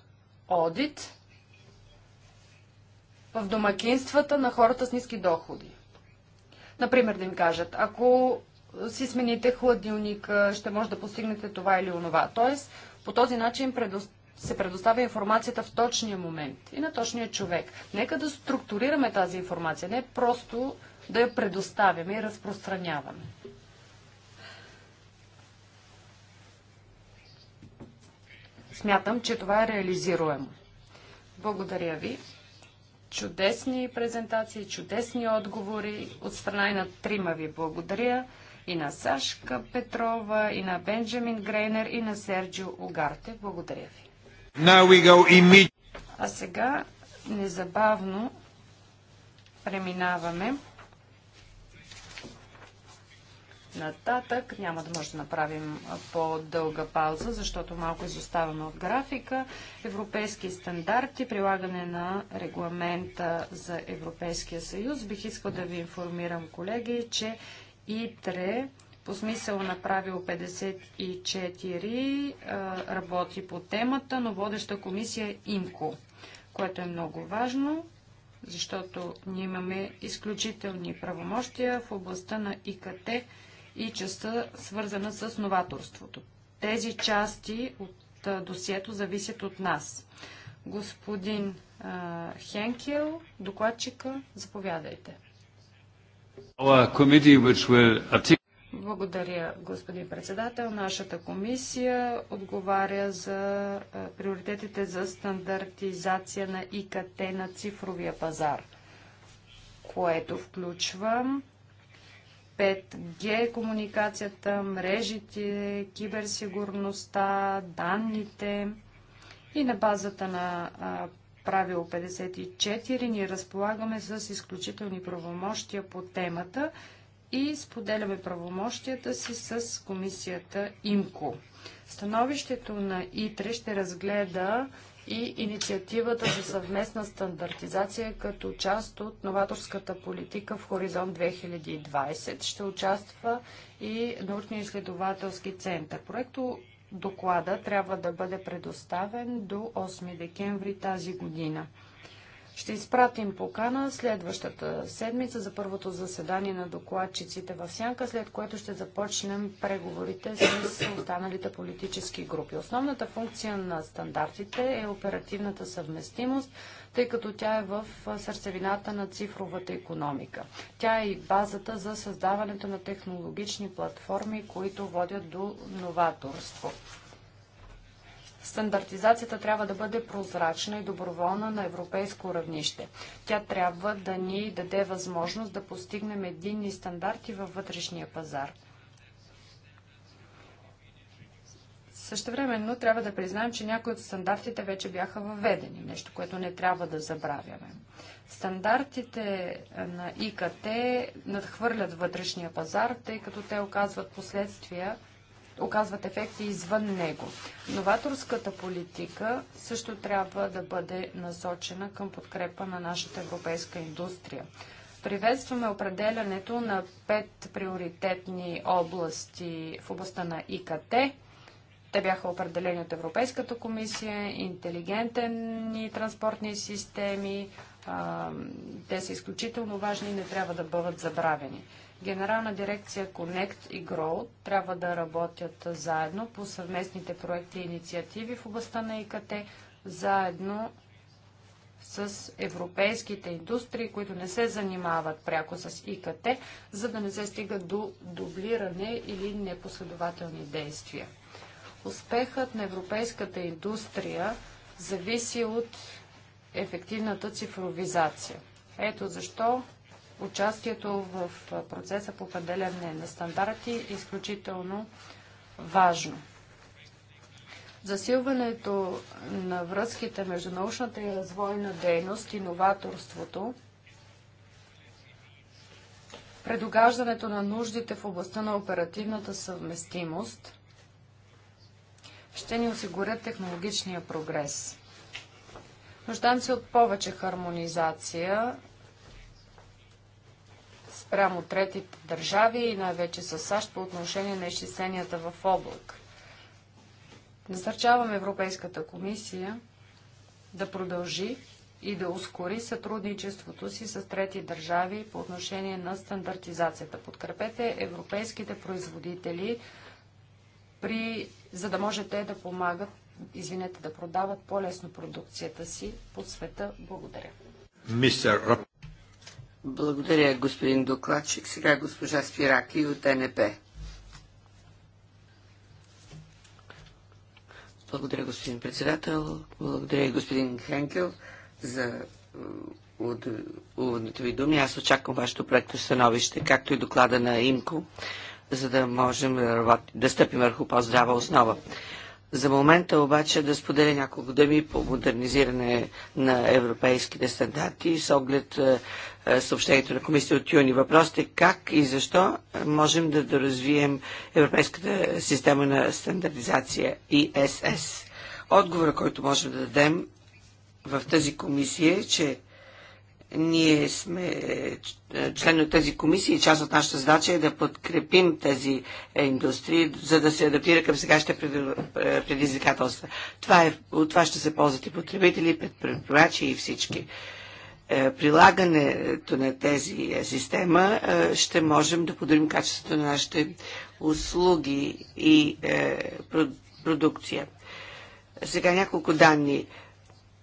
одит в домакинствата на хората с ниски доходи. Например, да им кажат, ако си смените хладилника, ще може да постигнете това или онова. Тоест, по този начин се предоставя информацията в точния момент и на точния човек. Нека да структурираме тази информация, не просто да я предоставяме и разпространяваме. Смятам, че това е реализируемо. Благодаря ви. Чудесни презентации, чудесни отговори от страна и на трима ви. Благодаря и на Сашка Петрова, и на Бенджамин Грейнер, и на Серджио Огарте. Благодаря ви. А сега незабавно преминаваме нататък. Няма да може да направим по-дълга пауза, защото малко изоставаме от графика. Европейски стандарти, прилагане на регламента за Европейския съюз. Бих искал да ви информирам, колеги, че ИТРЕ по смисъл на правило 54 работи по темата, но водеща комисия е ИМКО, което е много важно защото ние имаме изключителни правомощия в областта на ИКТ и частта свързана с новаторството. Тези части от досието зависят от нас. Господин а, Хенкел, докладчика, заповядайте. Благодаря, господин председател. Нашата комисия отговаря за приоритетите за стандартизация на ИКТ на цифровия пазар, което включва 5G комуникацията, мрежите, киберсигурността, данните и на базата на правило 54 ние разполагаме с изключителни правомощия по темата и споделяме правомощията си с комисията ИМКО. Становището на ИТРЕ ще разгледа и инициативата за съвместна стандартизация като част от новаторската политика в Хоризонт 2020. Ще участва и научно-изследователски център. Проекто доклада трябва да бъде предоставен до 8 декември тази година. Ще изпратим покана следващата седмица за първото заседание на докладчиците в Сянка, след което ще започнем преговорите с останалите политически групи. Основната функция на стандартите е оперативната съвместимост, тъй като тя е в сърцевината на цифровата економика. Тя е и базата за създаването на технологични платформи, които водят до новаторство. Стандартизацията трябва да бъде прозрачна и доброволна на европейско равнище. Тя трябва да ни даде възможност да постигнем единни стандарти във вътрешния пазар. Същевременно трябва да признаем, че някои от стандартите вече бяха въведени, нещо, което не трябва да забравяме. Стандартите на ИКТ надхвърлят вътрешния пазар, тъй като те оказват последствия оказват ефекти извън него. Новаторската политика също трябва да бъде насочена към подкрепа на нашата европейска индустрия. Приветстваме определянето на пет приоритетни области в областта на ИКТ. Те бяха определени от Европейската комисия, интелигентни транспортни системи. те са изключително важни и не трябва да бъдат забравени. Генерална дирекция Connect и Grow трябва да работят заедно по съвместните проекти и инициативи в областта на ИКТ, заедно с европейските индустрии, които не се занимават пряко с ИКТ, за да не се стига до дублиране или непоследователни действия. Успехът на европейската индустрия зависи от ефективната цифровизация. Ето защо Участието в процеса по определяне на стандарти е изключително важно. Засилването на връзките между научната и развойна дейност и новаторството, предогаждането на нуждите в областта на оперативната съвместимост ще ни осигурят технологичния прогрес. Нуждаем се от повече хармонизация спрямо третите държави и най-вече с САЩ по отношение на изчисленията в облак. Насърчаваме Европейската комисия да продължи и да ускори сътрудничеството си с трети държави по отношение на стандартизацията. Подкрепете европейските производители, при, за да може те да помагат, извинете, да продават по-лесно продукцията си по света. Благодаря. Благодаря, господин докладчик. Сега госпожа Спираки от НП. Благодаря, господин председател. Благодаря и господин Хенкел за уводните ви думи. Аз очаквам вашето проектно становище, както и доклада на ИМКО, за да можем да стъпим върху по-здрава основа. За момента обаче да споделя няколко думи по модернизиране на европейските стандарти с оглед е, е, съобщението на комисията от юни. Въпросът е как и защо можем да доразвием европейската система на стандартизация ИСС. Отговора, който можем да дадем в тази комисия е, че ние сме член от тази комисия и част от нашата задача е да подкрепим тези индустрии, за да се адаптира към сегашните предизвикателства. Това е, от това ще се ползват и потребители, предприемачи и всички е, прилагането на тези е, система е, ще можем да подобрим качеството на нашите услуги и продукция. Сега няколко данни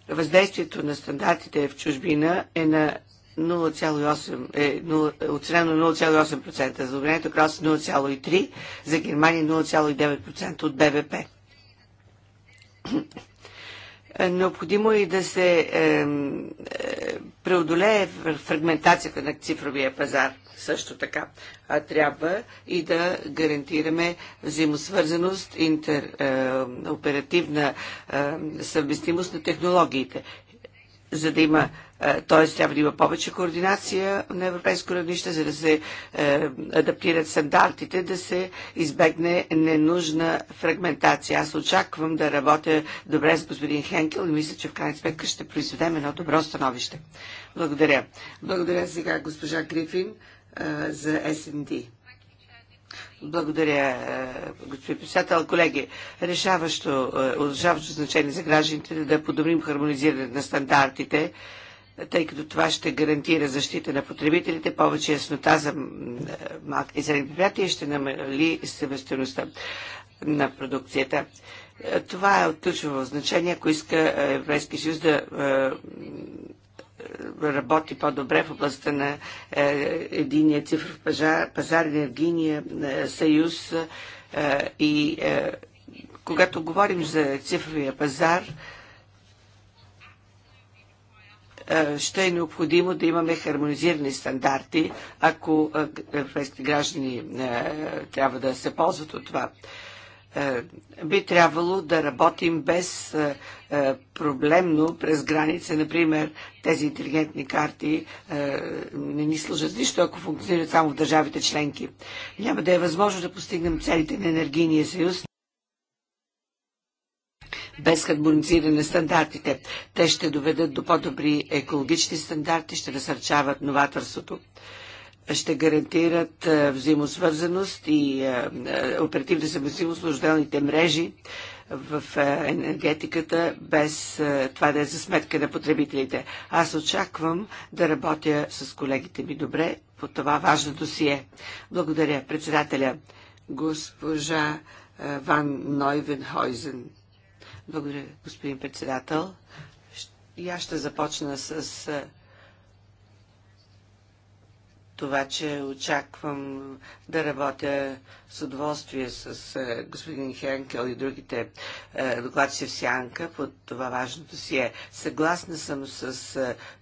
въздействието на стандартите в чужбина е на 0,8, е, 0, оценено 0,8%, за Обединеното кралство 0,3%, за Германия 0,9% от БВП. Е, необходимо е и да се е, преодолее фрагментацията на цифровия пазар също така. А трябва и да гарантираме взаимосвързаност, интер, е, оперативна е, съвместимост на технологиите, за да има т.е. трябва да има повече координация на европейско равнище, за да се е, адаптират стандартите, да се избегне ненужна фрагментация. Аз очаквам да работя добре с господин Хенкел и мисля, че в крайна сметка ще произведем едно добро становище. Благодаря. Благодаря сега госпожа Грифин е, за СНД. Благодаря, е, господин председател. Колеги, решаващо, решаващо значение за гражданите да подобрим хармонизиране на стандартите тъй като това ще гарантира защита на потребителите, повече яснота за малки и средни предприятия и ще намали себестойността на продукцията. Е, това е от ключово значение, ако иска Европейския съюз да е, работи по-добре в областта на е, единия цифров пазар, пазар енергийния съюз и когато говорим за цифровия пазар, е, ще е необходимо да имаме хармонизирани стандарти, ако е, европейските граждани е, трябва да се ползват от това би трябвало да работим без проблемно през граница. Например, тези интелигентни карти не ни служат нищо, ако функционират само в държавите членки. Няма да е възможно да постигнем целите на енергийния съюз без хармонизиране стандартите. Те ще доведат до по-добри екологични стандарти, ще насърчават новаторството ще гарантират е, взаимосвързаност и е, е, оперативна съвместимост на отделните мрежи в енергетиката, без това да е за сметка на потребителите. Аз очаквам да работя с колегите ми добре по това важно досие. Благодаря, председателя, госпожа Ван Нойвенхойзен. Благодаря, господин председател. И аз ще започна с това, че очаквам да работя с удоволствие с е, господин Хенкел и другите е, докладчи в Сянка под това важното си е. Съгласна съм с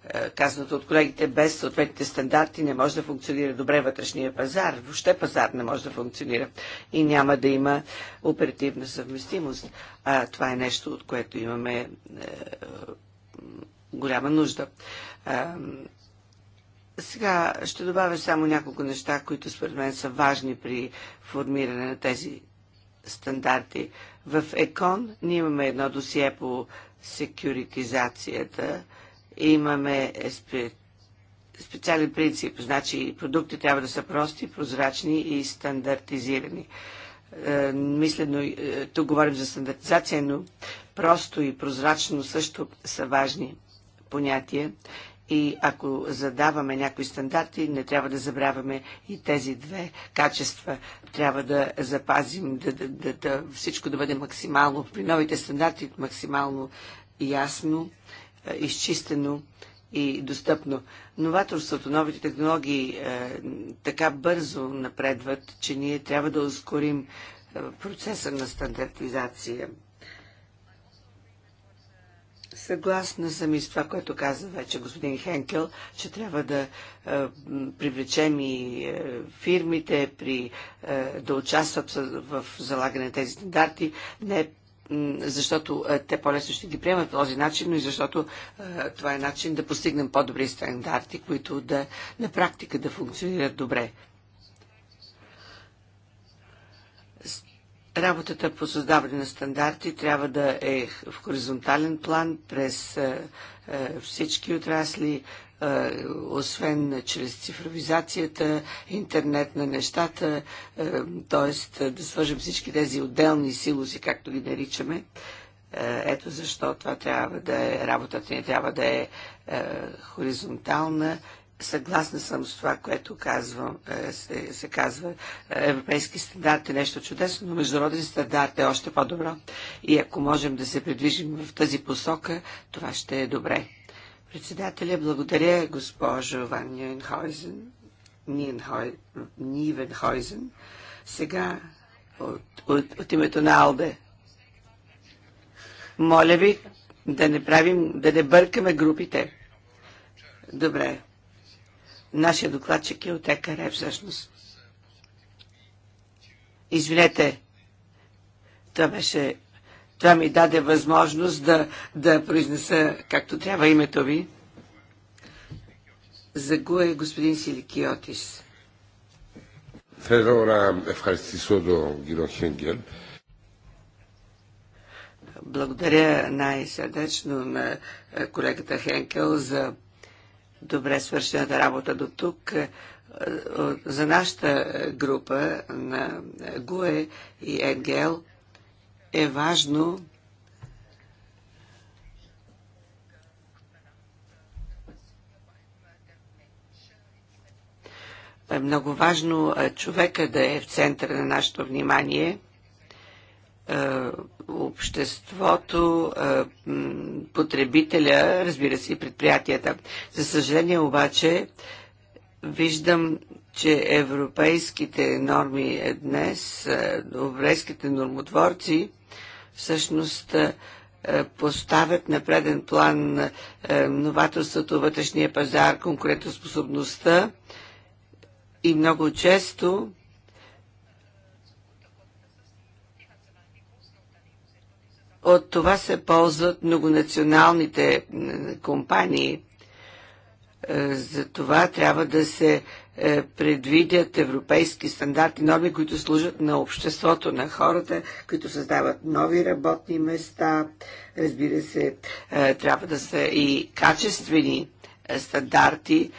е, казаното от колегите, без съответните стандарти не може да функционира добре вътрешния пазар. Въобще пазар не може да функционира и няма да има оперативна съвместимост. А, това е нещо, от което имаме голяма нужда. Сега ще добавя само няколко неща, които според мен са важни при формиране на тези стандарти. В ЕКОН ние имаме едно досие по секюритизацията. Имаме спе... специален принцип, значи продукти трябва да са прости, прозрачни и стандартизирани. Е, мислено, е, тук говорим за стандартизация, но просто и прозрачно също са важни понятия и ако задаваме някои стандарти, не трябва да забравяме и тези две качества. Трябва да запазим, да, да, да, да всичко да бъде максимално, при новите стандарти максимално ясно, е, изчистено и достъпно. Новаторството, новите технологии е, така бързо напредват, че ние трябва да ускорим е, процеса на стандартизация. Съгласна съм и с това, което каза вече господин Хенкел, че трябва да е, привлечем и е, фирмите при, е, да участват в, залагане на тези стандарти. Не защото е, те по-лесно ще ги приемат по този начин, но и защото е, това е начин да постигнем по-добри стандарти, които да, на практика да функционират добре Работата по създаване на стандарти трябва да е в хоризонтален план през е, е, всички отрасли, е, освен чрез цифровизацията, интернет на нещата, т.е. да свържем всички тези отделни силози, както ги наричаме. Ето защо това трябва да е, работата ни трябва да е хоризонтална Съгласна съм с това, което казвам, е, се, се казва. Е, европейски стандарт е нещо чудесно, но международен стандарт е още по-добро. И ако можем да се придвижим в тази посока, това ще е добре. Председателя, благодаря госпожо Ван Нивенхойзен. Нивенхойзен. Сега от, от, от името на Албе. Моля ви да не правим, да не бъркаме групите. Добре. Нашия докладчик е от ЕКР всъщност. Извинете, това беше... Това ми даде възможност да, да произнеса както трябва името ви. Загуе господин Силикиотис. Благодаря най-сърдечно на колегата Хенкел за добре свършената работа до тук. Е, е, за нашата група на ГУЕ и НГЛ е важно е много важно е, човека да е в центъра на нашето внимание – обществото, потребителя, разбира се, и предприятията. За съжаление обаче, виждам, че европейските норми е днес, европейските нормотворци, всъщност поставят на преден план новаторството, вътрешния пазар, конкурентоспособността и много често От това се ползват многонационалните компании. Е, за това трябва да се е, предвидят европейски стандарти, норми, които служат на обществото, на хората, които създават нови работни места. Разбира се, е, трябва да са и качествени стандарти,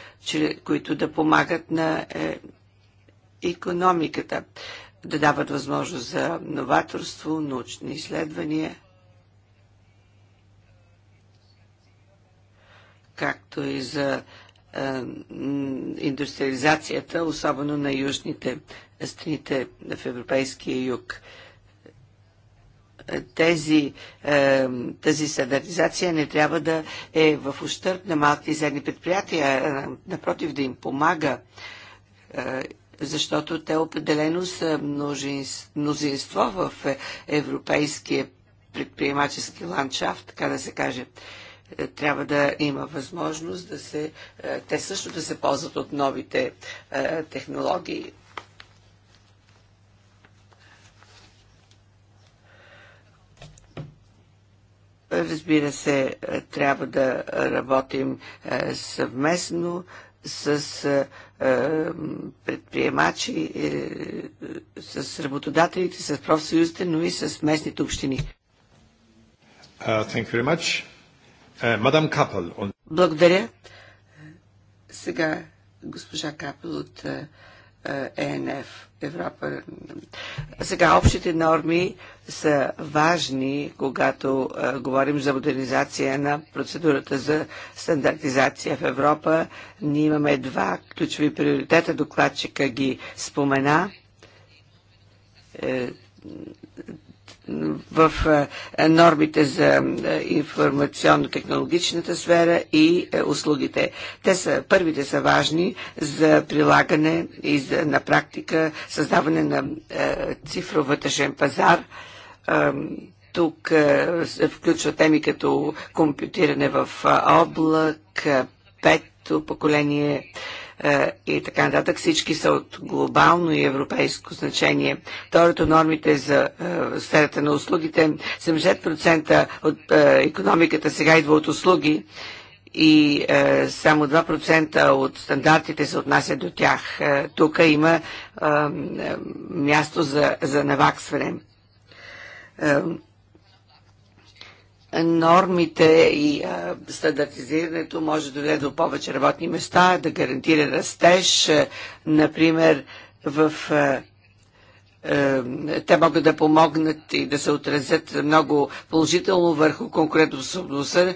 които да помагат на економиката, да дават възможност за новаторство, научни изследвания. както и за е, индустриализацията, особено на южните страните в Европейския юг. Тези, е, тази стандартизация не трябва да е в ущърп на малки и средни предприятия, напротив да им помага, е, защото те определено са мнозинство в европейския предприемачески ландшафт, така да се каже. Е, трябва да има възможност да се, е, те също да се ползват от новите е, технологии. Разбира се, трябва да работим съвместно с предприемачи, с работодателите, с профсъюзите, но и с местните общини. Uh, е, мадам Благодаря. Сега госпожа Капел от ЕНФ е, е Европа. Сега общите норми са важни, когато а, говорим за модернизация на процедурата за стандартизация в Европа. Ние имаме два ключови приоритета. Докладчика ги спомена. Е, в е, е, нормите за е, информационно-технологичната сфера и услугите. Те са, първите са важни за прилагане и за, на практика създаване на цифров вътрешен пазар. Тук се включва теми като компютиране в облак, пето поколение, е, и така нататък. Всички са от глобално и европейско значение. Второто, нормите за е, сферата на услугите. 70% от економиката сега идва от услуги и е, само 2% от стандартите се отнасят до тях. Е, тук има е, е място за, за наваксване. Е, нормите и стандартизирането може да доведе до повече работни места, да гарантира растеж, например в а, те могат да помогнат и да се отразят много положително върху конкурентоспособността,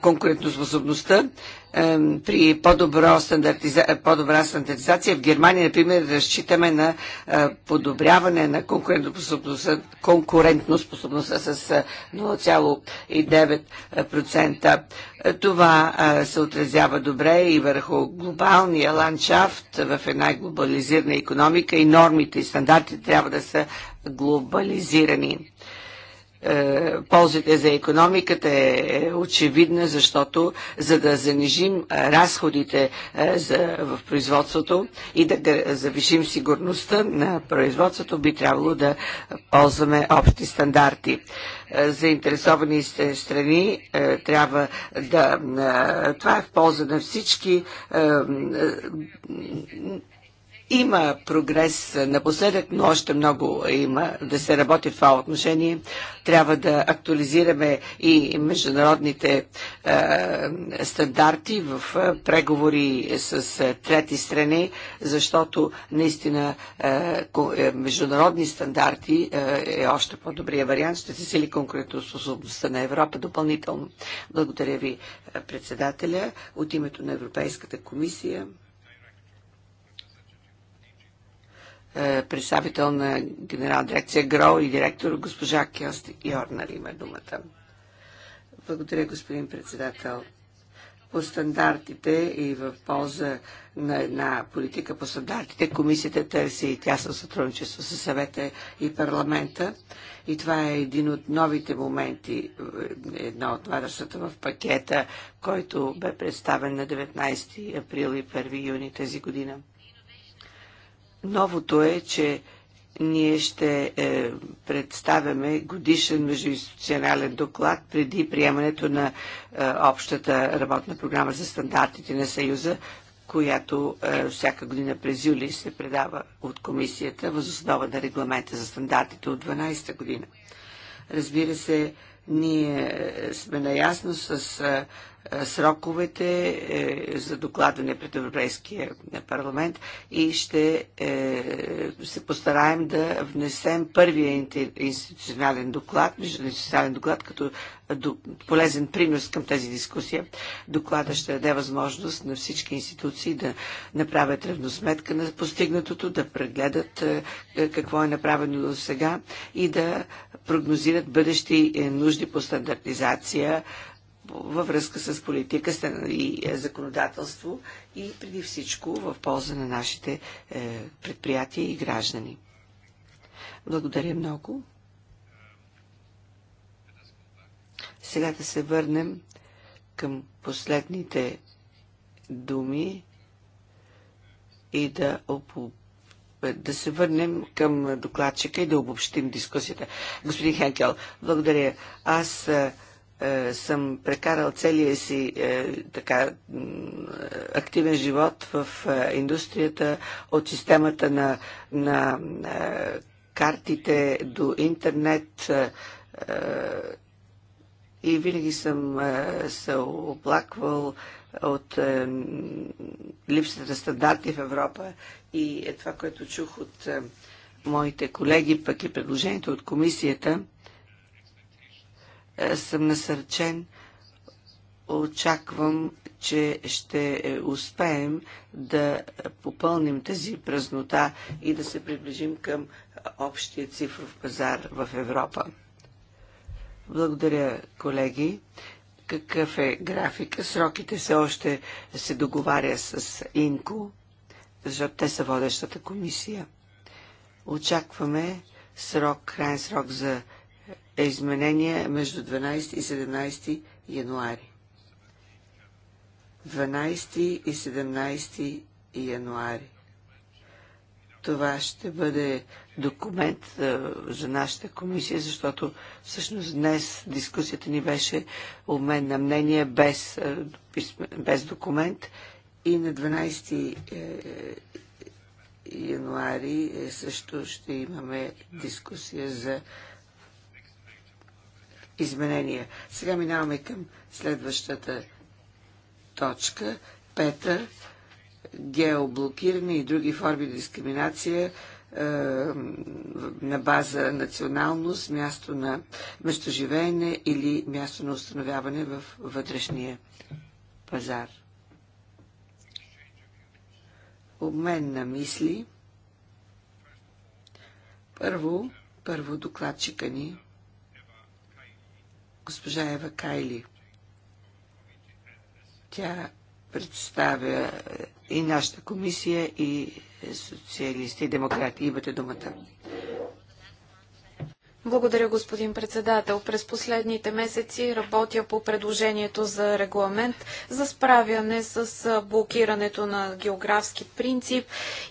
конкурентоспособността при е, по-добра стандартиза... по стандартизация в Германия, например, разчитаме на е, подобряване на конкурентоспособността, конкурентоспособността с 0,9%. Е, това се отразява добре и върху глобалния ландшафт в една глобализирана економика и нормите и стандартите трябва да са глобализирани. Е, ползите за економиката е, е очевидна, защото за да занижим е, разходите за, в производството и да завишим сигурността на производството, би трябвало да ползваме общи стандарти заинтересовани страни трябва да... Това е в полза на всички. Има прогрес напоследък, но още много има да се работи в това отношение. Трябва да актуализираме и международните е, стандарти в е, преговори с е, трети страни, защото наистина е, е, международни стандарти е, е още по-добрия вариант. Ще се сили конкурентоспособността на Европа допълнително. Благодаря ви, председателя, от името на Европейската комисия. Е, представител на генерална дирекция ГРО и директор госпожа Кьост Йорнар има думата. Благодаря, господин председател. По стандартите и в полза на една политика по стандартите, комисията търси и тясно сътрудничество с съвета и парламента. И това е един от новите моменти, е, една от варъщата в пакета, който бе представен на 19 април и 1 юни тази година. Новото е, че ние ще е, представяме годишен междуинституционален доклад преди приемането на е, общата работна програма за стандартите на Съюза, която е, всяка година през юли се предава от комисията въз основа на регламента за стандартите от 12-та година. Разбира се, ние е, сме наясно с е, е, сроковете е, за докладване пред Европейския парламент и ще е, се постараем да внесем първия институционален доклад, междуинституционален доклад, като полезен принос към тази дискусия. Доклада ще даде възможност на всички институции да направят равносметка на постигнатото, да прегледат какво е направено до сега и да прогнозират бъдещи нужди по стандартизация, във връзка с политика и е, законодателство и преди всичко в полза на нашите е, предприятия и граждани. Благодаря много. Сега да се върнем към последните думи и да, да се върнем към докладчика и да обобщим дискусията. Господин Хенкел, благодаря. Аз е, е, съм прекарал целия си е, така, активен живот в е, индустрията от системата на, на е, картите до интернет. Е, е и винаги съм е, се оплаквал от липсата на стандарти в Европа и е това, което чух от моите колеги, пък и предложението от комисията – съм насърчен. Очаквам, че ще успеем да попълним тази празнота и да се приближим към общия цифров пазар в Европа. Благодаря, колеги. Какъв е графика? Сроките все още се договаря с Инко, защото те са водещата комисия. Очакваме срок, крайен срок за е изменение между 12 и 17 януари. 12 и 17 януари. Това ще бъде документ за нашата комисия, защото всъщност днес дискусията ни беше обмен на мнение без, без документ и на 12 е, е, януари е, също ще имаме дискусия за изменения. Сега минаваме към следващата точка. Пета. Геоблокиране и други форми дискриминация е, на база националност, място на местоживеене или място на установяване в вътрешния пазар. Обмен на мисли. Първо, първо докладчика ни госпожа Ева Кайли. Тя представя е, и нашата комисия, и е, социалисти и демократи. Имате думата. Благодаря, господин председател. През последните месеци работя по предложението за регламент за справяне с блокирането на географски принцип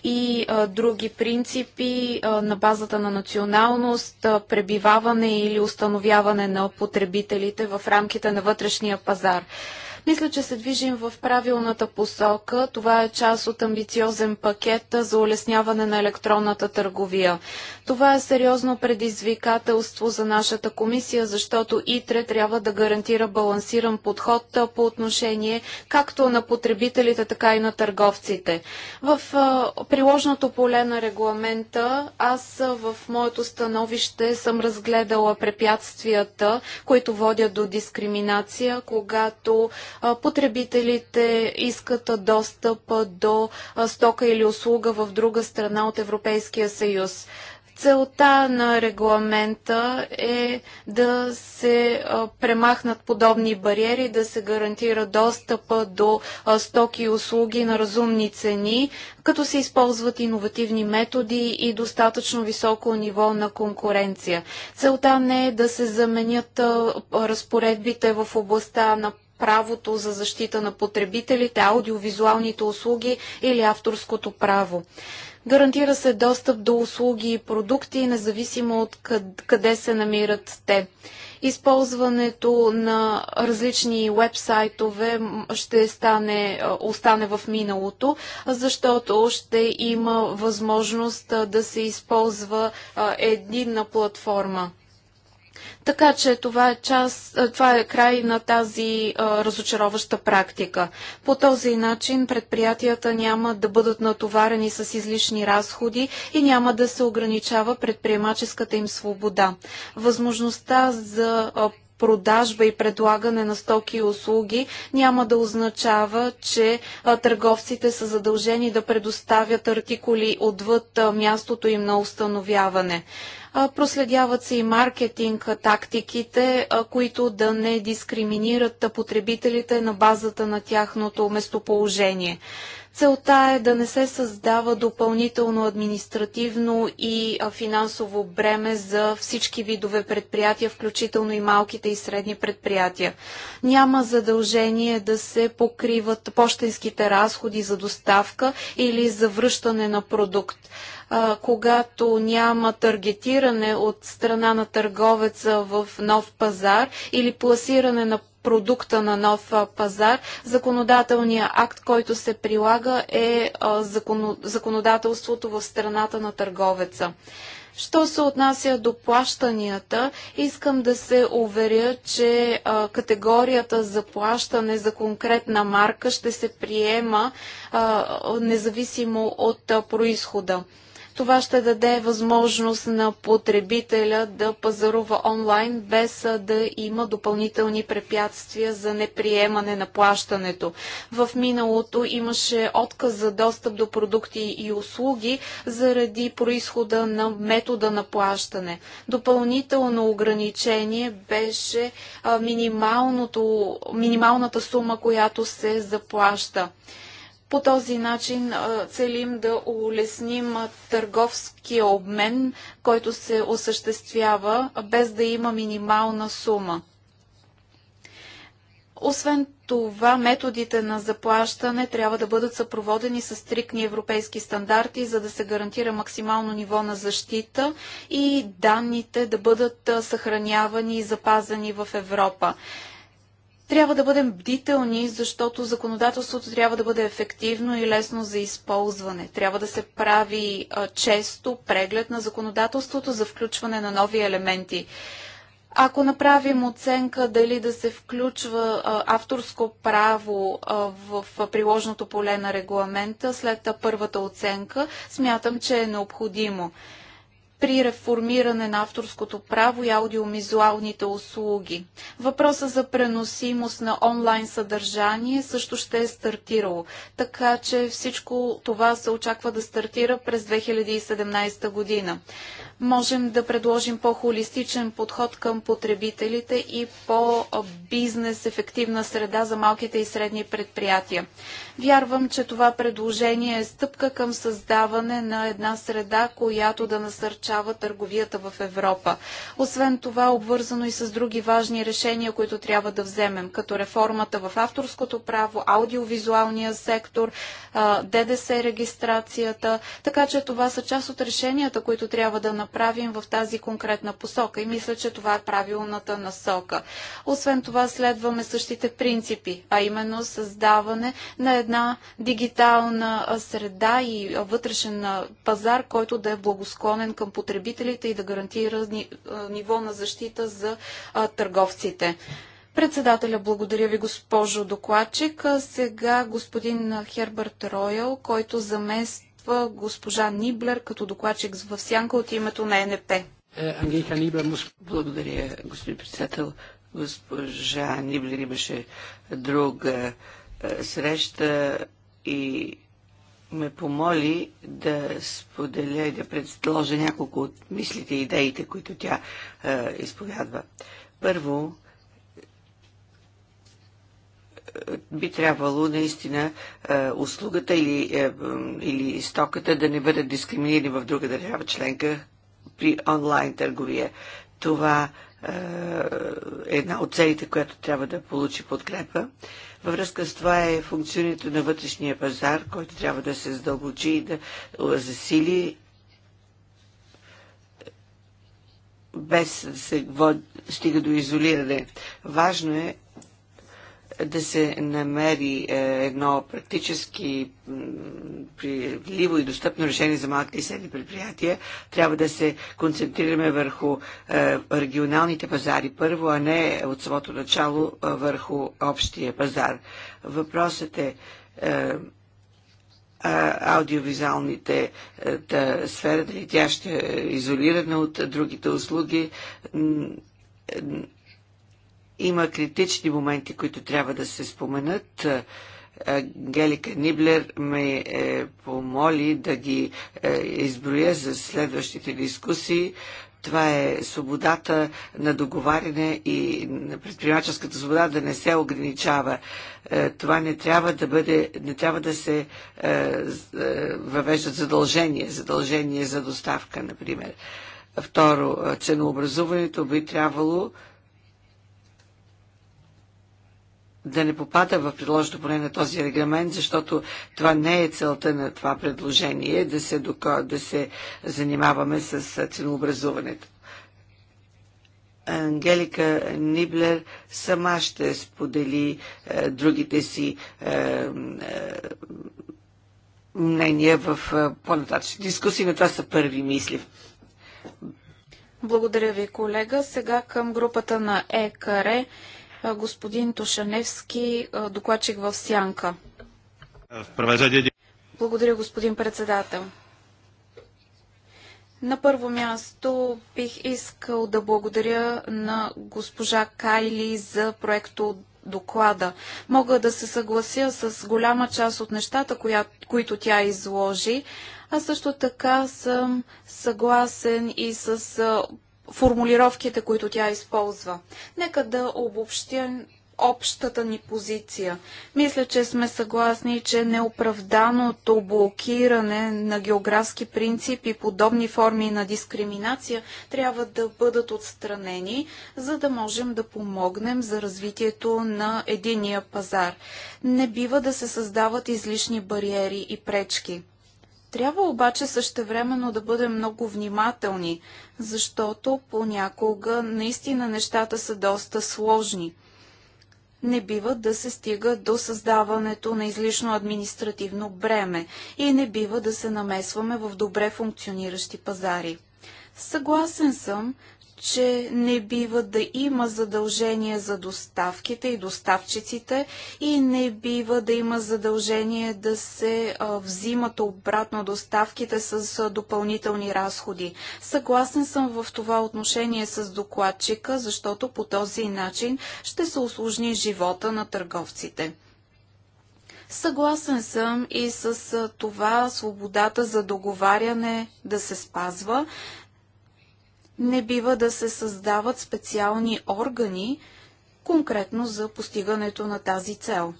и а, други принципи а, на базата на националност, а, пребиваване или установяване на потребителите в рамките на вътрешния пазар. Мисля, че се движим в правилната посока. Това е част от амбициозен пакет за улесняване на електронната търговия. Това е сериозно предизвикателство за нашата комисия, защото ИТРЕ трябва да гарантира балансиран подход по отношение както на потребителите, така и на търговците. В приложното поле на регламента аз в моето становище съм разгледала препятствията, които водят до дискриминация, когато потребителите искат достъп до стока или услуга в друга страна от Европейския съюз. Целта на регламента е да се премахнат подобни бариери, да се гарантира достъпа до стоки и услуги на разумни цени, като се използват иновативни методи и достатъчно високо ниво на конкуренция. Целта не е да се заменят разпоредбите в областта на правото за защита на потребителите, аудиовизуалните услуги или авторското право. Гарантира се достъп до услуги и продукти, независимо от къде се намират те. Използването на различни вебсайтове ще стане, остане в миналото, защото ще има възможност да се използва единна платформа. Така че това е, част, това е край на тази а, разочароваща практика. По този начин предприятията няма да бъдат натоварени с излишни разходи и няма да се ограничава предприемаческата им свобода. Възможността за продажба и предлагане на стоки и услуги няма да означава, че а, търговците са задължени да предоставят артикули отвъд а, мястото им на установяване. Проследяват се и маркетинг тактиките, които да не дискриминират потребителите на базата на тяхното местоположение. Целта е да не се създава допълнително административно и финансово бреме за всички видове предприятия, включително и малките и средни предприятия. Няма задължение да се покриват почтенските разходи за доставка или за връщане на продукт когато няма таргетиране от страна на търговеца в нов пазар или пласиране на продукта на нов пазар. Законодателният акт, който се прилага е законодателството в страната на търговеца. Що се отнася до плащанията, искам да се уверя, че а, категорията за плащане за конкретна марка ще се приема а, независимо от а, происхода. Това ще даде възможност на потребителя да пазарува онлайн, без да има допълнителни препятствия за неприемане на плащането. В миналото имаше отказ за достъп до продукти и услуги заради происхода на метода на плащане. Допълнително ограничение беше минималната сума, която се заплаща. По този начин целим да улесним търговския обмен, който се осъществява без да има минимална сума. Освен това, методите на заплащане трябва да бъдат съпроводени с стриктни европейски стандарти, за да се гарантира максимално ниво на защита и данните да бъдат съхранявани и запазени в Европа. Трябва да бъдем бдителни, защото законодателството трябва да бъде ефективно и лесно за използване. Трябва да се прави а, често преглед на законодателството за включване на нови елементи. Ако направим оценка дали да се включва а, авторско право а, в, в приложното поле на регламента след първата оценка, смятам, че е необходимо при реформиране на авторското право и аудиовизуалните услуги. Въпроса за преносимост на онлайн съдържание също ще е стартирало, така че всичко това се очаква да стартира през 2017 година можем да предложим по-холистичен подход към потребителите и по-бизнес ефективна среда за малките и средни предприятия. Вярвам, че това предложение е стъпка към създаване на една среда, която да насърчава търговията в Европа. Освен това, обвързано и с други важни решения, които трябва да вземем, като реформата в авторското право, аудиовизуалния сектор, ДДС регистрацията, така че това са част от решенията, които трябва да направим направим в тази конкретна посока и мисля, че това е правилната насока. Освен това следваме същите принципи, а именно създаване на една дигитална среда и вътрешен пазар, който да е благосклонен към потребителите и да гарантира ниво на защита за търговците. Председателя, благодаря ви, госпожо докладчик. Сега господин Херберт Роял, който замест госпожа Ниблер като докладчик в сянка от името на НП. Е, Благодаря, господин председател. Госпожа Ниблер имаше друга е, среща и ме помоли да споделя и да предложа няколко от мислите и идеите, които тя е, изповядва. Първо, би трябвало наистина е, услугата или, е, или стоката да не бъдат дискриминирани в друга държава членка при онлайн търговия. Това е, е една от целите, която трябва да получи подкрепа. Във връзка с това е функционирането на вътрешния пазар, който трябва да се задълбочи и да засили без да се стига до изолиране. Важно е да се намери е, едно практически приливо и достъпно решение за малките и средни предприятия, трябва да се концентрираме върху е, регионалните пазари първо, а не от самото начало е, върху общия пазар. Въпросът е аудиовизуалните сфера, дали тя ще е изолирана от другите услуги има критични моменти, които трябва да се споменат. Е, Гелика Ниблер ме е помоли да ги е, изброя за следващите дискусии. Това е свободата на договаряне и на предприемаческата свобода да не се ограничава. Е, това не трябва да бъде, не трябва да се въвеждат задължения, задължения за доставка, например. Второ, ценообразуването би трябвало да не попада в предложеното поне на този регламент, защото това не е целта на това предложение, да се, дока, да се занимаваме с ценообразуването. Ангелика Ниблер сама ще сподели е, другите си е, е, мнения в е, по-нататъчни дискусии, но това са първи мисли. Благодаря ви, колега. Сега към групата на ЕКАРЕ господин Тошаневски, докладчик в Сянка. Благодаря, господин председател. На първо място бих искал да благодаря на госпожа Кайли за проекто доклада. Мога да се съглася с голяма част от нещата, коя, които тя изложи, а също така съм съгласен и с формулировките, които тя използва. Нека да обобщя общата ни позиция. Мисля, че сме съгласни, че неоправданото блокиране на географски принципи, подобни форми на дискриминация трябва да бъдат отстранени, за да можем да помогнем за развитието на единия пазар. Не бива да се създават излишни бариери и пречки. Трябва обаче същевременно да бъдем много внимателни, защото понякога наистина нещата са доста сложни. Не бива да се стига до създаването на излишно административно бреме и не бива да се намесваме в добре функциониращи пазари. Съгласен съм, че не бива да има задължение за доставките и доставчиците и не бива да има задължение да се а, взимат обратно доставките с а, допълнителни разходи. Съгласен съм в това отношение с докладчика, защото по този начин ще се осложни живота на търговците. Съгласен съм и с това свободата за договаряне да се спазва, не бива да се създават специални органи конкретно за постигането на тази цел.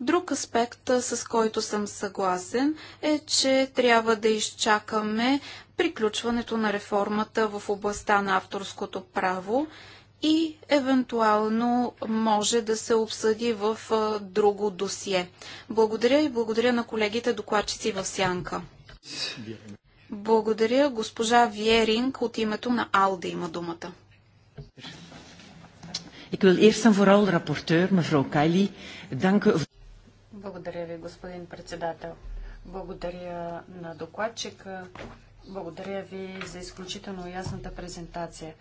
Друг аспект, с който съм съгласен, е, че трябва да изчакаме приключването на реформата в областта на авторското право и евентуално може да се обсъди в друго досие. Благодаря и благодаря на колегите докладчици в Сянка. Благодаря. Госпожа Виеринг от името на Алде има думата. Ik wil eerst en vooral rapporteur, mevrouw danken. Благодаря ви, господин председател. Благодаря на докладчика. Благодаря ви за изключително ясната презентация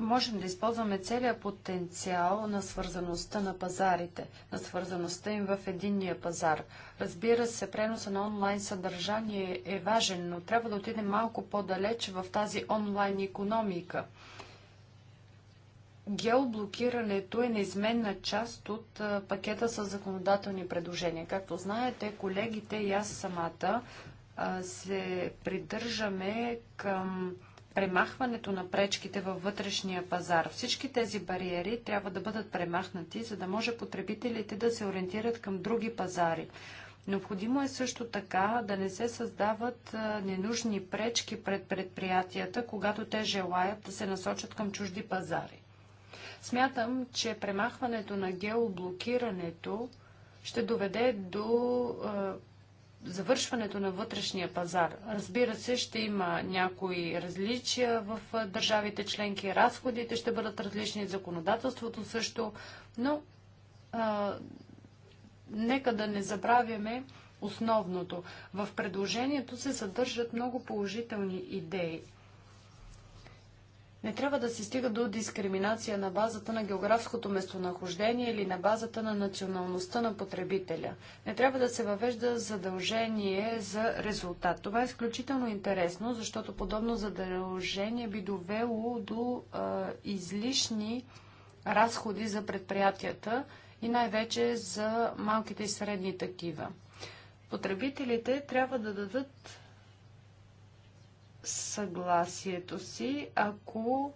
можем да използваме целият потенциал на свързаността на пазарите, на свързаността им в единния пазар. Разбира се, преноса на онлайн съдържание е важен, но трябва да отидем малко по-далеч в тази онлайн економика. Геоблокирането е неизменна част от пакета с законодателни предложения. Както знаете, колегите и аз самата се придържаме към премахването на пречките във вътрешния пазар. Всички тези бариери трябва да бъдат премахнати, за да може потребителите да се ориентират към други пазари. Необходимо е също така да не се създават ненужни пречки пред предприятията, когато те желаят да се насочат към чужди пазари. Смятам, че премахването на геоблокирането ще доведе до завършването на вътрешния пазар. Разбира се, ще има някои различия в държавите членки, разходите ще бъдат различни, законодателството също, но а, нека да не забравяме основното. В предложението се съдържат много положителни идеи. Не трябва да се стига до дискриминация на базата на географското местонахождение или на базата на националността на потребителя. Не трябва да се въвежда задължение за резултат. Това е изключително интересно, защото подобно задължение би довело до а, излишни разходи за предприятията и най-вече за малките и средни такива. Потребителите трябва да дадат съгласието си, ако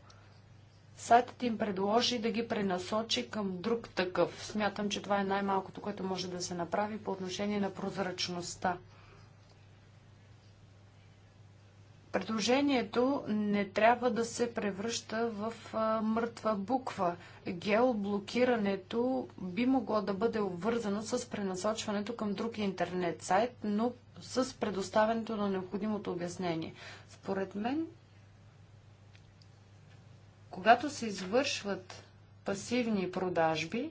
сайтът им предложи да ги пренасочи към друг такъв. Смятам, че това е най-малкото, което може да се направи по отношение на прозрачността. Предложението не трябва да се превръща в мъртва буква. Геоблокирането би могло да бъде обвързано с пренасочването към друг интернет сайт, но с предоставянето на необходимото обяснение. Според мен, когато се извършват пасивни продажби,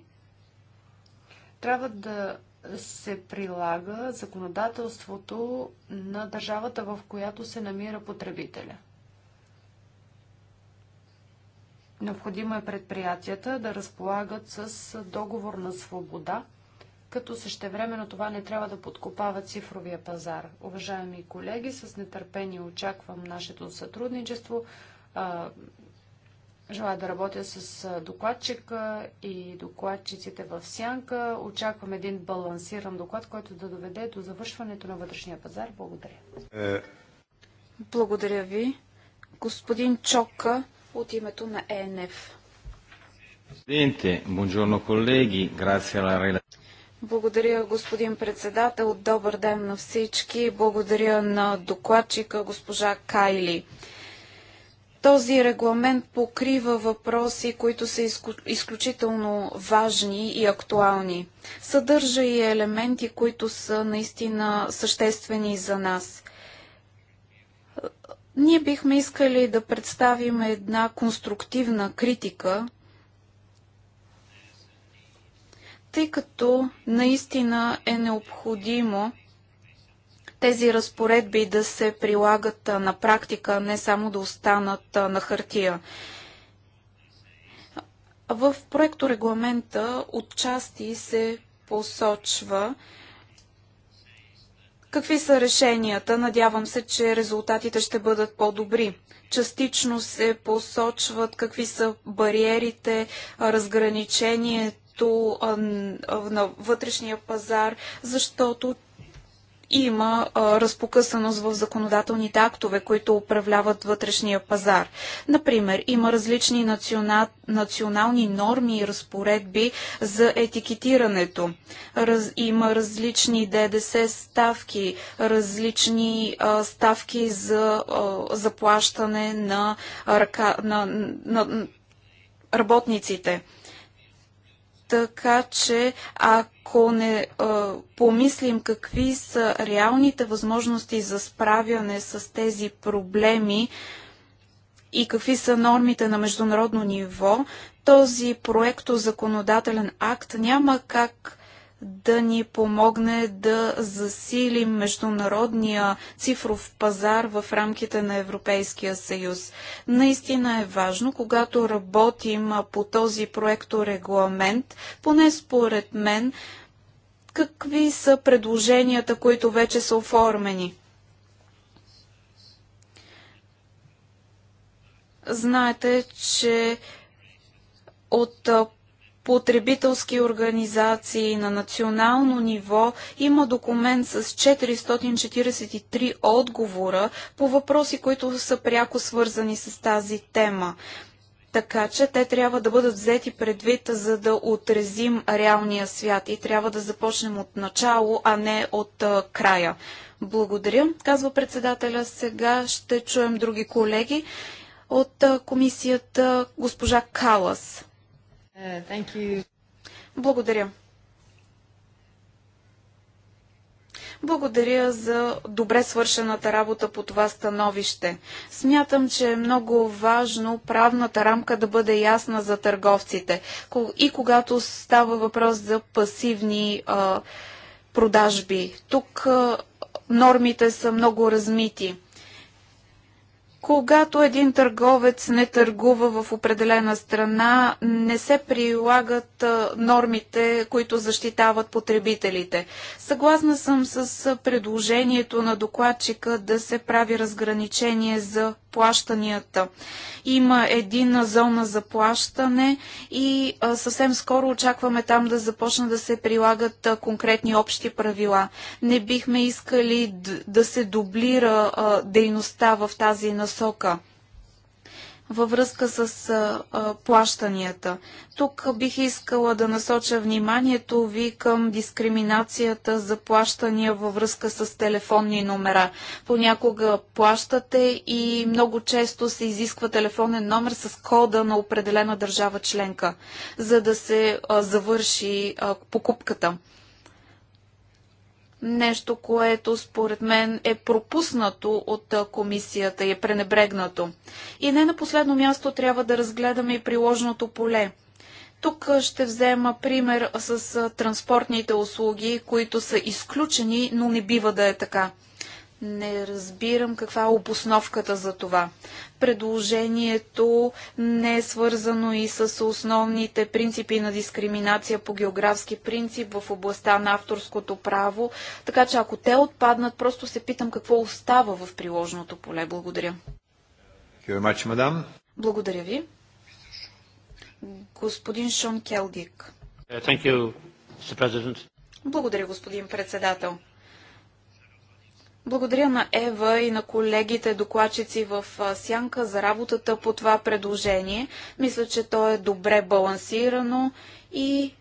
трябва да се прилага законодателството на държавата, в която се намира потребителя. Необходимо е предприятията да разполагат с договор на свобода – като същевременно това не трябва да подкопава цифровия пазар. Уважаеми колеги, с нетърпение очаквам нашето сътрудничество. Желая да работя с докладчика и докладчиците в сянка. Очаквам един балансиран доклад, който да доведе до завършването на вътрешния пазар. Благодаря. Е. Благодаря ви. Господин Чока от името на ЕНФ. Presidente, buongiorno grazie alla relazione. Благодаря, господин председател. Добър ден на всички. Благодаря на докладчика госпожа Кайли. Този регламент покрива въпроси, които са изключително важни и актуални. Съдържа и елементи, които са наистина съществени за нас. Ние бихме искали да представим една конструктивна критика тъй като наистина е необходимо тези разпоредби да се прилагат на практика, не само да останат на хартия. В проекто регламента отчасти се посочва какви са решенията. Надявам се, че резултатите ще бъдат по-добри. Частично се посочват какви са бариерите, разграничението развитието на вътрешния пазар, защото има а, разпокъсаност в законодателните актове, които управляват вътрешния пазар. Например, има различни национа... национални норми и разпоредби за етикетирането. Раз... Има различни ДДС ставки, различни а, ставки за а, заплащане на, ръка... на, на, на работниците. Така че ако не а, помислим какви са реалните възможности за справяне с тези проблеми и какви са нормите на международно ниво, този проекто законодателен акт няма как да ни помогне да засилим международния цифров пазар в рамките на Европейския съюз. Наистина е важно, когато работим по този проекторегламент, поне според мен, какви са предложенията, които вече са оформени. Знаете, че от потребителски организации на национално ниво има документ с 443 отговора по въпроси, които са пряко свързани с тази тема. Така че те трябва да бъдат взети предвид, за да отрезим реалния свят и трябва да започнем от начало, а не от а, края. Благодаря, казва председателя. Сега ще чуем други колеги от а, комисията госпожа Калас. Благодаря. Благодаря за добре свършената работа по това становище. Смятам, че е много важно правната рамка да бъде ясна за търговците. И когато става въпрос за пасивни а, продажби. Тук а, нормите са много размити. Когато един търговец не търгува в определена страна, не се прилагат нормите, които защитават потребителите. Съгласна съм с предложението на докладчика да се прави разграничение за плащанията. Има една зона за плащане и съвсем скоро очакваме там да започна да се прилагат конкретни общи правила. Не бихме искали да се дублира дейността в тази насока във връзка с а, а, плащанията. Тук бих искала да насоча вниманието ви към дискриминацията за плащания във връзка с телефонни номера. Понякога плащате и много често се изисква телефонен номер с кода на определена държава членка, за да се а, завърши а, покупката нещо, което според мен е пропуснато от комисията и е пренебрегнато. И не на последно място трябва да разгледаме и приложното поле. Тук ще взема пример с транспортните услуги, които са изключени, но не бива да е така. Не разбирам каква е обосновката за това. Предложението не е свързано и с основните принципи на дискриминация по географски принцип в областта на авторското право, така че ако те отпаднат, просто се питам какво остава в приложеното поле. Благодаря. Благодаря ви. Господин Шон Келдик. Благодаря, господин председател. Благодаря на Ева и на колегите докладчици в Сянка за работата по това предложение. Мисля, че то е добре балансирано и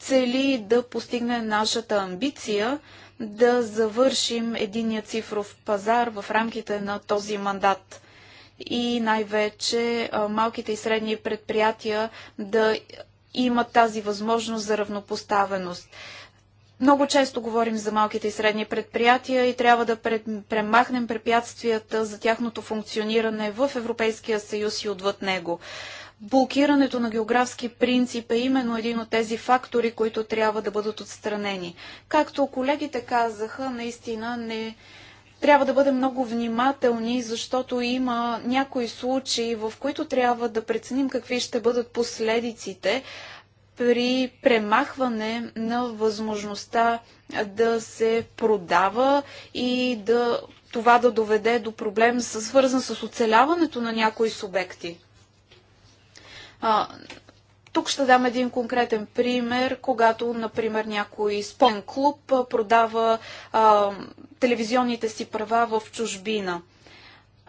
цели да постигне нашата амбиция да завършим единия цифров пазар в рамките на този мандат и най-вече малките и средни предприятия да имат тази възможност за равнопоставеност. Много често говорим за малките и средни предприятия и трябва да премахнем препятствията за тяхното функциониране в Европейския съюз и отвъд него. Блокирането на географски принцип е именно един от тези фактори, които трябва да бъдат отстранени. Както колегите казаха, наистина не трябва да бъдем много внимателни, защото има някои случаи, в които трябва да преценим какви ще бъдат последиците, при премахване на възможността да се продава и да това да доведе до проблем, свързан с оцеляването на някои субекти. А, тук ще дам един конкретен пример, когато, например, някой спонклуб клуб продава а, телевизионните си права в чужбина –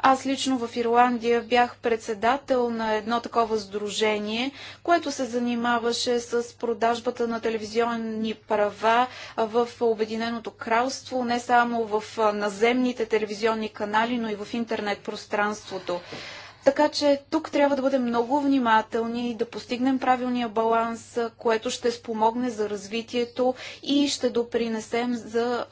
аз лично в Ирландия бях председател на едно такова сдружение, което се занимаваше с продажбата на телевизионни права в Обединеното кралство, не само в наземните телевизионни канали, но и в интернет пространството. Така че тук трябва да бъдем много внимателни и да постигнем правилния баланс, което ще спомогне за развитието и ще допринесем за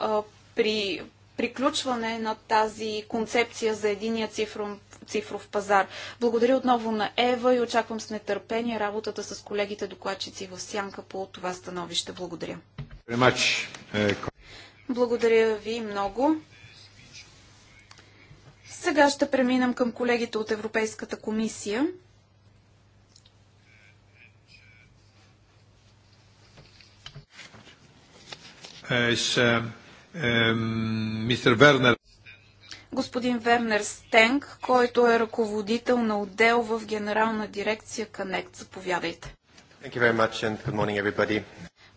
при приключване на тази концепция за единия цифров, цифров пазар. Благодаря отново на Ева и очаквам с нетърпение работата с колегите докладчици в Сянка по това становище. Благодаря. Е, Благодаря ви много. Сега ще преминам към колегите от Европейската комисия. Is, е, uh мистер Вернер. Господин Вернер Стенг, който е ръководител на отдел в Генерална дирекция Connect. Заповядайте.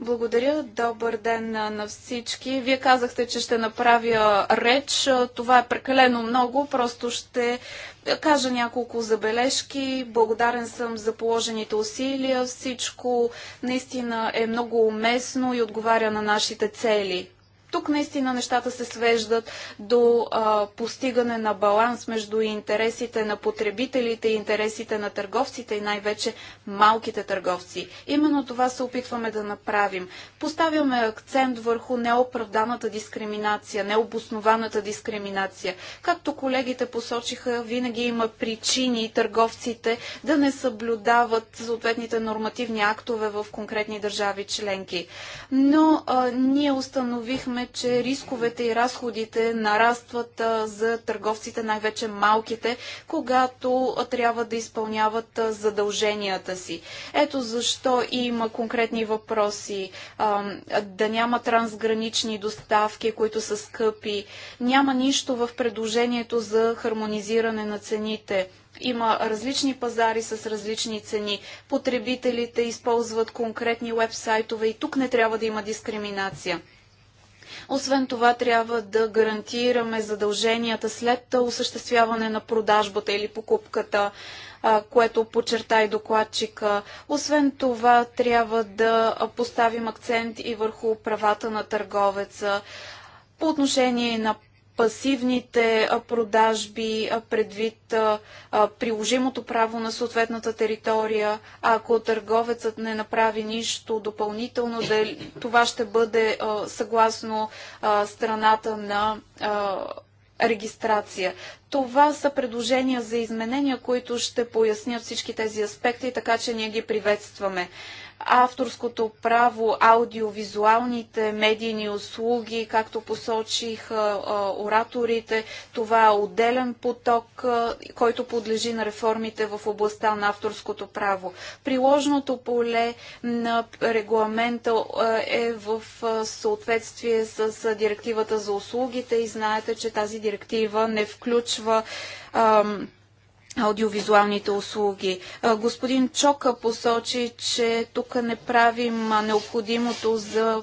Благодаря. Добър ден на всички. Вие казахте, че ще направя реч. Това е прекалено много. Просто ще кажа няколко забележки. Благодарен съм за положените усилия. Всичко наистина е много уместно и отговаря на нашите цели. Тук наистина нещата се свеждат до а, постигане на баланс между интересите на потребителите, интересите на търговците и най-вече малките търговци. Именно това се опитваме да направим. Поставяме акцент върху неоправданата дискриминация, необоснованата дискриминация. Както колегите посочиха, винаги има причини търговците да не съблюдават съответните нормативни актове в конкретни държави членки. Но а, ние установихме виждаме, че рисковете и разходите нарастват за търговците, най-вече малките, когато трябва да изпълняват задълженията си. Ето защо има конкретни въпроси. Да няма трансгранични доставки, които са скъпи. Няма нищо в предложението за хармонизиране на цените има различни пазари с различни цени. Потребителите използват конкретни веб-сайтове и тук не трябва да има дискриминация. Освен това, трябва да гарантираме задълженията след осъществяване на продажбата или покупката което подчерта и докладчика. Освен това, трябва да поставим акцент и върху правата на търговеца по отношение на пасивните продажби предвид приложимото право на съответната територия, ако търговецът не направи нищо допълнително, е това ще бъде съгласно страната на регистрация. Това са предложения за изменения, които ще пояснят всички тези аспекти, така че ние ги приветстваме авторското право, аудиовизуалните медийни услуги, както посочих а, ораторите. Това е отделен поток, а, който подлежи на реформите в областта на авторското право. Приложното поле на регламента е в съответствие с директивата за услугите и знаете, че тази директива не включва ам, аудиовизуалните услуги. Господин Чока посочи, че тук не правим необходимото за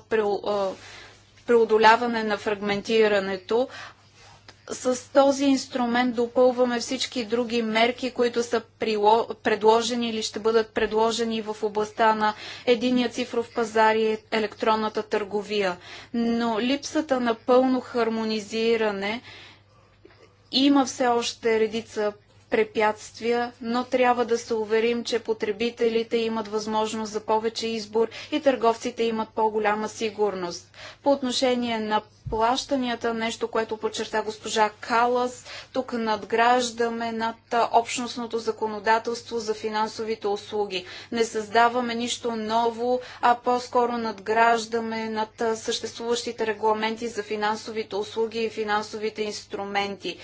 преодоляване на фрагментирането. С този инструмент допълваме всички други мерки, които са предложени или ще бъдат предложени в областта на единия цифров пазар и електронната търговия. Но липсата на пълно хармонизиране има все още редица препятствия, но трябва да се уверим, че потребителите имат възможност за повече избор и търговците имат по-голяма сигурност. По отношение на плащанията, нещо, което подчерта госпожа Калас. Тук надграждаме над общностното законодателство за финансовите услуги. Не създаваме нищо ново, а по-скоро надграждаме над съществуващите регламенти за финансовите услуги и финансовите инструменти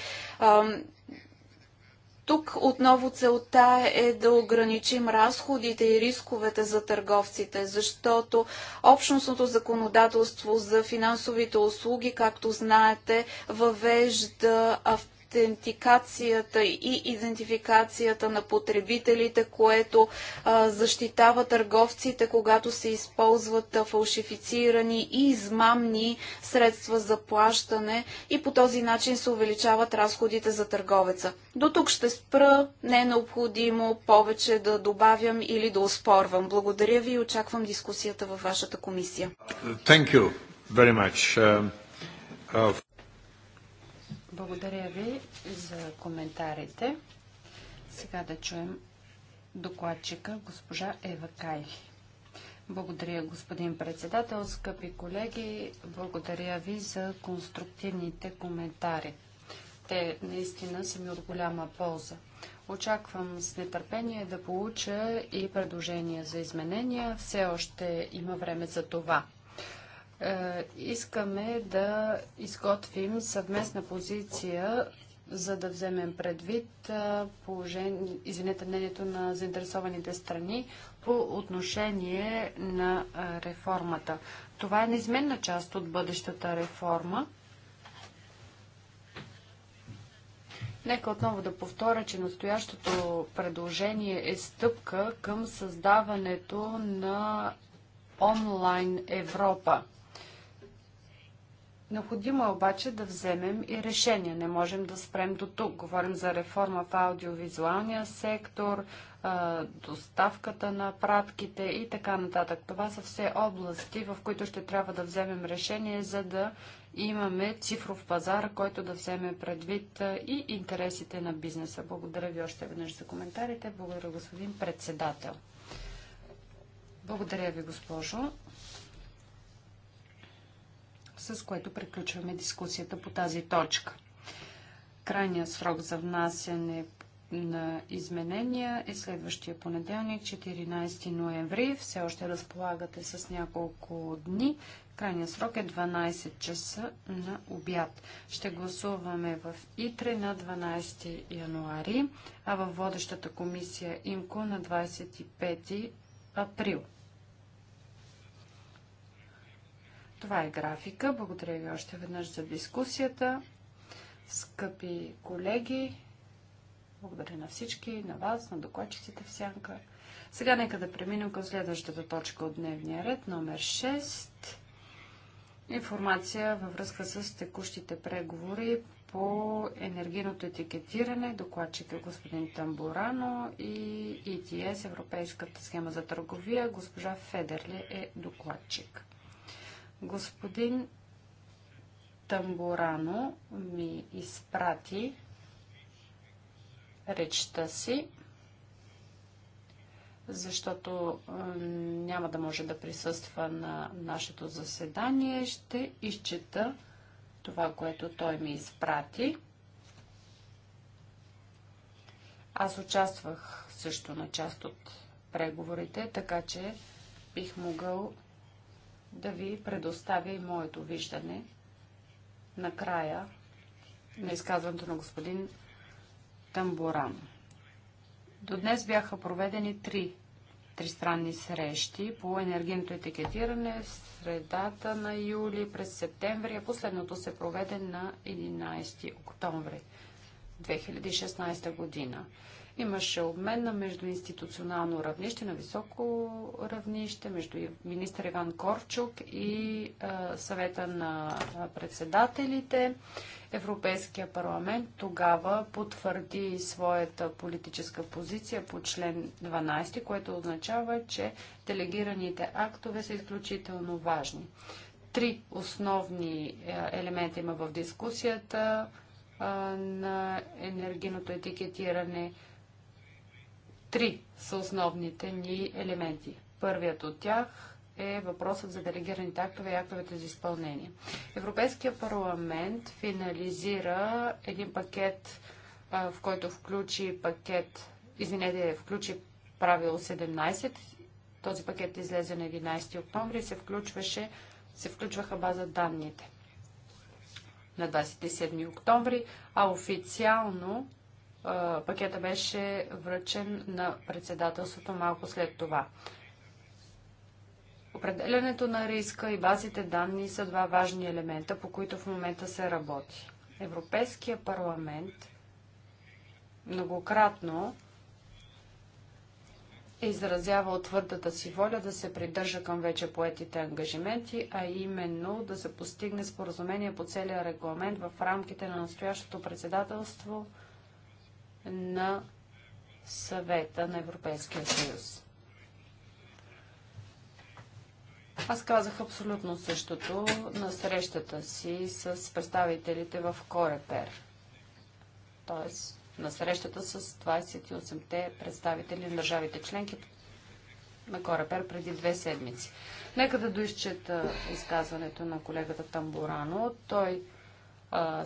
тук отново целта е да ограничим разходите и рисковете за търговците, защото общностното законодателство за финансовите услуги, както знаете, въвежда автоматично идентикацията и идентификацията на потребителите, което а, защитава търговците, когато се използват а, фалшифицирани и измамни средства за плащане и по този начин се увеличават разходите за търговеца. До тук ще спра, не е необходимо повече да добавям или да успорвам. Благодаря ви и очаквам дискусията във вашата комисия. Thank you very much. Uh, uh... Благодаря ви за коментарите. Сега да чуем докладчика госпожа Ева Кайхи. Благодаря, господин председател, скъпи колеги. Благодаря ви за конструктивните коментари. Те наистина са ми от голяма полза. Очаквам с нетърпение да получа и предложения за изменения. Все още има време за това. Е, искаме да изготвим съвместна позиция, за да вземем предвид е, мнението на заинтересованите страни по отношение на е, реформата. Това е неизменна част от бъдещата реформа. Нека отново да повторя, че настоящото предложение е стъпка към създаването на онлайн Европа. Необходимо е обаче да вземем и решение. Не можем да спрем до тук. Говорим за реформа в аудиовизуалния сектор, доставката на пратките и така нататък. Това са все области, в които ще трябва да вземем решение, за да имаме цифров пазар, който да вземе предвид и интересите на бизнеса. Благодаря ви още веднъж за коментарите. Благодаря, господин председател. Благодаря ви, госпожо с което приключваме дискусията по тази точка. Крайният срок за внасяне на изменения е следващия понеделник, 14 ноември. Все още разполагате с няколко дни. Крайният срок е 12 часа на обяд. Ще гласуваме в ИТРЕ на 12 януари, а във водещата комисия ИМКО на 25 април. Това е графика. Благодаря ви още веднъж за дискусията. Скъпи колеги, благодаря на всички, на вас, на докладчиците в сянка. Сега нека да преминем към следващата точка от дневния ред, номер 6. Информация във връзка с текущите преговори по енергийното етикетиране, Докладчика е господин Тамбурано и ETS, Европейската схема за търговия, госпожа Федерли е докладчик. Господин Тамбурано ми изпрати речта си, защото няма да може да присъства на нашето заседание. Ще изчета това, което той ми изпрати. Аз участвах също на част от преговорите, така че бих могъл да ви предоставя и моето виждане накрая на изказването на господин Тамбуран. До днес бяха проведени три тристранни срещи по енергийното етикетиране в средата на юли, през септември, а последното се проведе на 11 октомври 2016 година. Имаше обмен на междуинституционално равнище, на високо равнище, между министър Иван Корчук и а, съвета на председателите. Европейския парламент тогава потвърди своята политическа позиция по член 12, което означава, че делегираните актове са изключително важни. Три основни елемента има в дискусията на енергийното етикетиране – Три са основните ни елементи. Първият от тях е въпросът за делегираните актове и актовете за изпълнение. Европейския парламент финализира един пакет, в който включи пакет, извинете, включи правило 17. Този пакет излезе на 11 октомври и се, включваше, се включваха база данните на 27 октомври, а официално пакета беше връчен на председателството малко след това. Определянето на риска и базите данни са два важни елемента, по които в момента се работи. Европейския парламент многократно е изразявал твърдата си воля да се придържа към вече поетите ангажименти, а именно да се постигне споразумение по целия регламент в рамките на настоящото председателство – на съвета на Европейския съюз. Аз казах абсолютно същото на срещата си с представителите в Корепер. Тоест, на срещата с 28-те представители на държавите членки на Корепер преди две седмици. Нека да доизчета изказването на колегата Тамбурано. Той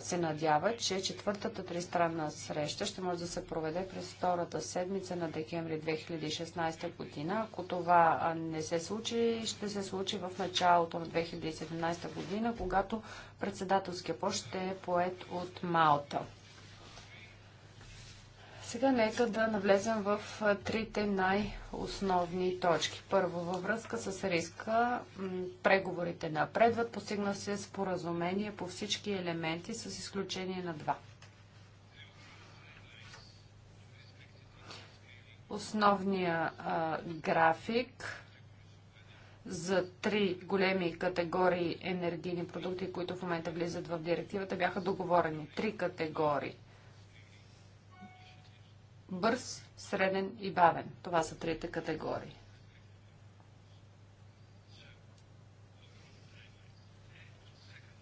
се надява, че четвъртата тристранна среща ще може да се проведе през втората седмица на декември 2016 година. Ако това не се случи, ще се случи в началото на 2017 година, когато председателския пост ще е поет от Малта. Сега нека да навлезем в трите най-основни точки. Първо, във връзка с риска, преговорите напредват, постигна се споразумение по всички елементи, с изключение на два. Основния а, график за три големи категории енергийни продукти, които в момента влизат в директивата, бяха договорени. Три категории бърз, среден и бавен. Това са трите категории.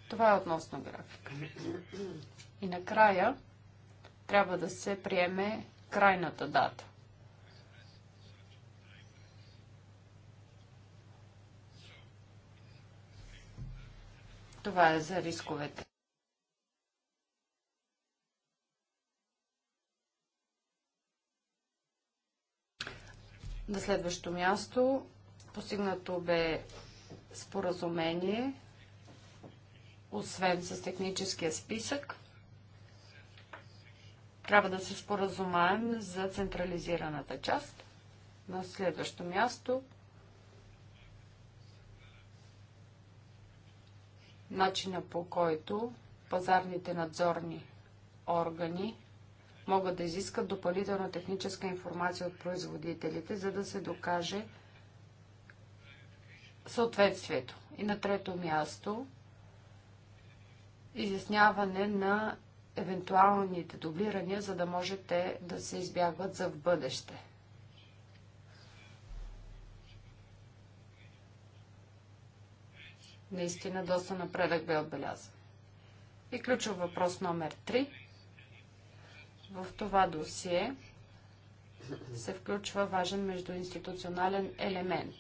Това е относно графика. И накрая трябва да се приеме крайната дата. Това е за рисковете. На следващо място постигнато бе споразумение, освен с техническия списък. Трябва да се споразумаем за централизираната част. На следващо място начина по който пазарните надзорни органи могат да изискат допълнителна техническа информация от производителите, за да се докаже съответствието. И на трето място изясняване на евентуалните дублирания, за да може те да се избягват за в бъдеще. Наистина доста напредък бе отбелязан. И ключов въпрос номер 3. В това досие се включва важен междуинституционален елемент,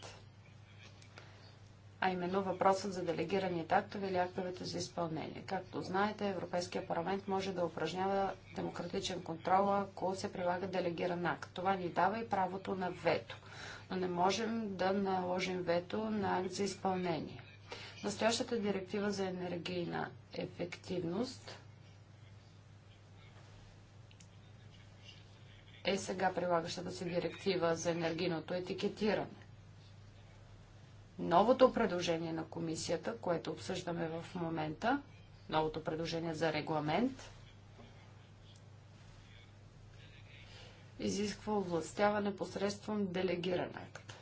а именно въпросът за делегираните актове или актовете за изпълнение. Както знаете, Европейския парламент може да упражнява демократичен контрол, ако се прилага делегиран акт. Това ни дава и правото на вето, но не можем да наложим вето на акт за изпълнение. Настоящата директива за енергийна ефективност – е сега прилагащата се директива за енергийното етикетиране. Новото предложение на комисията, което обсъждаме в момента, новото предложение за регламент, изисква областяване посредством делегиран акт.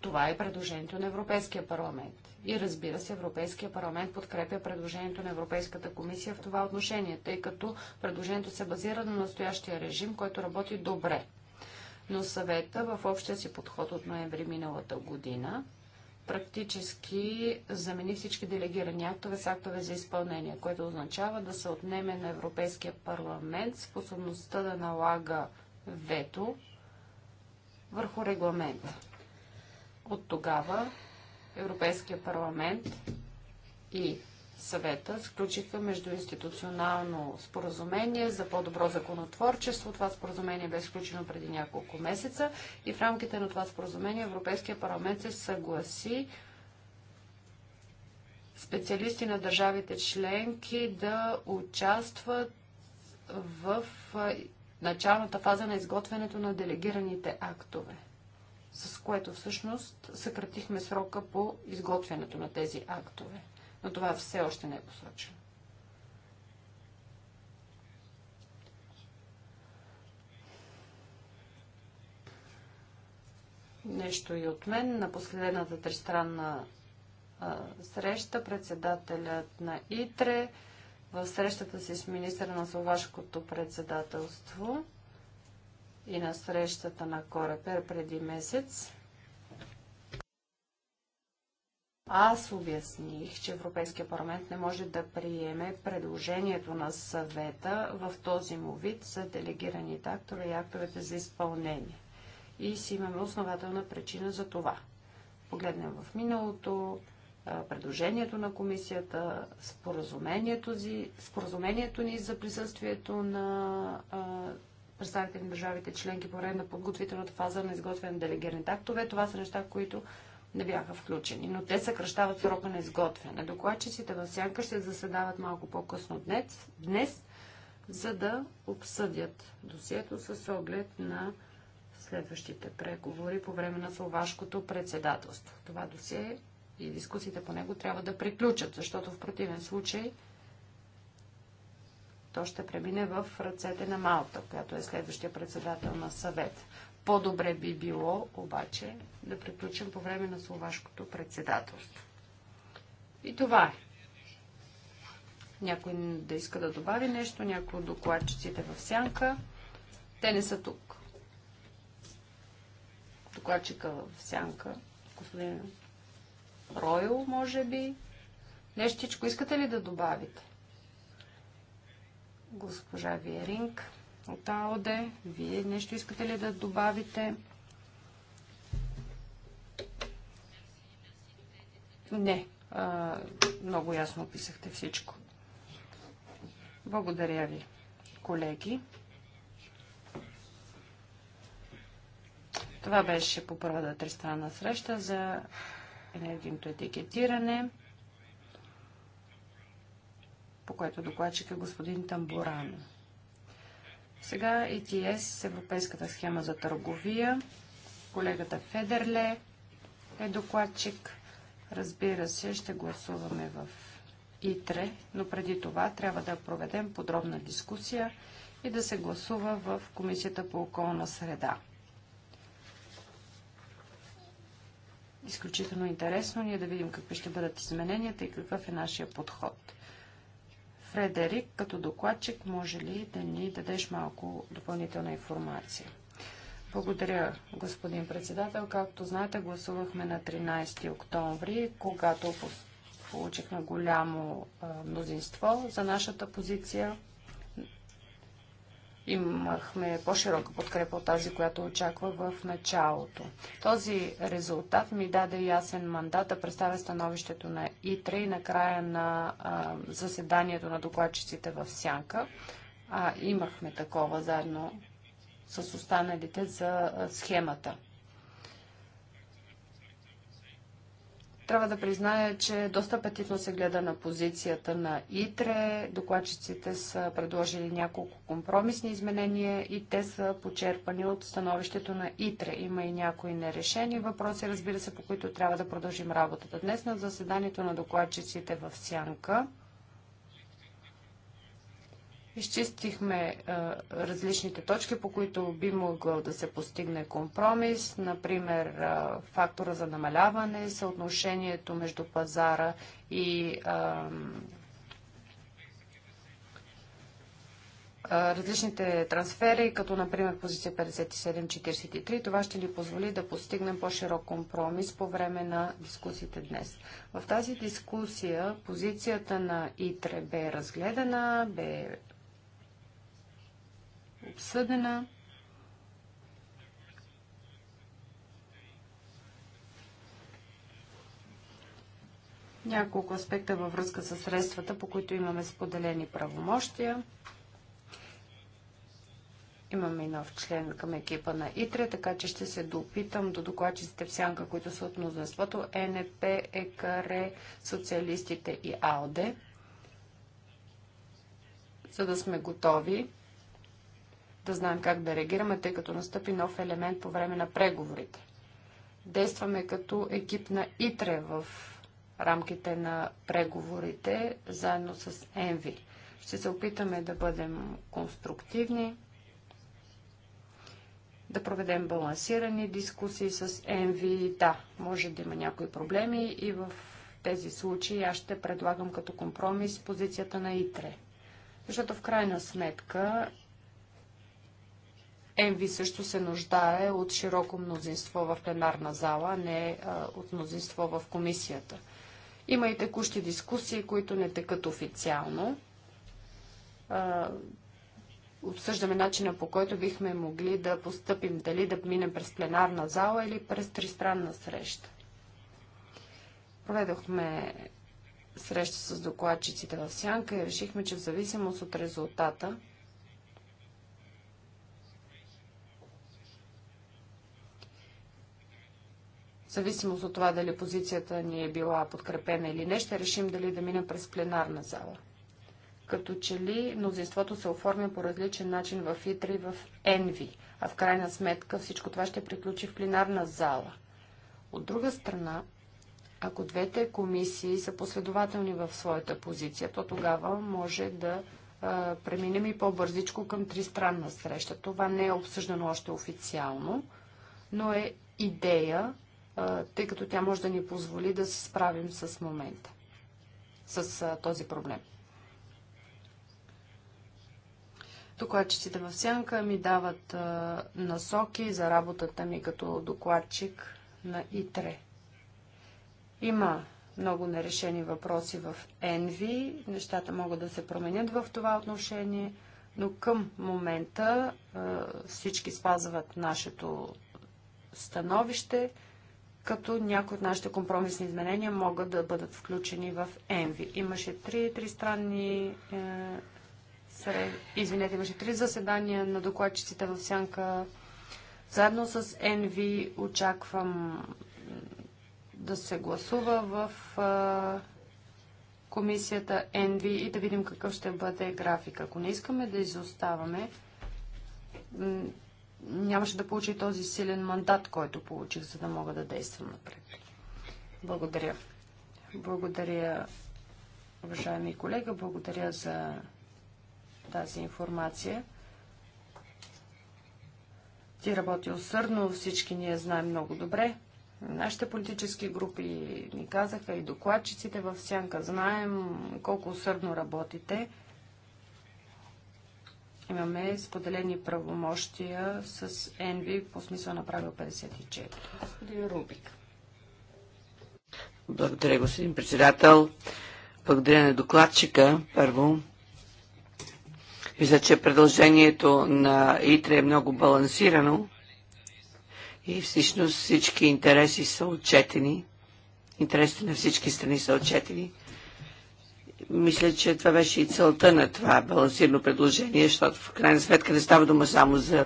Това е предложението на Европейския парламент. И разбира се, Европейския парламент подкрепя предложението на Европейската комисия в това отношение, тъй като предложението се базира на настоящия режим, който работи добре. Но съвета в общия си подход от ноември миналата година практически замени всички делегирани актове с актове за изпълнение, което означава да се отнеме на Европейския парламент способността да налага вето върху регламента. От тогава Европейския парламент и съвета сключиха междуинституционално споразумение за по-добро законотворчество. Това споразумение бе сключено преди няколко месеца и в рамките на това споразумение Европейския парламент се съгласи специалисти на държавите членки да участват в началната фаза на изготвянето на делегираните актове с което всъщност съкратихме срока по изготвянето на тези актове. Но това все още не е посочено. Нещо и от мен. На последната тристранна среща председателят на ИТРЕ в срещата си с министра на словашкото председателство и на срещата на Корепер преди месец, аз обясних, че Европейския парламент не може да приеме предложението на съвета в този му вид за делегираните актове и актовете за изпълнение. И си имаме основателна причина за това. Погледнем в миналото, предложението на комисията, споразумението, споразумението ни за присъствието на представители на държавите членки по време на подготвителната фаза на изготвяне на делегираните актове. Това са неща, които не бяха включени, но те съкръщават срока на изготвяне. Докладчиците в сянка ще заседават малко по-късно днес, днес, за да обсъдят досието с оглед на следващите преговори по време на словашкото председателство. Това досие и дискусиите по него трябва да приключат, защото в противен случай то ще премине в ръцете на Малта, която е следващия председател на съвет. По-добре би било обаче да приключим по време на словашкото председателство. И това е. Някой да иска да добави нещо, някой от докладчиците в сянка. Те не са тук. Докладчика в сянка, господин Ройл, може би. Нещичко искате ли да добавите? Госпожа Виеринг от АОД, вие нещо искате ли да добавите? Не. А, много ясно описахте всичко. Благодаря ви, колеги. Това беше по първата тристранна среща за енергийното етикетиране по което докладчик е господин Тамбурано. Сега ETS, Европейската схема за търговия. Колегата Федерле е докладчик. Разбира се, ще гласуваме в ИТРЕ, но преди това трябва да проведем подробна дискусия и да се гласува в Комисията по околна среда. Изключително интересно ние да видим какви ще бъдат измененията и какъв е нашия подход. Фредерик, като докладчик, може ли да ни дадеш малко допълнителна информация? Благодаря, господин председател. Както знаете, гласувахме на 13 октомври, когато получихме голямо мнозинство за нашата позиция имахме по-широка подкрепа от тази, която очаква в началото. Този резултат ми даде ясен мандат да представя становището на ИТРА и накрая на а, заседанието на докладчиците в Сянка. А, имахме такова заедно с останалите за схемата. Трябва да призная, че доста апетитно се гледа на позицията на ИТРЕ. Докладчиците са предложили няколко компромисни изменения и те са почерпани от становището на ИТРЕ. Има и някои нерешени въпроси, разбира се, по които трябва да продължим работата. Днес на заседанието на докладчиците в Сянка Изчистихме а, различните точки, по които би могъл да се постигне компромис, например а, фактора за намаляване, съотношението между пазара и а, различните трансфери, като например позиция 57-43. Това ще ни позволи да постигнем по-широк компромис по време на дискусиите днес. В тази дискусия позицията на ИТРЕ бе разгледана, бе обсъдена. Няколко аспекта във връзка с средствата, по които имаме споделени правомощия. Имаме и нов член към екипа на ИТРЕ, така че ще се допитам до докладчиците в сянка, които са от мнозинството е НП, ЕКР, социалистите и АОДЕ, за да сме готови да знаем как да реагираме, тъй като настъпи нов елемент по време на преговорите. Действаме като екип на ИТРЕ в рамките на преговорите, заедно с ЕНВИ. Ще се опитаме да бъдем конструктивни, да проведем балансирани дискусии с ЕНВИ. Да, може да има някои проблеми и в тези случаи аз ще предлагам като компромис позицията на ИТРЕ. Защото в крайна сметка МВ също се нуждае от широко мнозинство в пленарна зала, а не от мнозинство в комисията. Има и текущи дискусии, които не текат официално. обсъждаме начина по който бихме могли да постъпим, дали да минем през пленарна зала или през тристранна среща. Проведохме среща с докладчиците в Сянка и решихме, че в зависимост от резултата зависимост от това дали позицията ни е била подкрепена или не, ще решим дали да минем през пленарна зала. Като че ли мнозинството се оформя по различен начин в ИТРА и в ЕНВИ, а в крайна сметка всичко това ще приключи в пленарна зала. От друга страна, ако двете комисии са последователни в своята позиция, то тогава може да а, преминем и по-бързичко към тристранна среща. Това не е обсъждано още официално, но е идея, тъй като тя може да ни позволи да се справим с момента, с този проблем. Докладчиците в Сянка ми дават насоки за работата ми като докладчик на ИТРЕ. Има много нерешени въпроси в ЕНВИ. Нещата могат да се променят в това отношение, но към момента всички спазват нашето становище като някои от нашите компромисни изменения могат да бъдат включени в ЕНВИ. Имаше три тристранни е, сред... извинете, имаше три заседания на докладчиците в Сянка. Заедно с ЕНВИ очаквам да се гласува в е, комисията ЕНВИ и да видим какъв ще бъде график. Ако не искаме да изоставаме, нямаше да получи този силен мандат, който получих, за да мога да действам напред. Благодаря. Благодаря, уважаеми колега, благодаря за тази информация. Ти работи усърдно, всички ние знаем много добре. Нашите политически групи ни казаха и докладчиците в Сянка знаем колко усърдно работите имаме споделени правомощия с ЕНВИ по смисъл на правил 54. Господин Рубик. Благодаря, господин председател. Благодаря на докладчика, първо. Мисля, че предложението на ИТРЕ е много балансирано и всъщност всички интереси са отчетени. Интересите на всички страни са отчетени. Мисля, че това беше и целта на това балансирано предложение, защото в крайна сметка не става дума само за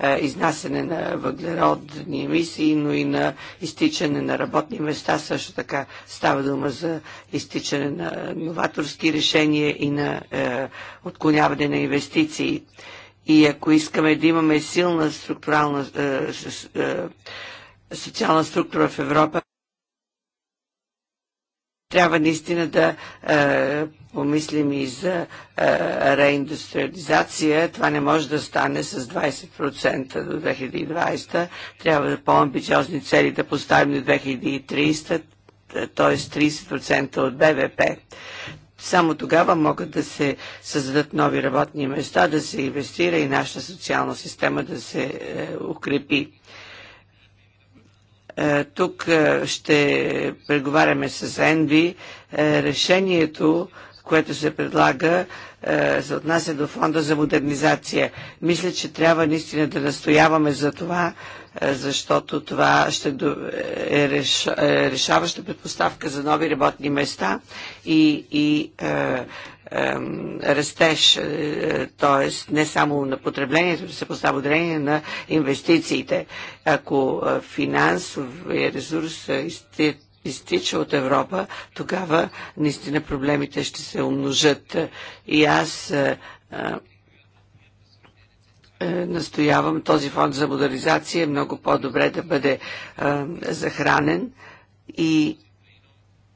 е, изнасене на въглеродни емисии, но и на изтичане на работни места. Също така става дума за изтичане на новаторски решения и на е, отклоняване на инвестиции. И ако искаме да имаме силна структурална е, е, социална структура в Европа, трябва наистина да е, помислим и за е, реиндустриализация. Това не може да стане с 20% до 2020. Трябва да по-амбициозни цели да поставим до 2030, т.е. 30% от БВП. Само тогава могат да се създадат нови работни места, да се инвестира и нашата социална система да се е, укрепи. Е, тук е, ще преговаряме с Енви. Е, решението, което се предлага, се отнася до фонда за модернизация. Мисля, че трябва наистина да настояваме за това, защото това ще е решаваща предпоставка за нови работни места и, и растеж, т.е. не само на потреблението, да се поставя ударение на инвестициите. Ако е, финансовия ресурс е, изтича от Европа, тогава наистина проблемите ще се умножат. И аз е, настоявам този фонд за модернизация много по-добре да бъде захранен и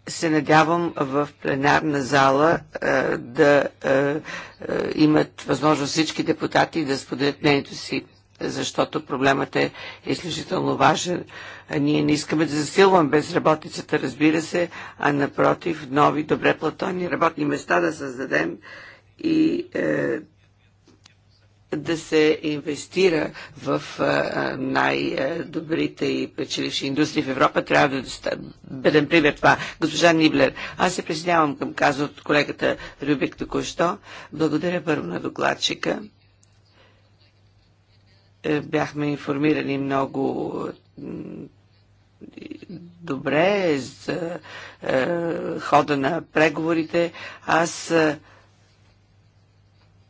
се надявам в пленарна зала е, да е, е, имат възможност всички депутати да споделят мнението си, защото проблемът е изключително важен. Ние не искаме да засилваме безработицата, разбира се, а напротив, нови, добре платони работни места да създадем и да се инвестира в най-добрите и печеливши индустрии в Европа. Трябва да доста... бъдем пример това. Госпожа Ниблер, аз се присъединявам към каза от колегата Рюбик току-що. Благодаря първо на докладчика. Е, бяхме информирани много добре за е, хода на преговорите. Аз е,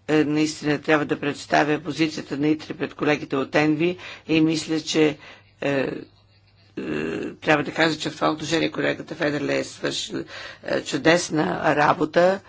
е, наистина трябва да представя позицията на ИТРИ пред колегите от ЕНВИ и мисля, че е, е, трябва да кажа, че в това отношение колегата Федерле е свършил е, чудесна работа.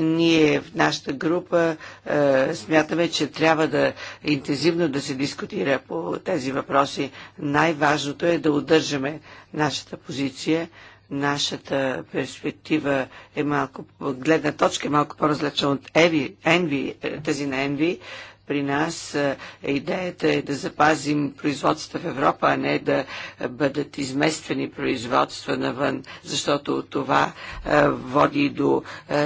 Ние в нашата група е, смятаме, че трябва да интензивно да се дискутира по тези въпроси. Най-важното е да удържаме нашата позиция нашата перспектива е малко, гледна точка е малко по-различна от Еви, Енви, е, тази на Енви. При нас е, е идеята е да запазим производства в Европа, а не да бъдат изместени производства навън, защото това води до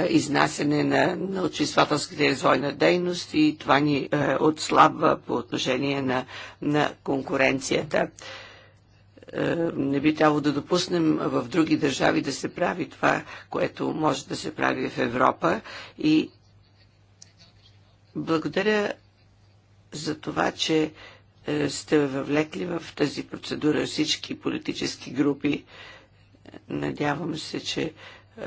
изнасене на научествателската развойна дейност и това ни отслабва по отношение на, на конкуренцията. Е, не би трябвало да допуснем в други държави да се прави това, което може да се прави в Европа. И благодаря за това, че е, сте въвлекли в тази процедура всички политически групи. Надявам се, че е,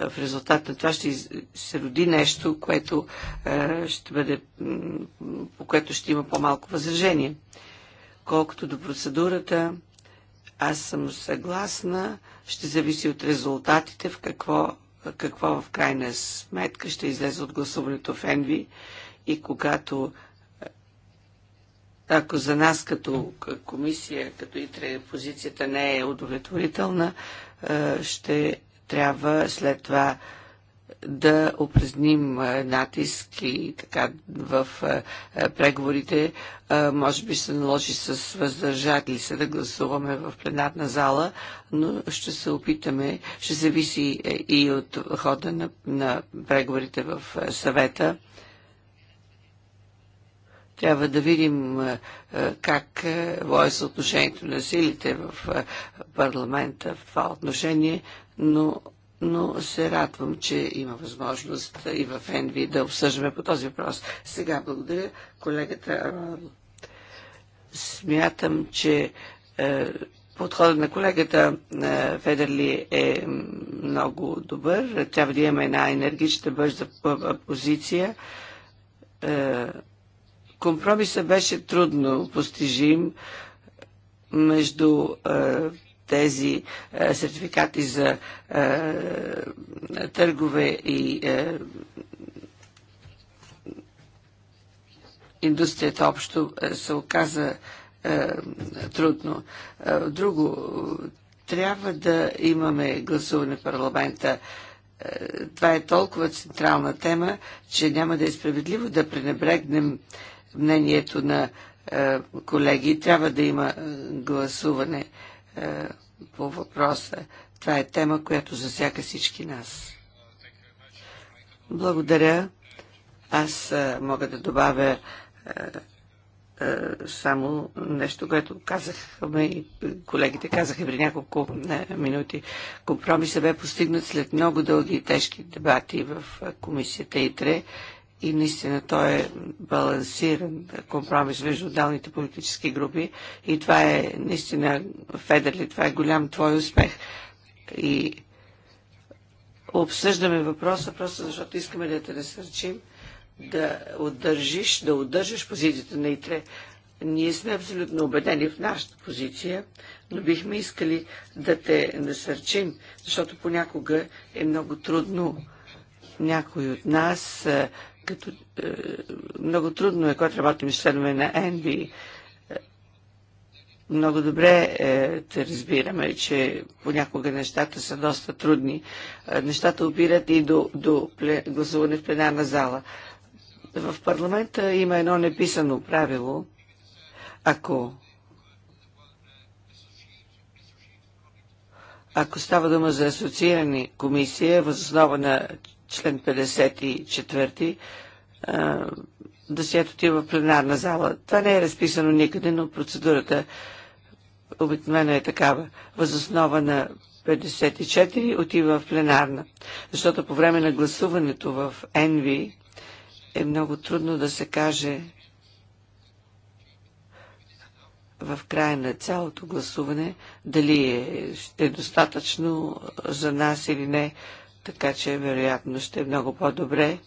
в резултат на това ще се роди нещо, което ще бъде, по което ще има по-малко възражение. Колкото до процедурата, аз съм съгласна, ще зависи от резултатите, в какво, какво в крайна сметка ще излезе от гласуването в Енви и когато ако за нас като комисия, като ИТРЕ, позицията не е удовлетворителна, ще трябва след това да упражним натиск и така в преговорите. Може би се наложи с въздържатели се да гласуваме в пленарна зала, но ще се опитаме, ще зависи е, и от хода на, на преговорите в съвета. Трябва да видим как е съотношението на силите в парламента в това отношение, но но се радвам, че има възможност и в Енви да обсъждаме по този въпрос. Сега благодаря колегата. Смятам, че е, подходът на колегата е, Федерли е много добър. Трябва да имаме една енергична бърза позиция. Е, Компромисът беше трудно постижим между тези е, сертификати за е, търгове и е, индустрията общо се оказа трудно. Друго, трябва да имаме гласуване в парламента. Това е толкова централна тема, че няма да е справедливо да пренебрегнем мнението на колеги. Трябва да има гласуване. Е, по въпроса. Това е тема, която засяга всички нас. Благодаря. Аз е, мога да добавя е, само нещо, което казахме и колегите казаха при няколко минути. Компромисът бе постигнат след много дълги и тежки дебати в комисията ИТРЕ и наистина той е балансиран компромис между отдалните политически групи и това е наистина, Федерли, това е голям твой успех. И обсъждаме въпроса просто защото искаме да те насърчим да удържиш, да удържиш позицията на ИТРЕ. Ние сме абсолютно убедени в нашата позиция, но бихме искали да те насърчим, защото понякога е много трудно някой от нас като, е, много трудно е, когато работим с членове на ЕНВИ. Много добре е, те разбираме, че понякога нещата са доста трудни. Е, нещата опират и до, до пле, гласуване в пленарна зала. В парламента има едно неписано правило. Ако ако става дума за асоциирани комисия, възоснова на член 54, досието отива е в пленарна зала. Това не е разписано никъде, но процедурата обикновено е такава. Възоснова на 54 отива в пленарна. Защото по време на гласуването в НВ е много трудно да се каже в края на цялото гласуване дали е, е достатъчно за нас или не така че вероятно ще е много по-добре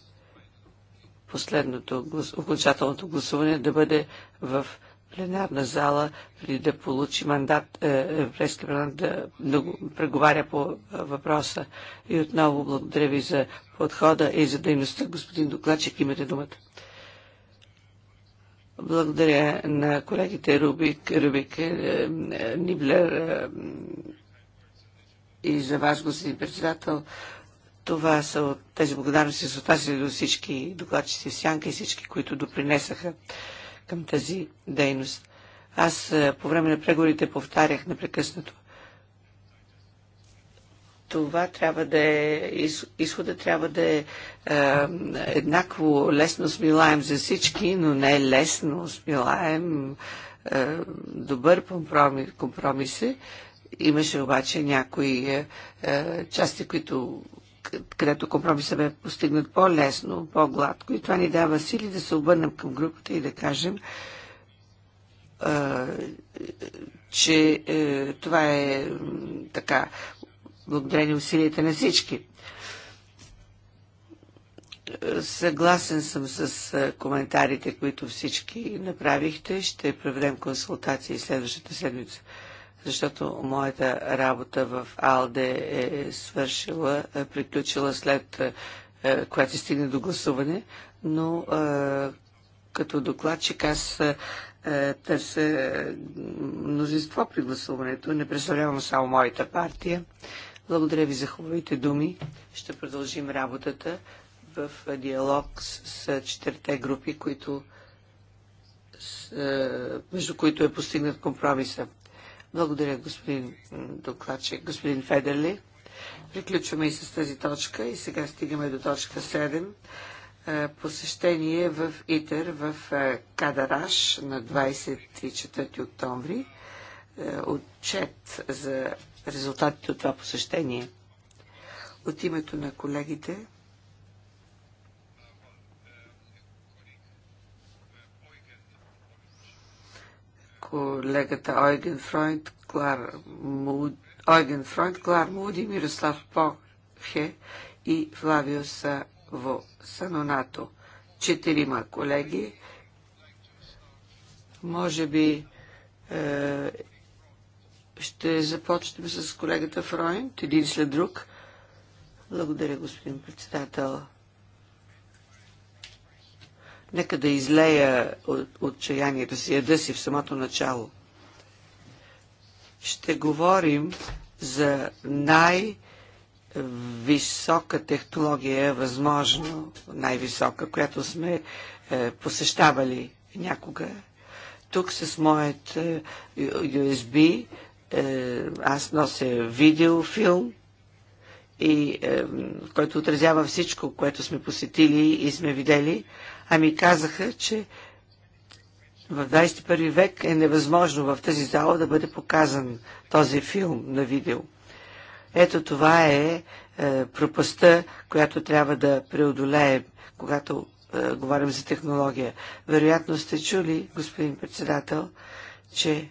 последното окончателното гласуване да бъде в пленарна зала, преди да получи мандат, е, Европейския парламент да, да преговаря по е, въпроса. И отново благодаря ви за подхода и за дейността. Господин докладчик, имате думата. Благодаря на колегите Рубик, Рубик е, Ниблер и за вас, господин председател. Това са, от тези благодарности са отнасяли до всички докладчици в Сянка и всички, които допринесаха към тази дейност. Аз е, по време на преговорите повтарях непрекъснато. Това трябва да е, изхода трябва да е, е еднакво лесно смилаем за всички, но не лесно смилаем, е, добър компромис, компромис е. Имаше обаче някои е, е части, които където компромисът бе постигнат по-лесно, по-гладко. И това ни дава сили да се обърнем към групата и да кажем, че е, това е така, благодарение усилията на всички. Съгласен съм с коментарите, които всички направихте. Ще проведем консултации следващата седмица защото моята работа в АЛДЕ е, е свършила, е приключила след е, е която стигне до гласуване, но е, като докладчик аз е, търся мнозинство при гласуването. Не представлявам само моята партия. Благодаря ви за хубавите думи. Ще продължим работата в диалог с четирите групи, които, с, между които е постигнат компромиса. Благодаря, господин докладчик, господин Федерли. Приключваме и с тази точка и сега стигаме до точка 7 е, посещение в Итер в е, Кадараш на 24 октомври. Е, отчет за резултатите от това посещение. От името на колегите колегата Ойген Фройнд, Клар Муд, Ойген Фройнд, Клар Муди, Мирослав Похе и Флавио Саво Санонато. Четирима колеги. Може би е, ще започнем с колегата Фройнд, един след друг. Благодаря, господин председател. Нека да излея отчаянието си, яда си в самото начало. Ще говорим за най- висока технология, възможно най-висока, която сме е, посещавали някога. Тук с моят е, USB е, аз нося видеофилм, и, е, който отразява всичко, което сме посетили и сме видели. Ами казаха, че в 21 век е невъзможно в тази зала да бъде показан този филм на видео. Ето това е, е пропаста, която трябва да преодолеем, когато е, говорим за технология. Вероятно сте чули, господин председател, че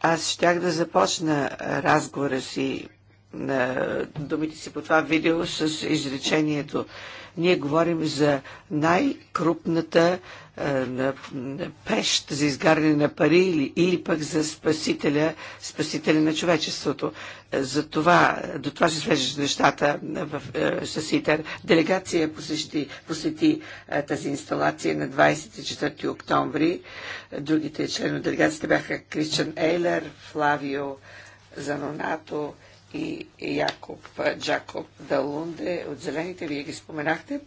аз щях да започна разговора си на е, думите си по това видео с изречението ние говорим за най-крупната пещ за изгаряне на пари или, или пък за спасителя, спасителя на човечеството. За това, до това се свежат нещата в, с ИТЕР. Делегация посещи, посети тази инсталация на 24 октомври. Другите членове на делегацията бяха Кристиан Ейлер, Флавио Занонато, и Якоб Джакоб Далунде от Зелените, вие ги споменахте.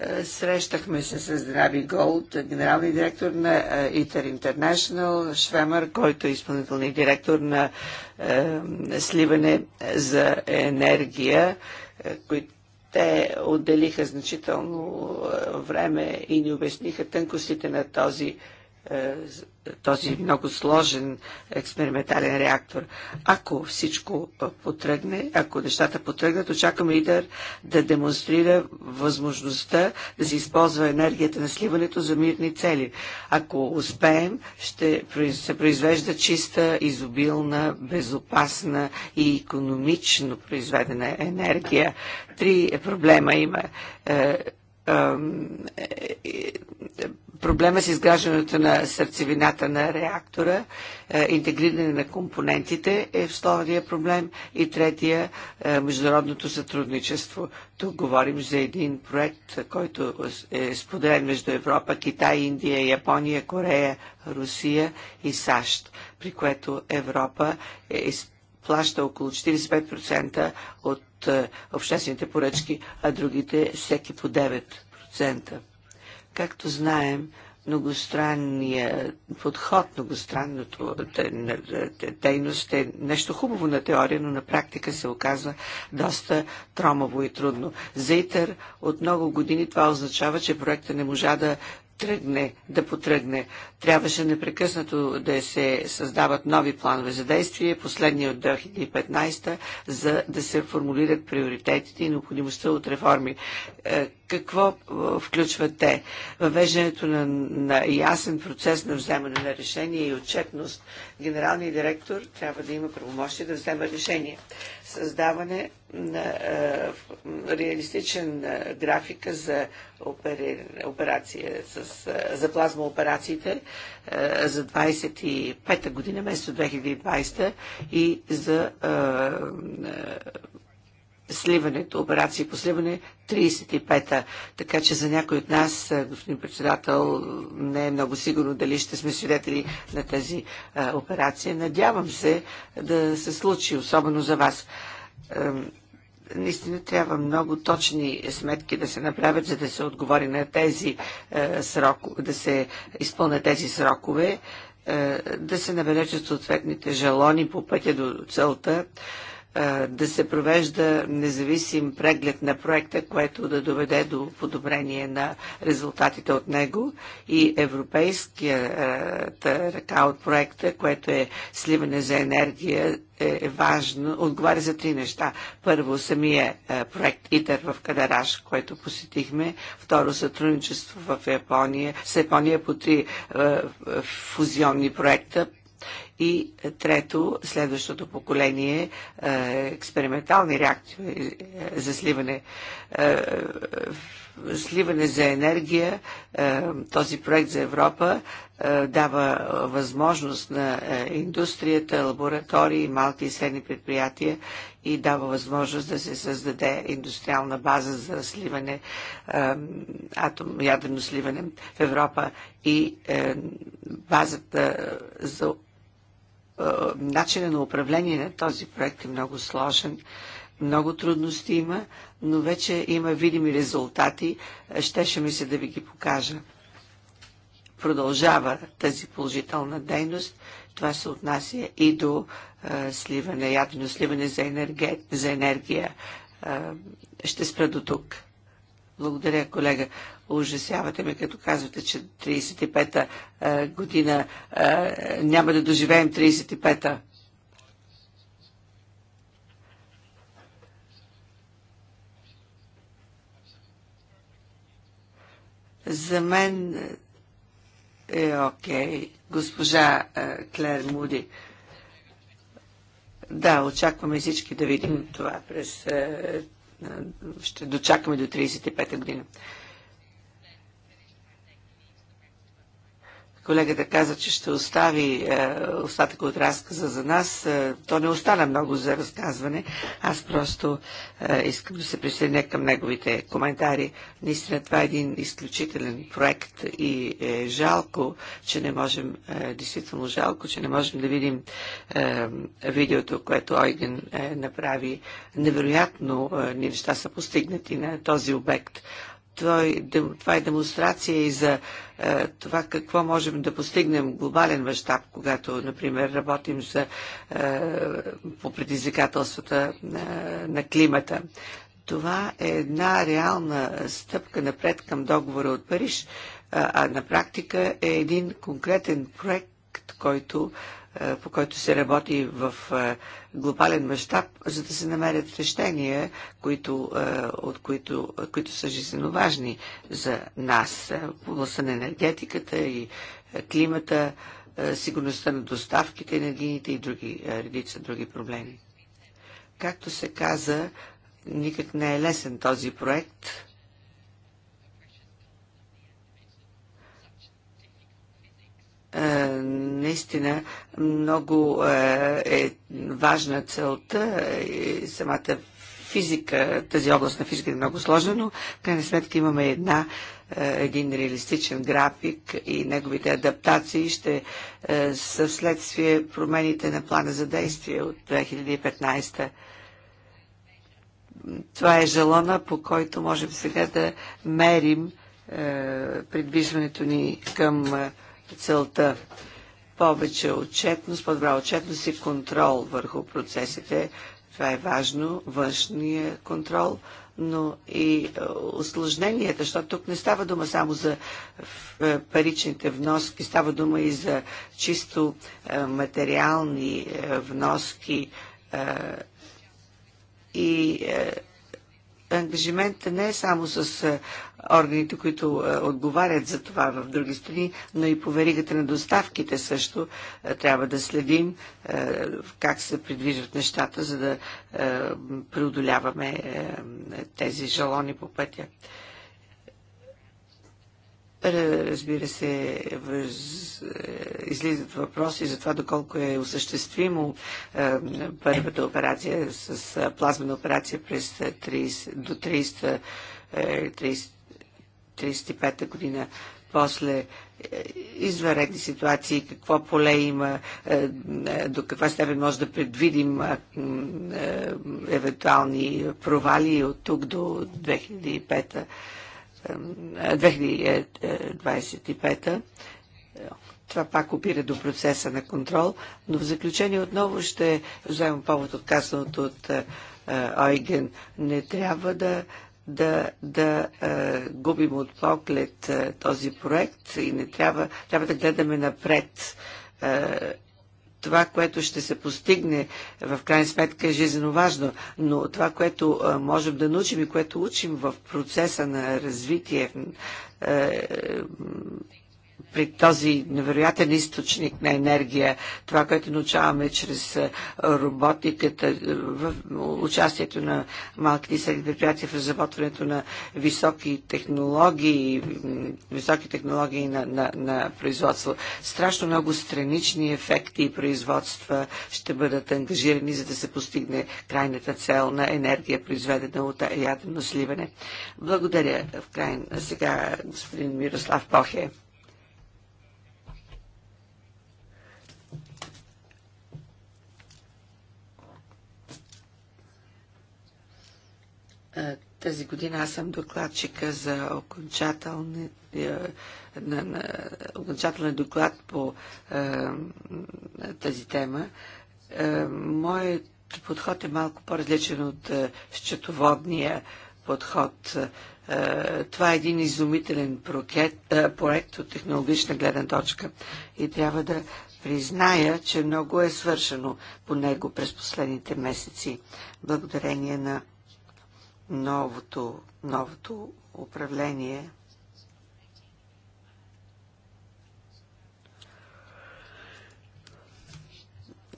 Е, срещахме се с Драби Голд, генералния директор на ITER е, International, Швемър, който е изпълнителният директор на е, сливане за енергия, които те отделиха значително време и ни обясниха тънкостите на този този много сложен експериментален реактор. Ако всичко потръгне, ако нещата потръгнат, очакваме лидер да демонстрира възможността да се използва енергията на сливането за мирни цели. Ако успеем, ще се произвежда чиста, изобилна, безопасна и економично произведена енергия. Три проблема има е, е, е, проблема с изграждането на сърцевината на реактора, е, интегриране на компонентите е втория проблем и третия международното сътрудничество. Тук говорим за един проект, който е споделен между Европа, Китай, Индия, Япония, Корея, Русия и САЩ, при което Европа е плаща около 45% от е, обществените поръчки, а другите всеки по 9%. Както знаем, многостранния подход, многостранното е, е, дейност е нещо хубаво на теория, но на практика се оказва доста тромаво и трудно. За ИТЕР от много години това означава, че проекта не можа да тръгне, да потръгне. Трябваше непрекъснато да се създават нови планове за действие, последния от 2015, за да се формулират приоритетите и необходимостта от реформи. Е, какво е, включват те? Въвеждането на, на ясен процес на вземане на решение и отчетност. Генералният директор трябва да има правомощие да взема решение. Създаване на е, реалистичен е, графика за опери, операция с, е, за операциите е, за 25-та година, вместо 2020 и за е, е, сливането, операции по сливане 35-та. Така че за някой от нас, е, господин председател, не е много сигурно дали ще сме свидетели на тази а, е, операция. Надявам се да се случи, особено за вас. А, наистина трябва много точни сметки да се направят, за да се отговори на тези а, е, срокове, да се изпълнят тези срокове, да се набележат съответните жалони по пътя до целта да се провежда независим преглед на проекта, което да доведе до подобрение на резултатите от него и европейската ръка от проекта, което е сливане за енергия, е важно, отговаря за три неща. Първо, самия проект ИТЕР в Кадараш, който посетихме. Второ, сътрудничество в Япония, с Япония по три фузионни проекта и трето, следващото поколение е, експериментални реактори е, за сливане е, сливане за енергия, този проект за Европа дава възможност на индустрията, лаборатории, малки и средни предприятия и дава възможност да се създаде индустриална база за сливане, атом, ядрено сливане в Европа и базата за е, начина на управление на този проект е много сложен. Много трудности има, но вече има видими резултати. Е, щеше ми се да ви ги покажа. Продължава тази положителна дейност. Това се отнася и до е, сливане, ядено сливане за енергия. За енергия. Е, ще спра до тук. Благодаря, колега. Ужасявате ме, като казвате, че 35-та е, година е, няма да доживеем 35-та. За мен е окей. Госпожа е, Клер Муди. Да, очакваме всички да видим това през е, ще дочакаме до 35 година. Колегата каза, че ще остави е, остатък от разказа за нас. Е, то не остана много за разказване. Аз просто е, искам да се присъединя към неговите коментари. Наистина това е един изключителен проект и е жалко, че не можем, е, действително жалко, че не можем да видим е, видеото, което Ойген е, направи. Невероятно е, неща са постигнати на този обект. Това е демонстрация и за е, това какво можем да постигнем в глобален мащаб, когато, например, работим за, е, по предизвикателствата е, на климата. Това е една реална стъпка напред към договора от Париж, а на практика е един конкретен проект, който е, по който се работи в е, глобален мащаб, за да се намерят решения, които, е, от които, които са жизненно важни за нас в областта на енергетиката и климата, сигурността на доставките, енергийните и други, редица други проблеми. Както се каза, никак не е лесен този проект – Е, наистина много е, е важна целта и самата физика, тази област на физика е много сложна, но в крайна сметка имаме една, е, един реалистичен график и неговите адаптации ще са вследствие промените на плана за действие от 2015 това е жалона, по който можем сега да мерим е, придвижването ни към целта повече отчетност, по-добра отчетност и контрол върху процесите. Това е важно, външния контрол, но и осложненията, е, защото тук не става дума само за е, паричните вноски, става дума и за чисто е, материални вноски и ангажиментът не е само с органите, които е, отговарят за това в други страни, но и по веригата на доставките също е, трябва да следим е, как се придвижват нещата, за да преодоляваме тези жалони по пътя. Разбира се, излизат въпроси за това доколко е осъществимо първата операция с плазмена операция през 30, до 30, 30 1935 година, после е, извънредни ситуации, какво поле има, е, е, до каква степен може да предвидим евентуални провали от тук до 2005, 2025. Това пак опира до процеса на контрол, но в заключение отново ще вземем повод от казаното от Ойген. Не трябва да да, да е, губим от поглед е, този проект и не трябва, трябва да гледаме напред. Е, това, което ще се постигне в крайна сметка е жизненно важно, но това, което е, можем да научим и което учим в процеса на развитие, е, при този невероятен източник на енергия, това, което научаваме чрез роботиката, в участието на малките и средни предприятия в разработването на високи технологии, високи технологии на, на, на производство. Страшно много странични ефекти и производства ще бъдат ангажирани, за да се постигне крайната цел на енергия, произведена от ядрено сливане. Благодаря в край сега господин Мирослав Похе. Е, тази година аз съм докладчика за окончателни, е, окончателен доклад по е, тази тема. моят подход е малко по-различен от счетоводния подход. това е един изумителен проект от технологична гледна точка и трябва да призная, че много е свършено по него през последните месеци, благодарение на новото, новото управление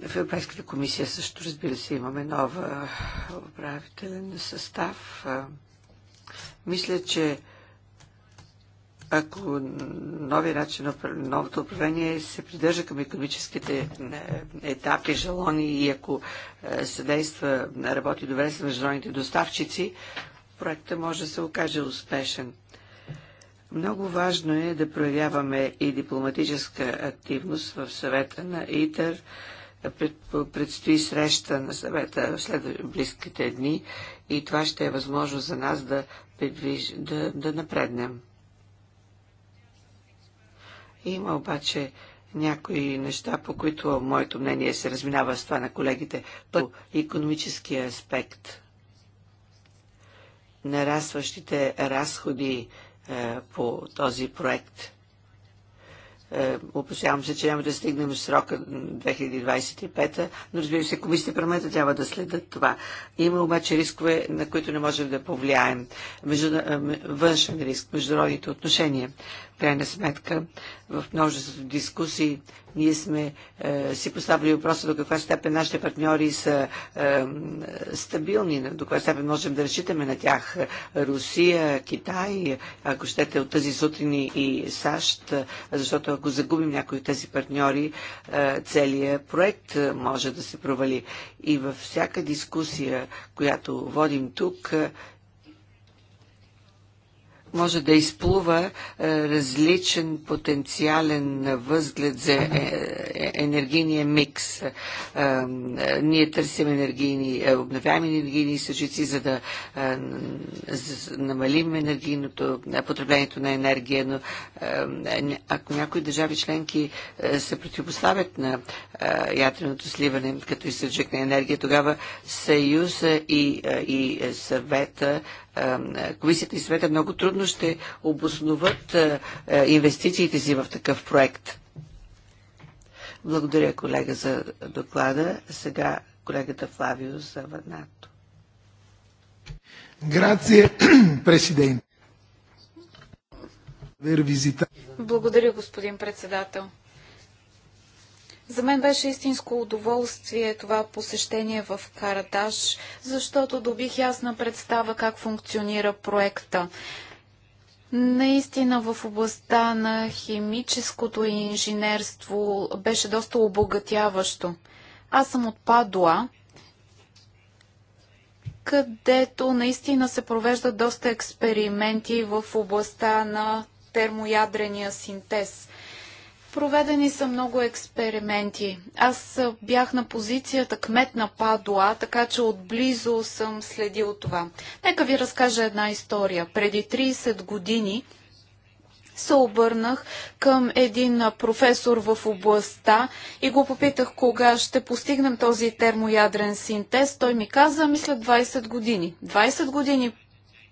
В Европейската комисия също, разбира се, имаме нова управителен състав. Мисля, че ако новия начин, новото управление се придържа към економическите е, етапи, жалони и ако е, съдейства, работи добре с международните доставчици, проектът може да се окаже успешен. Много важно е да проявяваме и дипломатическа активност в съвета на ИТЕР. предстои среща на съвета в след близките дни и това ще е възможно за нас да, да, да напреднем. Има обаче някои неща, по които моето мнение се разминава с това на колегите. Първо, економическия аспект. Нарастващите разходи е, по този проект е, опасявам се, че няма да стигнем срока 2025, но разбира се, комисията парламента трябва да следят това. Има обаче рискове, на които не можем да повлияем. Между... Е, външен риск, международните отношения. В крайна сметка, в множеството дискусии ние сме е, си поставили въпроса до каква степен нашите партньори са е, стабилни, до каква степен можем да разчитаме на тях. Русия, Китай, ако щете от тази сутрин и САЩ, защото ако загубим някои от тези партньори, е, целият проект може да се провали. И във всяка дискусия, която водим тук, може да изплува е, различен потенциален възглед за е, е, енергийния микс. Ние търсим енергийни, обновяваме енергийни източници, за да намалим енергийното потреблението на енергия, но ако някои държави членки се противопоставят на ядреното сливане като източник на енергия, тогава Съюза и, и съвета е, комисията и света много трудно ще обосноват е, е, инвестициите си в такъв проект. Благодаря, колега, за доклада. Сега колегата Флавио Саванато. Грация, президент. Благодаря, господин председател. За мен беше истинско удоволствие това посещение в Карадаш, защото добих ясна представа как функционира проекта. Наистина в областта на химическото инженерство беше доста обогатяващо. Аз съм от Падуа, където наистина се провеждат доста експерименти в областта на термоядрения синтез. Проведени са много експерименти. Аз бях на позицията кмет на Падуа, така че отблизо съм следил това. Нека ви разкажа една история. Преди 30 години се обърнах към един професор в областта и го попитах кога ще постигнем този термоядрен синтез. Той ми каза, мисля, 20 години. 20 години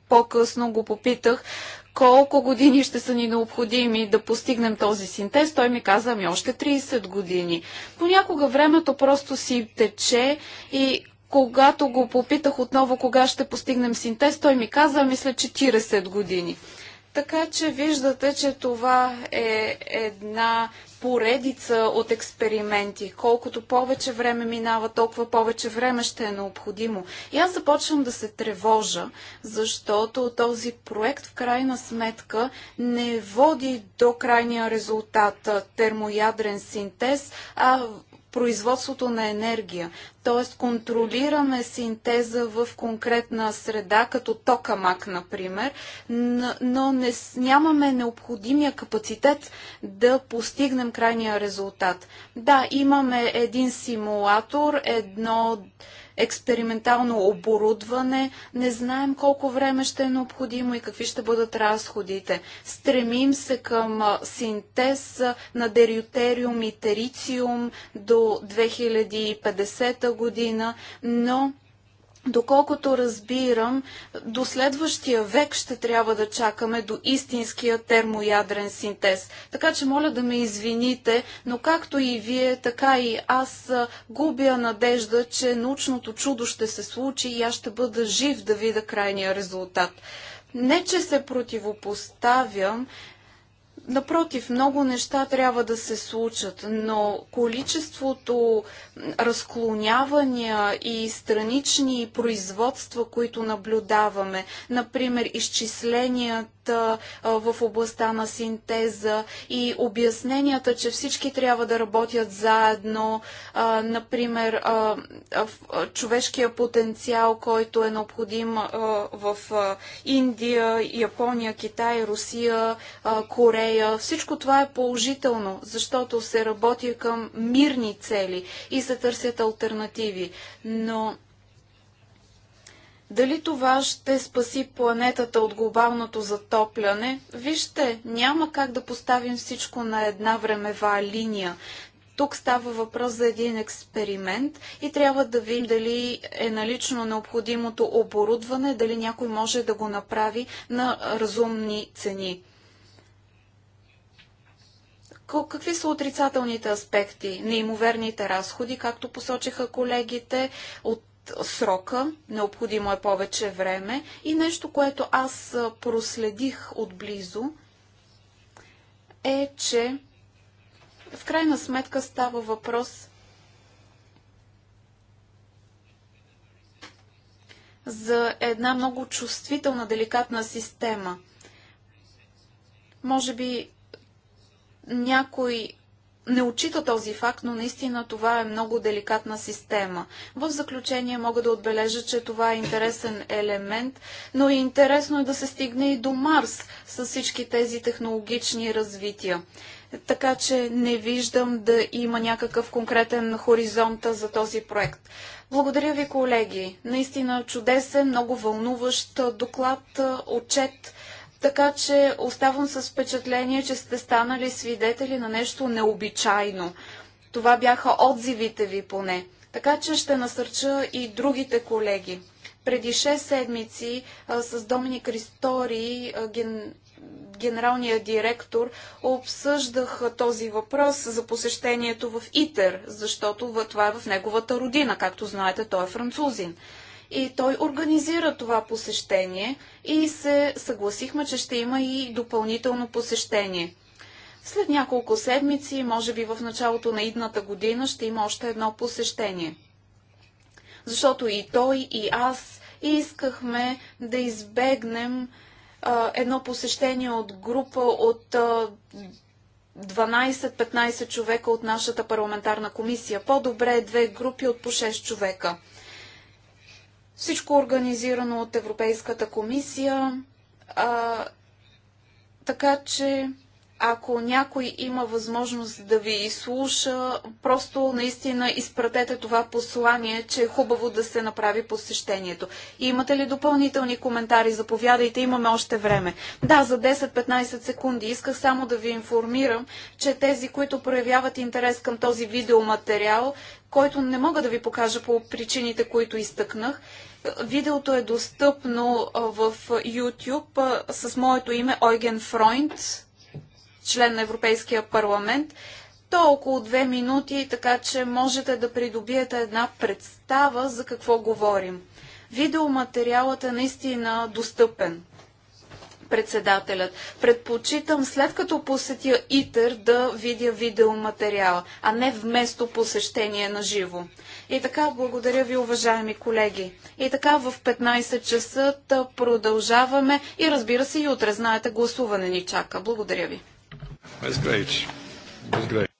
по-късно го попитах колко години ще са ни необходими да постигнем този синтез, той ми каза, ами още 30 години. Понякога времето просто си тече и когато го попитах отново кога ще постигнем синтез, той ми каза, мисля, 40 години. Така че виждате, че това е една поредица от експерименти. Колкото повече време минава, толкова повече време ще е необходимо. И аз започвам да се тревожа, защото този проект в крайна сметка не води до крайния резултат термоядрен синтез, а производството на енергия. Тоест контролираме синтеза в конкретна среда, като токамак, например, но не, нямаме необходимия капацитет да постигнем крайния резултат. Да, имаме един симулатор, едно експериментално оборудване. Не знаем колко време ще е необходимо и какви ще бъдат разходите. Стремим се към синтез на дериотериум и терициум до 2050 година, но Доколкото разбирам, до следващия век ще трябва да чакаме до истинския термоядрен синтез. Така че моля да ме извините, но както и вие, така и аз губя надежда, че научното чудо ще се случи и аз ще бъда жив да видя крайния резултат. Не, че се противопоставям, Напротив, много неща трябва да се случат, но количеството разклонявания и странични производства, които наблюдаваме, например изчисленията а, в областта на синтеза и обясненията, че всички трябва да работят заедно, а, например, а, човешкия потенциал, който е необходим в Индия, Япония, Китай, Русия, Корея. Всичко това е положително, защото се работи към мирни цели и се търсят альтернативи. Но дали това ще спаси планетата от глобалното затопляне? Вижте, няма как да поставим всичко на една времева линия. Тук става въпрос за един експеримент и трябва да видим дали е налично необходимото оборудване, дали някой може да го направи на разумни цени. Какви са отрицателните аспекти? Неимоверните разходи, както посочиха колегите, от срока, необходимо е повече време и нещо, което аз проследих отблизо е, че в крайна сметка става въпрос за една много чувствителна, деликатна система. Може би някой не отчита този факт, но наистина това е много деликатна система. В заключение мога да отбележа, че това е интересен елемент, но и е интересно е да се стигне и до Марс с всички тези технологични развития. Така че не виждам да има някакъв конкретен хоризонт за този проект. Благодаря ви, колеги. Наистина чудесен, много вълнуващ доклад, отчет така че оставам с впечатление, че сте станали свидетели на нещо необичайно. Това бяха отзивите ви поне. Така че ще насърча и другите колеги. Преди 6 седмици а, с Домини Ристори, ген... генералния директор, обсъждах този въпрос за посещението в Итер, защото това е в неговата родина. Както знаете, той е французин и той организира това посещение и се съгласихме, че ще има и допълнително посещение. След няколко седмици, може би в началото на идната година, ще има още едно посещение. Защото и той, и аз искахме да избегнем а, едно посещение от група от а, 12-15 човека от нашата парламентарна комисия. По-добре две групи от по 6 човека. Всичко организирано от Европейската комисия. А, така че ако някой има възможност да ви изслуша, просто наистина изпратете това послание, че е хубаво да се направи посещението. И имате ли допълнителни коментари? Заповядайте, имаме още време. Да, за 10-15 секунди исках само да ви информирам, че тези, които проявяват интерес към този видеоматериал, който не мога да ви покажа по причините, които изтъкнах, Видеото е достъпно в YouTube с моето име Ойген Фройнд член на Европейския парламент. То е около две минути, така че можете да придобиете една представа за какво говорим. Видеоматериалът е наистина достъпен. Председателят. Предпочитам след като посетя ИТЕР да видя видеоматериала, а не вместо посещение на живо. И така, благодаря ви, уважаеми колеги. И така, в 15 часа продължаваме и разбира се, и утре знаете, гласуване ни чака. Благодаря ви. Mas great. That's great.